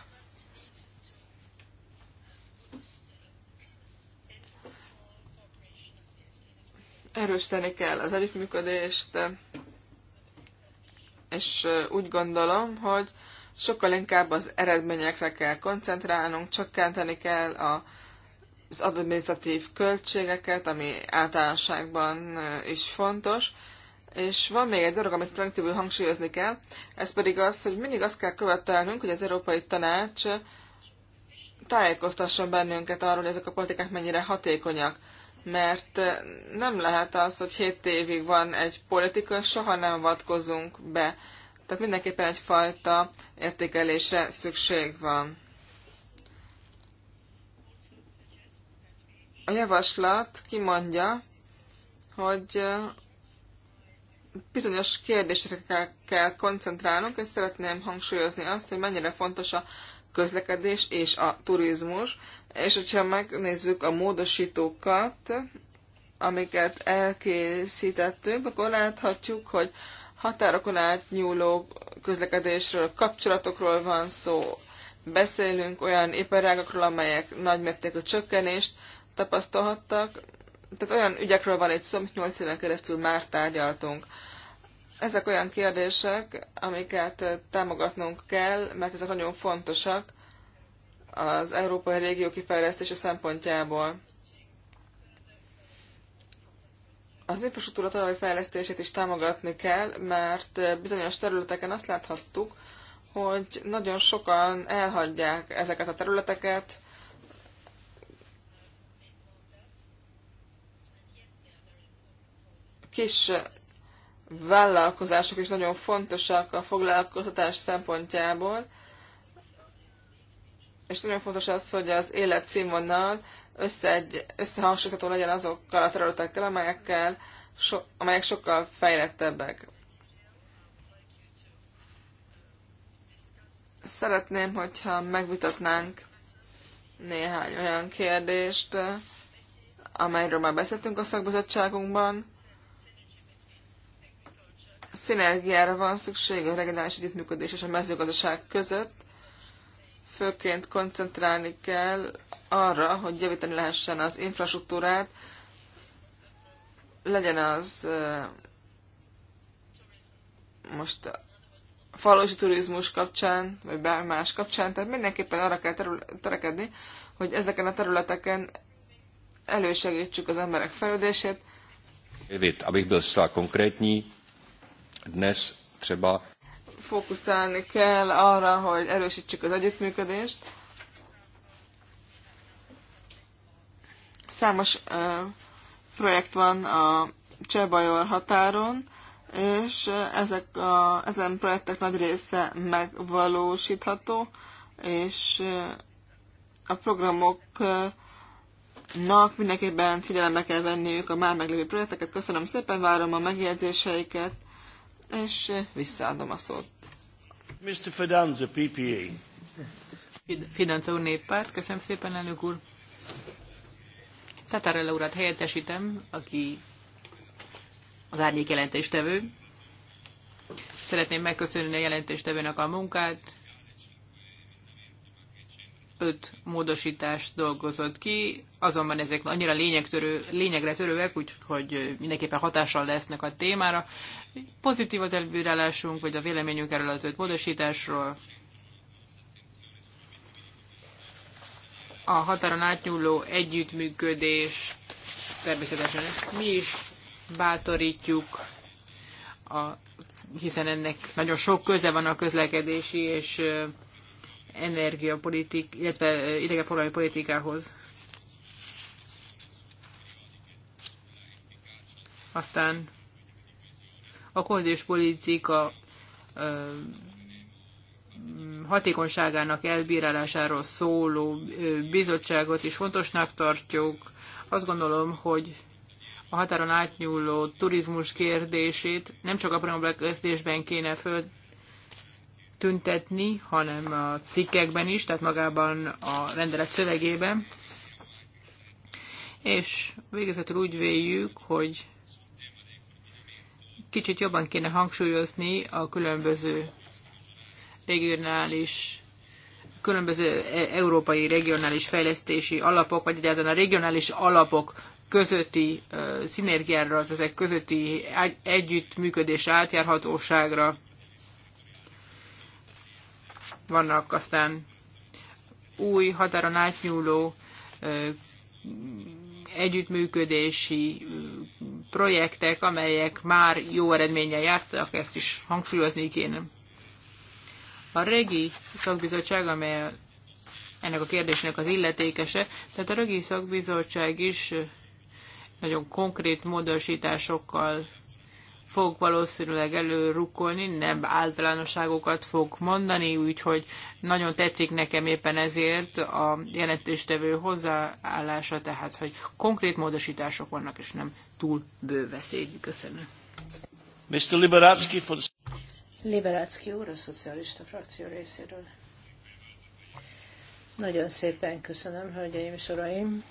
Erősteni kell az együttműködést és úgy gondolom, hogy sokkal inkább az eredményekre kell koncentrálnunk, csökkenteni kell a, az adminisztratív költségeket, ami általánosságban is fontos. És van még egy dolog, amit rendkívül hangsúlyozni kell, ez pedig az, hogy mindig azt kell követelnünk, hogy az Európai Tanács tájékoztasson bennünket arról, hogy ezek a politikák mennyire hatékonyak mert nem lehet az, hogy 7 évig van egy politika, soha nem vatkozunk be. Tehát mindenképpen egyfajta értékelésre szükség van. A javaslat kimondja, hogy bizonyos kérdésekre kell, kell koncentrálnunk, és szeretném hangsúlyozni azt, hogy mennyire fontos a közlekedés és a turizmus, és hogyha megnézzük a módosítókat, amiket elkészítettünk, akkor láthatjuk, hogy határokon átnyúló közlekedésről, kapcsolatokról van szó, beszélünk olyan iparágakról, amelyek nagymértékű csökkenést tapasztalhattak, tehát olyan ügyekről van egy szó, amit 8 éven keresztül már tárgyaltunk. Ezek olyan kérdések, amiket támogatnunk kell, mert ezek nagyon fontosak az európai régió kifejlesztése szempontjából. Az infrastruktúra további fejlesztését is támogatni kell, mert bizonyos területeken azt láthattuk, hogy nagyon sokan elhagyják ezeket a területeket, kis vállalkozások is nagyon fontosak a foglalkoztatás szempontjából, és nagyon fontos az, hogy az színvonal össze összehasonlítható legyen azokkal a területekkel, amelyekkel so, amelyek sokkal fejlettebbek. Szeretném, hogyha megvitatnánk néhány olyan kérdést, amelyről már beszéltünk a szakbizottságunkban. Szinergiára van szükség a regionális együttműködés és a mezőgazdaság között, főként koncentrálni kell arra, hogy javítani lehessen az infrastruktúrát, legyen az most falusi turizmus kapcsán, vagy bár más kapcsán, tehát mindenképpen arra kell törekedni, hogy ezeken a területeken elősegítsük az emberek fejlődését. Vít, abych byl zcela konkrétní, dnes třeba fókuszálni kell arra, hogy erősítsük az együttműködést. Számos projekt van a Csebajor határon, és ezek a, ezen projektek nagy része megvalósítható, és a programoknak mindenképpen figyelembe kell venniük a már meglévő projekteket. Köszönöm szépen, várom a megjegyzéseiket, és visszaadom a szót. Mr. Fidanza, PPA. E. Fidanza úr néppárt, köszönöm szépen, elnök úr. Tatarella urat helyettesítem, aki az árnyék jelentéstevő. Szeretném megköszönni a jelentéstevőnek a munkát, öt módosítást dolgozott ki, azonban ezek annyira lényegtörő, lényegre törőek, úgyhogy mindenképpen hatással lesznek a témára. Pozitív az elbírálásunk, vagy a véleményünk erről az öt módosításról. A határon átnyúló együttműködés természetesen mi is bátorítjuk, a, hiszen ennek nagyon sok köze van a közlekedési és energiapolitik, illetve idegenforgalmi politikához. Aztán a kohéziós politika hatékonyságának elbírálásáról szóló bizottságot is fontosnak tartjuk. Azt gondolom, hogy a határon átnyúló turizmus kérdését nem csak a preambulaközdésben kéne föl tüntetni, hanem a cikkekben is, tehát magában a rendelet szövegében. És végezetül úgy véljük, hogy kicsit jobban kéne hangsúlyozni a különböző regionális különböző e- európai regionális fejlesztési alapok, vagy egyáltalán a regionális alapok közötti uh, szinergiára, az ezek közötti együttműködés átjárhatóságra, vannak aztán új határon átnyúló együttműködési projektek, amelyek már jó eredménnyel jártak, ezt is hangsúlyozni kéne. A régi szakbizottság, amely ennek a kérdésnek az illetékese, tehát a régi szakbizottság is nagyon konkrét módosításokkal fog valószínűleg előrukkolni, nem általánosságokat fog mondani, úgyhogy nagyon tetszik nekem éppen ezért a jelentéstevő hozzáállása, tehát hogy konkrét módosítások vannak, és nem túl bőveszély. Köszönöm. Mr. Liberacki for the... úr a szocialista frakció részéről. Nagyon szépen köszönöm, hölgyeim és uraim.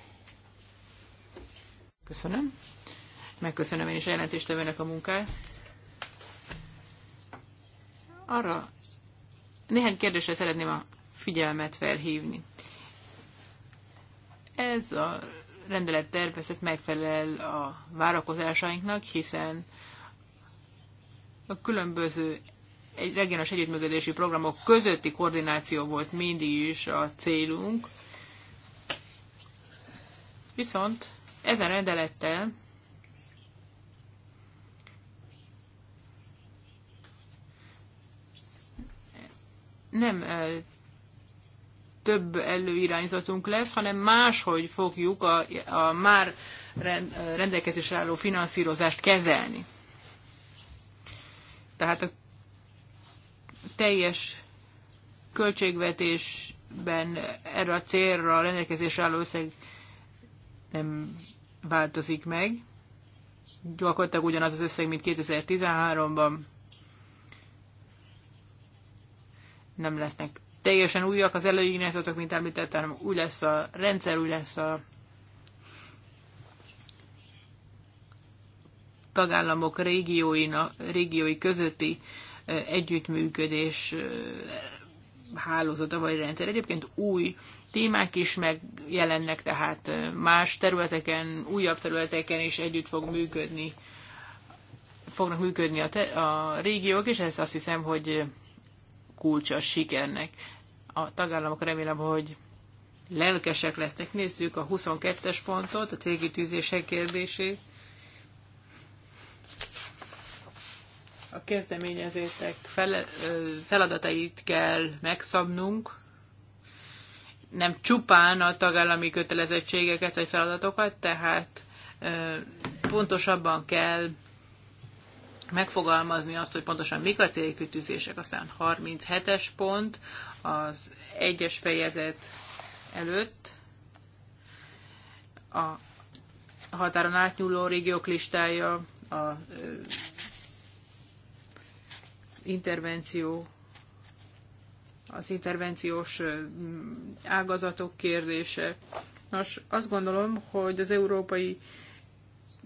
Köszönöm. Megköszönöm én is a jelentéstevőnek a munkát. Arra néhány kérdésre szeretném a figyelmet felhívni. Ez a rendelet tervezet megfelel a várakozásainknak, hiszen a különböző egy regionális együttműködési programok közötti koordináció volt mindig is a célunk. Viszont ezen rendelettel nem több előirányzatunk lesz, hanem máshogy fogjuk a, a már rendelkezésre álló finanszírozást kezelni. Tehát a teljes költségvetésben erre a célra a rendelkezésre álló összeg nem változik meg. Gyakorlatilag ugyanaz az összeg, mint 2013-ban. nem lesznek teljesen újak az előírások, mint említettem, hanem új lesz a rendszer, új lesz a tagállamok na régiói közötti együttműködés hálózata vagy rendszer. Egyébként új témák is megjelennek, tehát más területeken, újabb területeken is együtt fog működni, fognak működni a, te, a régiók, és ezt azt hiszem, hogy kulcsa a sikernek. A tagállamok remélem, hogy lelkesek lesznek. Nézzük a 22-es pontot, a cégi tűzések kérdését. A kezdeményezések feladatait kell megszabnunk, nem csupán a tagállami kötelezettségeket vagy feladatokat, tehát pontosabban kell megfogalmazni azt, hogy pontosan mik a célkütűzések, aztán 37-es pont az egyes fejezet előtt a határon átnyúló régiók listája, a intervenció, az intervenciós ágazatok kérdése. Nos, azt gondolom, hogy az Európai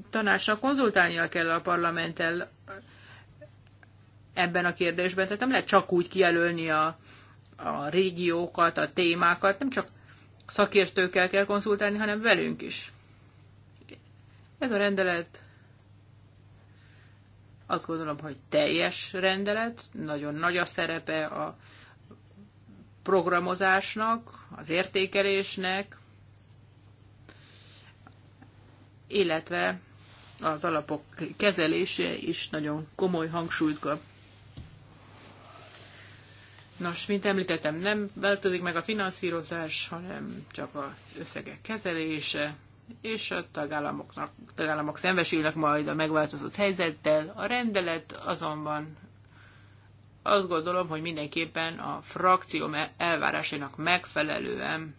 Tanácsnak konzultálnia kell a parlamenttel ebben a kérdésben, tehát nem lehet csak úgy kijelölni a, a régiókat, a témákat, nem csak szakértőkkel kell konzultálni, hanem velünk is. Ez a rendelet azt gondolom, hogy teljes rendelet, nagyon nagy a szerepe a programozásnak, az értékelésnek, illetve az alapok kezelése is nagyon komoly hangsúlyt kap. Nos, mint említettem, nem változik meg a finanszírozás, hanem csak az összegek kezelése, és a tagállamoknak, tagállamok szembesülnek majd a megváltozott helyzettel. A rendelet azonban azt gondolom, hogy mindenképpen a frakció elvárásainak megfelelően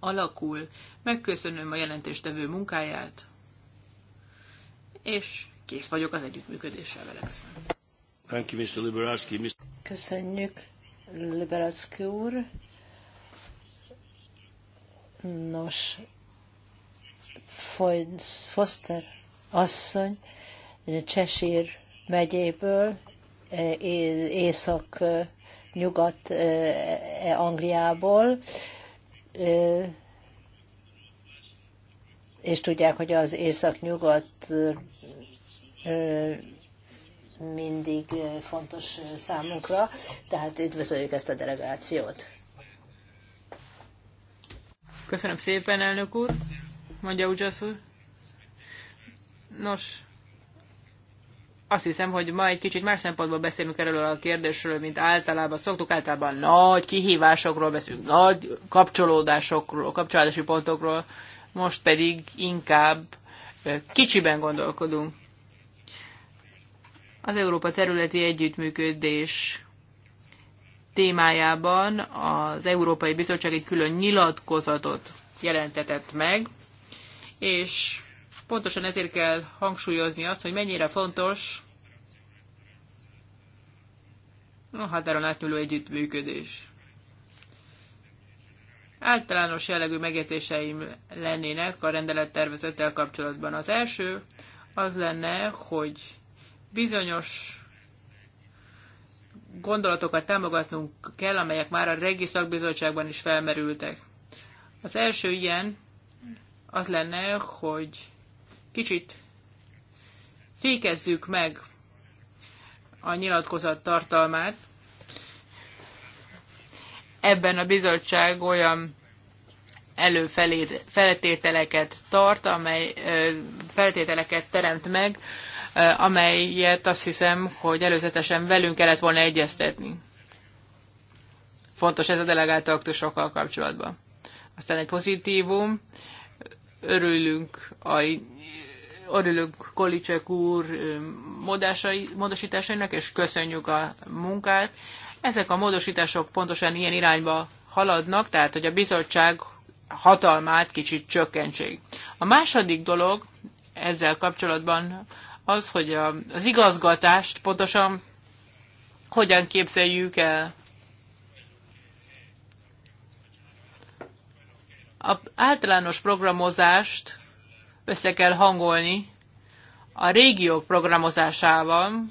alakul. Megköszönöm a jelentéstevő munkáját, és kész vagyok az együttműködéssel vele. Köszönöm. Thank you, Mr. Köszönjük, Liberacki úr. Nos, Foster asszony, Csesír megyéből, e, észak-nyugat e, e, Angliából, és tudják, hogy az észak-nyugat mindig fontos számunkra, tehát üdvözöljük ezt a delegációt. Köszönöm szépen, elnök úr, mondja Ugyasz úr. Nos, azt hiszem, hogy ma egy kicsit más szempontból beszélünk erről a kérdésről, mint általában szoktuk. Általában nagy kihívásokról beszélünk, nagy kapcsolódásokról, kapcsolódási pontokról, most pedig inkább kicsiben gondolkodunk. Az Európa területi együttműködés témájában az Európai Bizottság egy külön nyilatkozatot jelentetett meg, és pontosan ezért kell hangsúlyozni azt, hogy mennyire fontos a határon átnyúló együttműködés. Általános jellegű megjegyzéseim lennének a rendelettervezettel kapcsolatban. Az első az lenne, hogy bizonyos gondolatokat támogatnunk kell, amelyek már a régi Szakbizottságban is felmerültek. Az első ilyen az lenne, hogy kicsit fékezzük meg a nyilatkozat tartalmát. Ebben a bizottság olyan előfeltételeket tart, amely feltételeket teremt meg, amelyet azt hiszem, hogy előzetesen velünk kellett volna egyeztetni. Fontos ez a delegált aktusokkal kapcsolatban. Aztán egy pozitívum, örülünk a örülünk Kolicsek úr módosításainak, és köszönjük a munkát. Ezek a módosítások pontosan ilyen irányba haladnak, tehát hogy a bizottság hatalmát kicsit csökkentsék. A második dolog ezzel kapcsolatban az, hogy az igazgatást pontosan hogyan képzeljük el. A általános programozást össze kell hangolni a régió programozásával,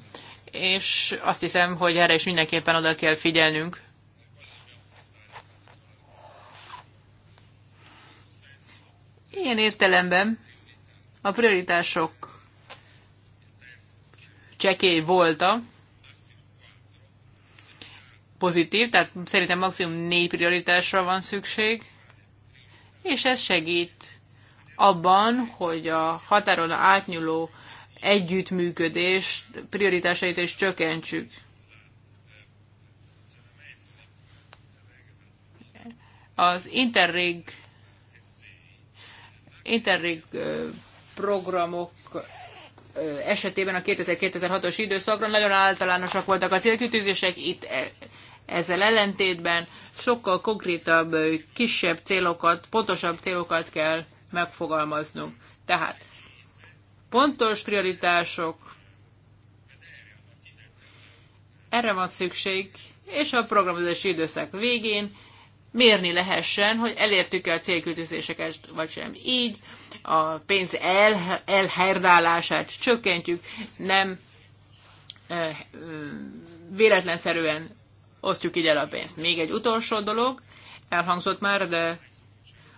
és azt hiszem, hogy erre is mindenképpen oda kell figyelnünk. Ilyen értelemben a prioritások csekély volta, pozitív, tehát szerintem maximum négy prioritásra van szükség, és ez segít abban, hogy a határon átnyúló együttműködés prioritásait is csökkentsük. Az Interreg, Interreg programok esetében a 2000-2006-os időszakra nagyon általánosak voltak a célkütőzések, itt e, ezzel ellentétben sokkal konkrétabb, kisebb célokat, pontosabb célokat kell megfogalmaznunk. Tehát pontos prioritások, erre van szükség, és a programozási időszak végén mérni lehessen, hogy elértük-e a célkütőzéseket, vagy sem. Így a pénz el, elherdálását csökkentjük, nem véletlenszerűen osztjuk így el a pénzt. Még egy utolsó dolog, elhangzott már, de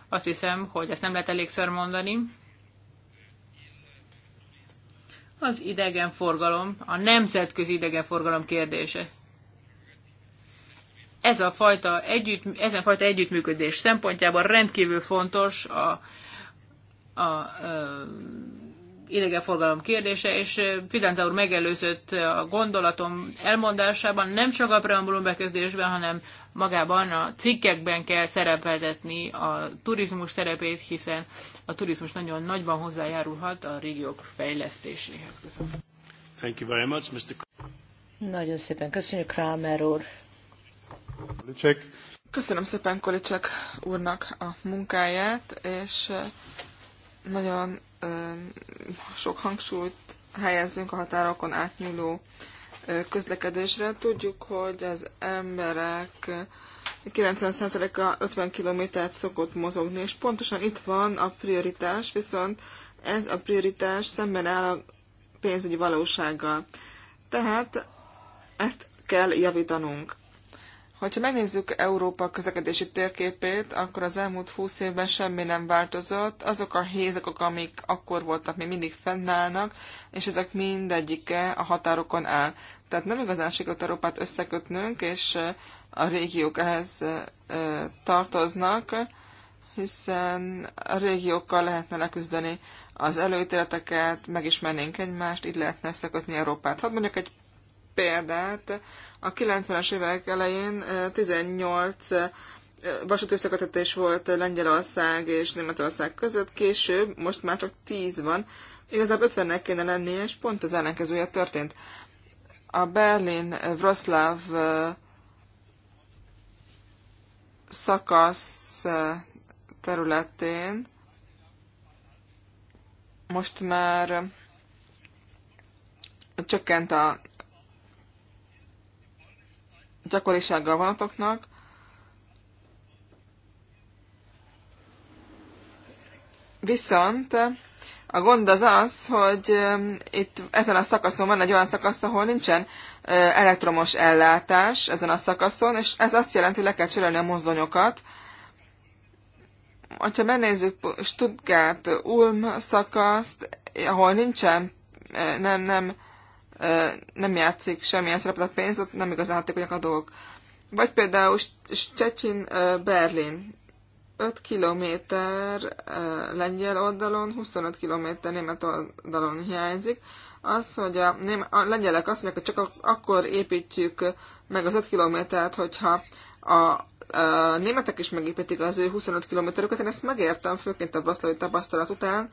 azt hiszem, hogy ezt nem lehet elégszer mondani. Az idegenforgalom, a nemzetközi idegenforgalom kérdése ez a fajta együtt, ezen fajta együttműködés szempontjából rendkívül fontos a, a, a idegenforgalom kérdése, és Fidanza úr megelőzött a gondolatom elmondásában, nem csak a preambulum bekezdésben, hanem magában a cikkekben kell szerepeltetni a turizmus szerepét, hiszen a turizmus nagyon nagyban hozzájárulhat a régiók fejlesztéséhez. Köszönöm. Thank you very much, Mr. Nagyon szépen köszönjük, Kramer úr. Kolicek. Köszönöm szépen Kolicek úrnak a munkáját, és nagyon sok hangsúlyt helyezzünk a határokon átnyúló közlekedésre. Tudjuk, hogy az emberek 90%-a 50 kilométert szokott mozogni, és pontosan itt van a prioritás, viszont ez a prioritás szemben áll a pénzügyi valósággal. Tehát ezt kell javítanunk. Hogyha megnézzük Európa közlekedési térképét, akkor az elmúlt húsz évben semmi nem változott. Azok a hézakok, amik akkor voltak, még mindig fennállnak, és ezek mindegyike a határokon áll. Tehát nem igazán sikerült Európát összekötnünk, és eh, a régiók ehhez eh, tartoznak, hiszen a régiókkal lehetne leküzdeni az előítéleteket, megismernénk egymást, így lehetne összekötni Európát. Hadd mondjak egy példát. A 90-es évek elején 18 vasúti összekötetés volt Lengyelország és Németország között, később most már csak 10 van, igazából 50-nek kéne lenni, és pont az ellenkezője történt. A Berlin-Vroszláv szakasz területén most már csökkent a gyakorisággal vanatoknak. Viszont a gond az az, hogy um, itt ezen a szakaszon van egy olyan szakasz, ahol nincsen uh, elektromos ellátás ezen a szakaszon, és ez azt jelenti, hogy le kell cserélni a mozdonyokat. Ha megnézzük Stuttgart-Ulm szakaszt, ahol nincsen, uh, nem, nem nem játszik semmilyen szerepet a pénz, ott nem igazán hatékonyak a dolgok. Vagy például Szczecin Berlin. 5 kilométer lengyel oldalon, 25 kilométer német oldalon hiányzik. Az, hogy a, német a lengyelek azt mondják, hogy csak akkor építjük meg az 5 kilométert, hogyha a, a németek is megépítik az ő 25 kilométerüket, én ezt megértem, főként a baszlói tapasztalat után,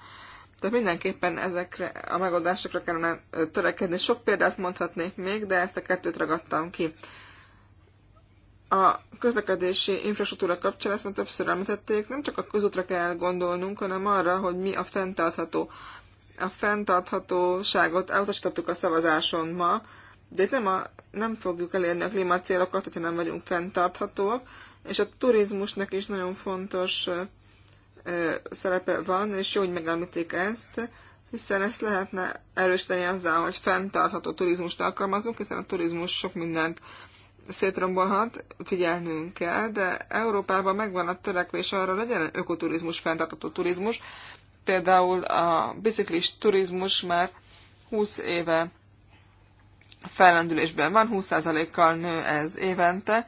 tehát mindenképpen ezekre a megoldásokra kellene törekedni. Sok példát mondhatnék még, de ezt a kettőt ragadtam ki. A közlekedési infrastruktúra kapcsán ezt már többször említették, nem csak a közútra kell gondolnunk, hanem arra, hogy mi a fenntartható. A fenntarthatóságot elutasítottuk a szavazáson ma, de itt nem, a, nem fogjuk elérni a klímacélokat, hogyha nem vagyunk fenntarthatóak, és a turizmusnak is nagyon fontos szerepe van, és jó, hogy megemlíték ezt, hiszen ezt lehetne erősíteni azzal, hogy fenntartható turizmust alkalmazunk, hiszen a turizmus sok mindent szétrombolhat, figyelnünk kell, de Európában megvan a törekvés arra, hogy legyen ökoturizmus, fenntartható turizmus. Például a biciklis turizmus már 20 éve fellendülésben van, 20%-kal nő ez évente,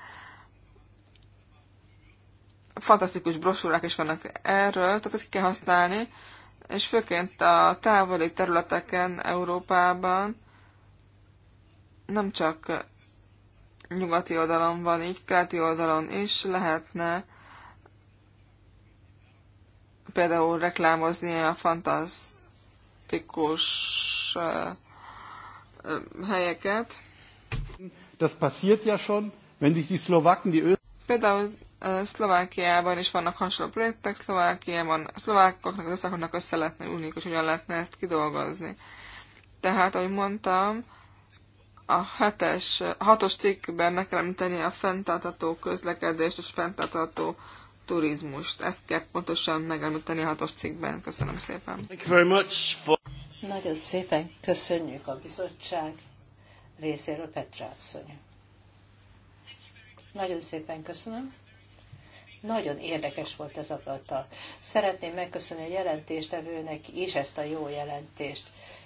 fantasztikus brosúrák is vannak erről, tehát ki kell használni, és főként a távoli területeken Európában nem csak nyugati oldalon van így, keleti oldalon is lehetne például reklámozni a fantasztikus helyeket. Das passiert ja schon, wenn sich die Szlowaken, die Ö Például Szlovákiában is vannak hasonló projektek, Szlovákiában a szlovákoknak, az osztrákoknak össze lehetne ülni, hogy hogyan lehetne ezt kidolgozni. Tehát, ahogy mondtam, a hetes, hatos cikkben meg kell említeni a fenntartható közlekedést és fenntartható turizmust. Ezt kell pontosan megemlíteni a hatos cikkben. Köszönöm szépen. Nagyon szépen köszönjük a bizottság részéről Petra asszony. Nagyon szépen köszönöm. Nagyon érdekes volt ez a vata. Szeretném megköszönni a jelentéstevőnek is ezt a jó jelentést.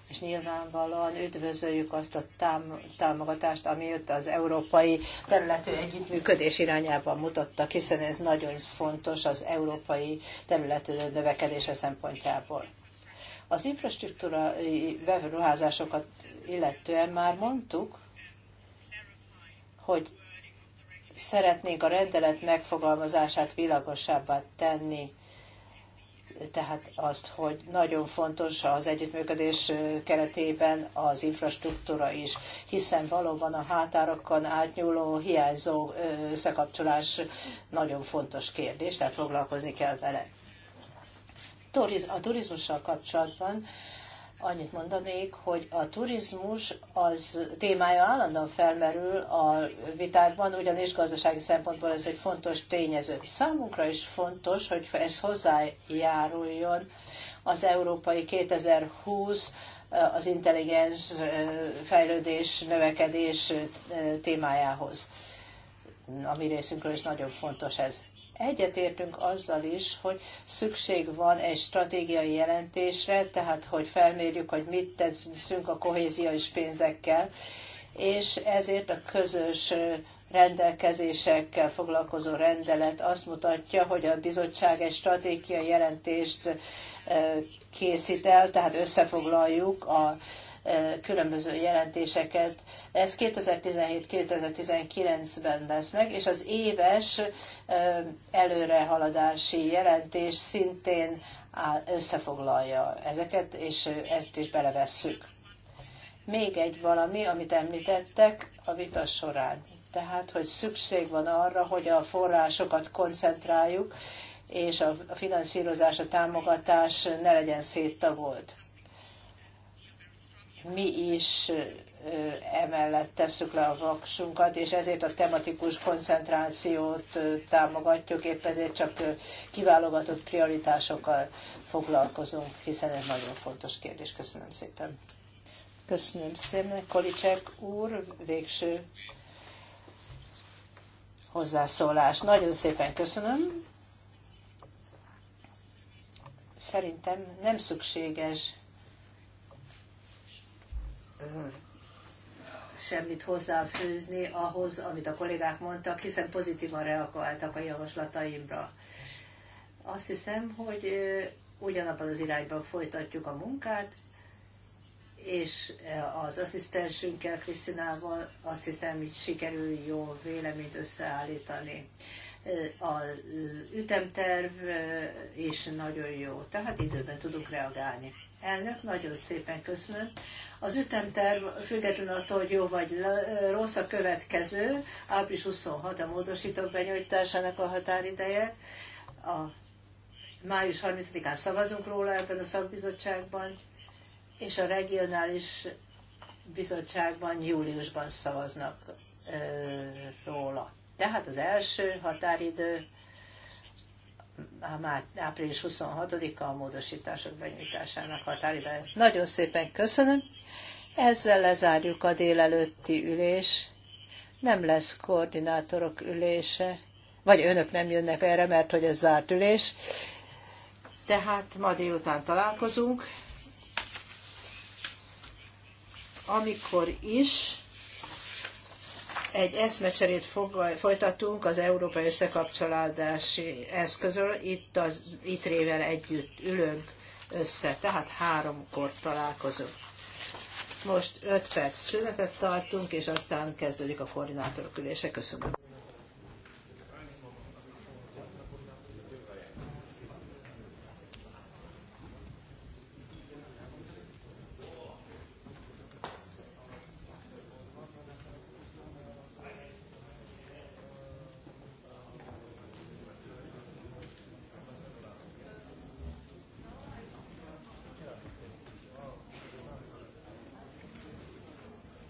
És nyilvánvalóan üdvözöljük azt a tám- támogatást, amit az európai területű együttműködés irányában mutatta. hiszen ez nagyon fontos az európai területű növekedése szempontjából. Az infrastruktúrai beruházásokat illetően már mondtuk, hogy szeretnénk a rendelet megfogalmazását világosabbá tenni. Tehát azt, hogy nagyon fontos az együttműködés keretében az infrastruktúra is, hiszen valóban a határokon átnyúló, hiányzó összekapcsolás nagyon fontos kérdés, tehát foglalkozni kell vele. A turizmussal kapcsolatban Annyit mondanék, hogy a turizmus az témája állandóan felmerül a vitákban, ugyanis gazdasági szempontból ez egy fontos tényező. Számunkra is fontos, hogy ez hozzájáruljon az Európai 2020 eh, az intelligens eh, fejlődés, növekedés eh, témájához. A mi részünkről is nagyon fontos ez. Egyetértünk azzal is, hogy szükség van egy stratégiai jelentésre, tehát hogy felmérjük, hogy mit teszünk a kohéziós pénzekkel, és ezért a közös rendelkezésekkel foglalkozó rendelet azt mutatja, hogy a bizottság egy stratégiai jelentést készít el, tehát összefoglaljuk a különböző jelentéseket. Ez 2017-2019-ben lesz meg, és az éves előrehaladási jelentés szintén összefoglalja ezeket, és ezt is belevesszük. Még egy valami, amit említettek a vita során. Tehát, hogy szükség van arra, hogy a forrásokat koncentráljuk, és a finanszírozás, a támogatás ne legyen széttagolt mi is emellett tesszük le a vaksunkat, és ezért a tematikus koncentrációt támogatjuk, épp ezért csak kiválogatott prioritásokkal foglalkozunk, hiszen ez nagyon fontos kérdés. Köszönöm szépen. Köszönöm szépen, Kolicek úr, végső hozzászólás. Nagyon szépen köszönöm. Szerintem nem szükséges semmit hozzáfőzni ahhoz, amit a kollégák mondtak, hiszen pozitívan reagáltak a javaslataimra. Azt hiszem, hogy ugyanabban az irányban folytatjuk a munkát, és az asszisztensünkkel, Krisztinával azt hiszem, hogy sikerül jó véleményt összeállítani. Az ütemterv is nagyon jó, tehát időben tudunk reagálni. Elnök, nagyon szépen köszönöm. Az ütemterv függetlenül attól, hogy jó vagy rossz a következő, április 26 a módosítók benyújtásának a határideje. A május 30-án szavazunk róla ebben a szakbizottságban, és a regionális bizottságban júliusban szavaznak ö, róla. Tehát az első határidő április 26-a a módosítások benyújtásának határidája. Nagyon szépen köszönöm. Ezzel lezárjuk a délelőtti ülés. Nem lesz koordinátorok ülése, vagy önök nem jönnek erre, mert hogy ez zárt ülés. Tehát ma délután találkozunk, amikor is egy eszmecserét folytatunk az Európai Összekapcsolódási Eszközről, itt az ITRÉ-vel együtt ülünk össze, tehát háromkor találkozunk. Most öt perc szünetet tartunk, és aztán kezdődik a koordinátorok ülése. Köszönöm.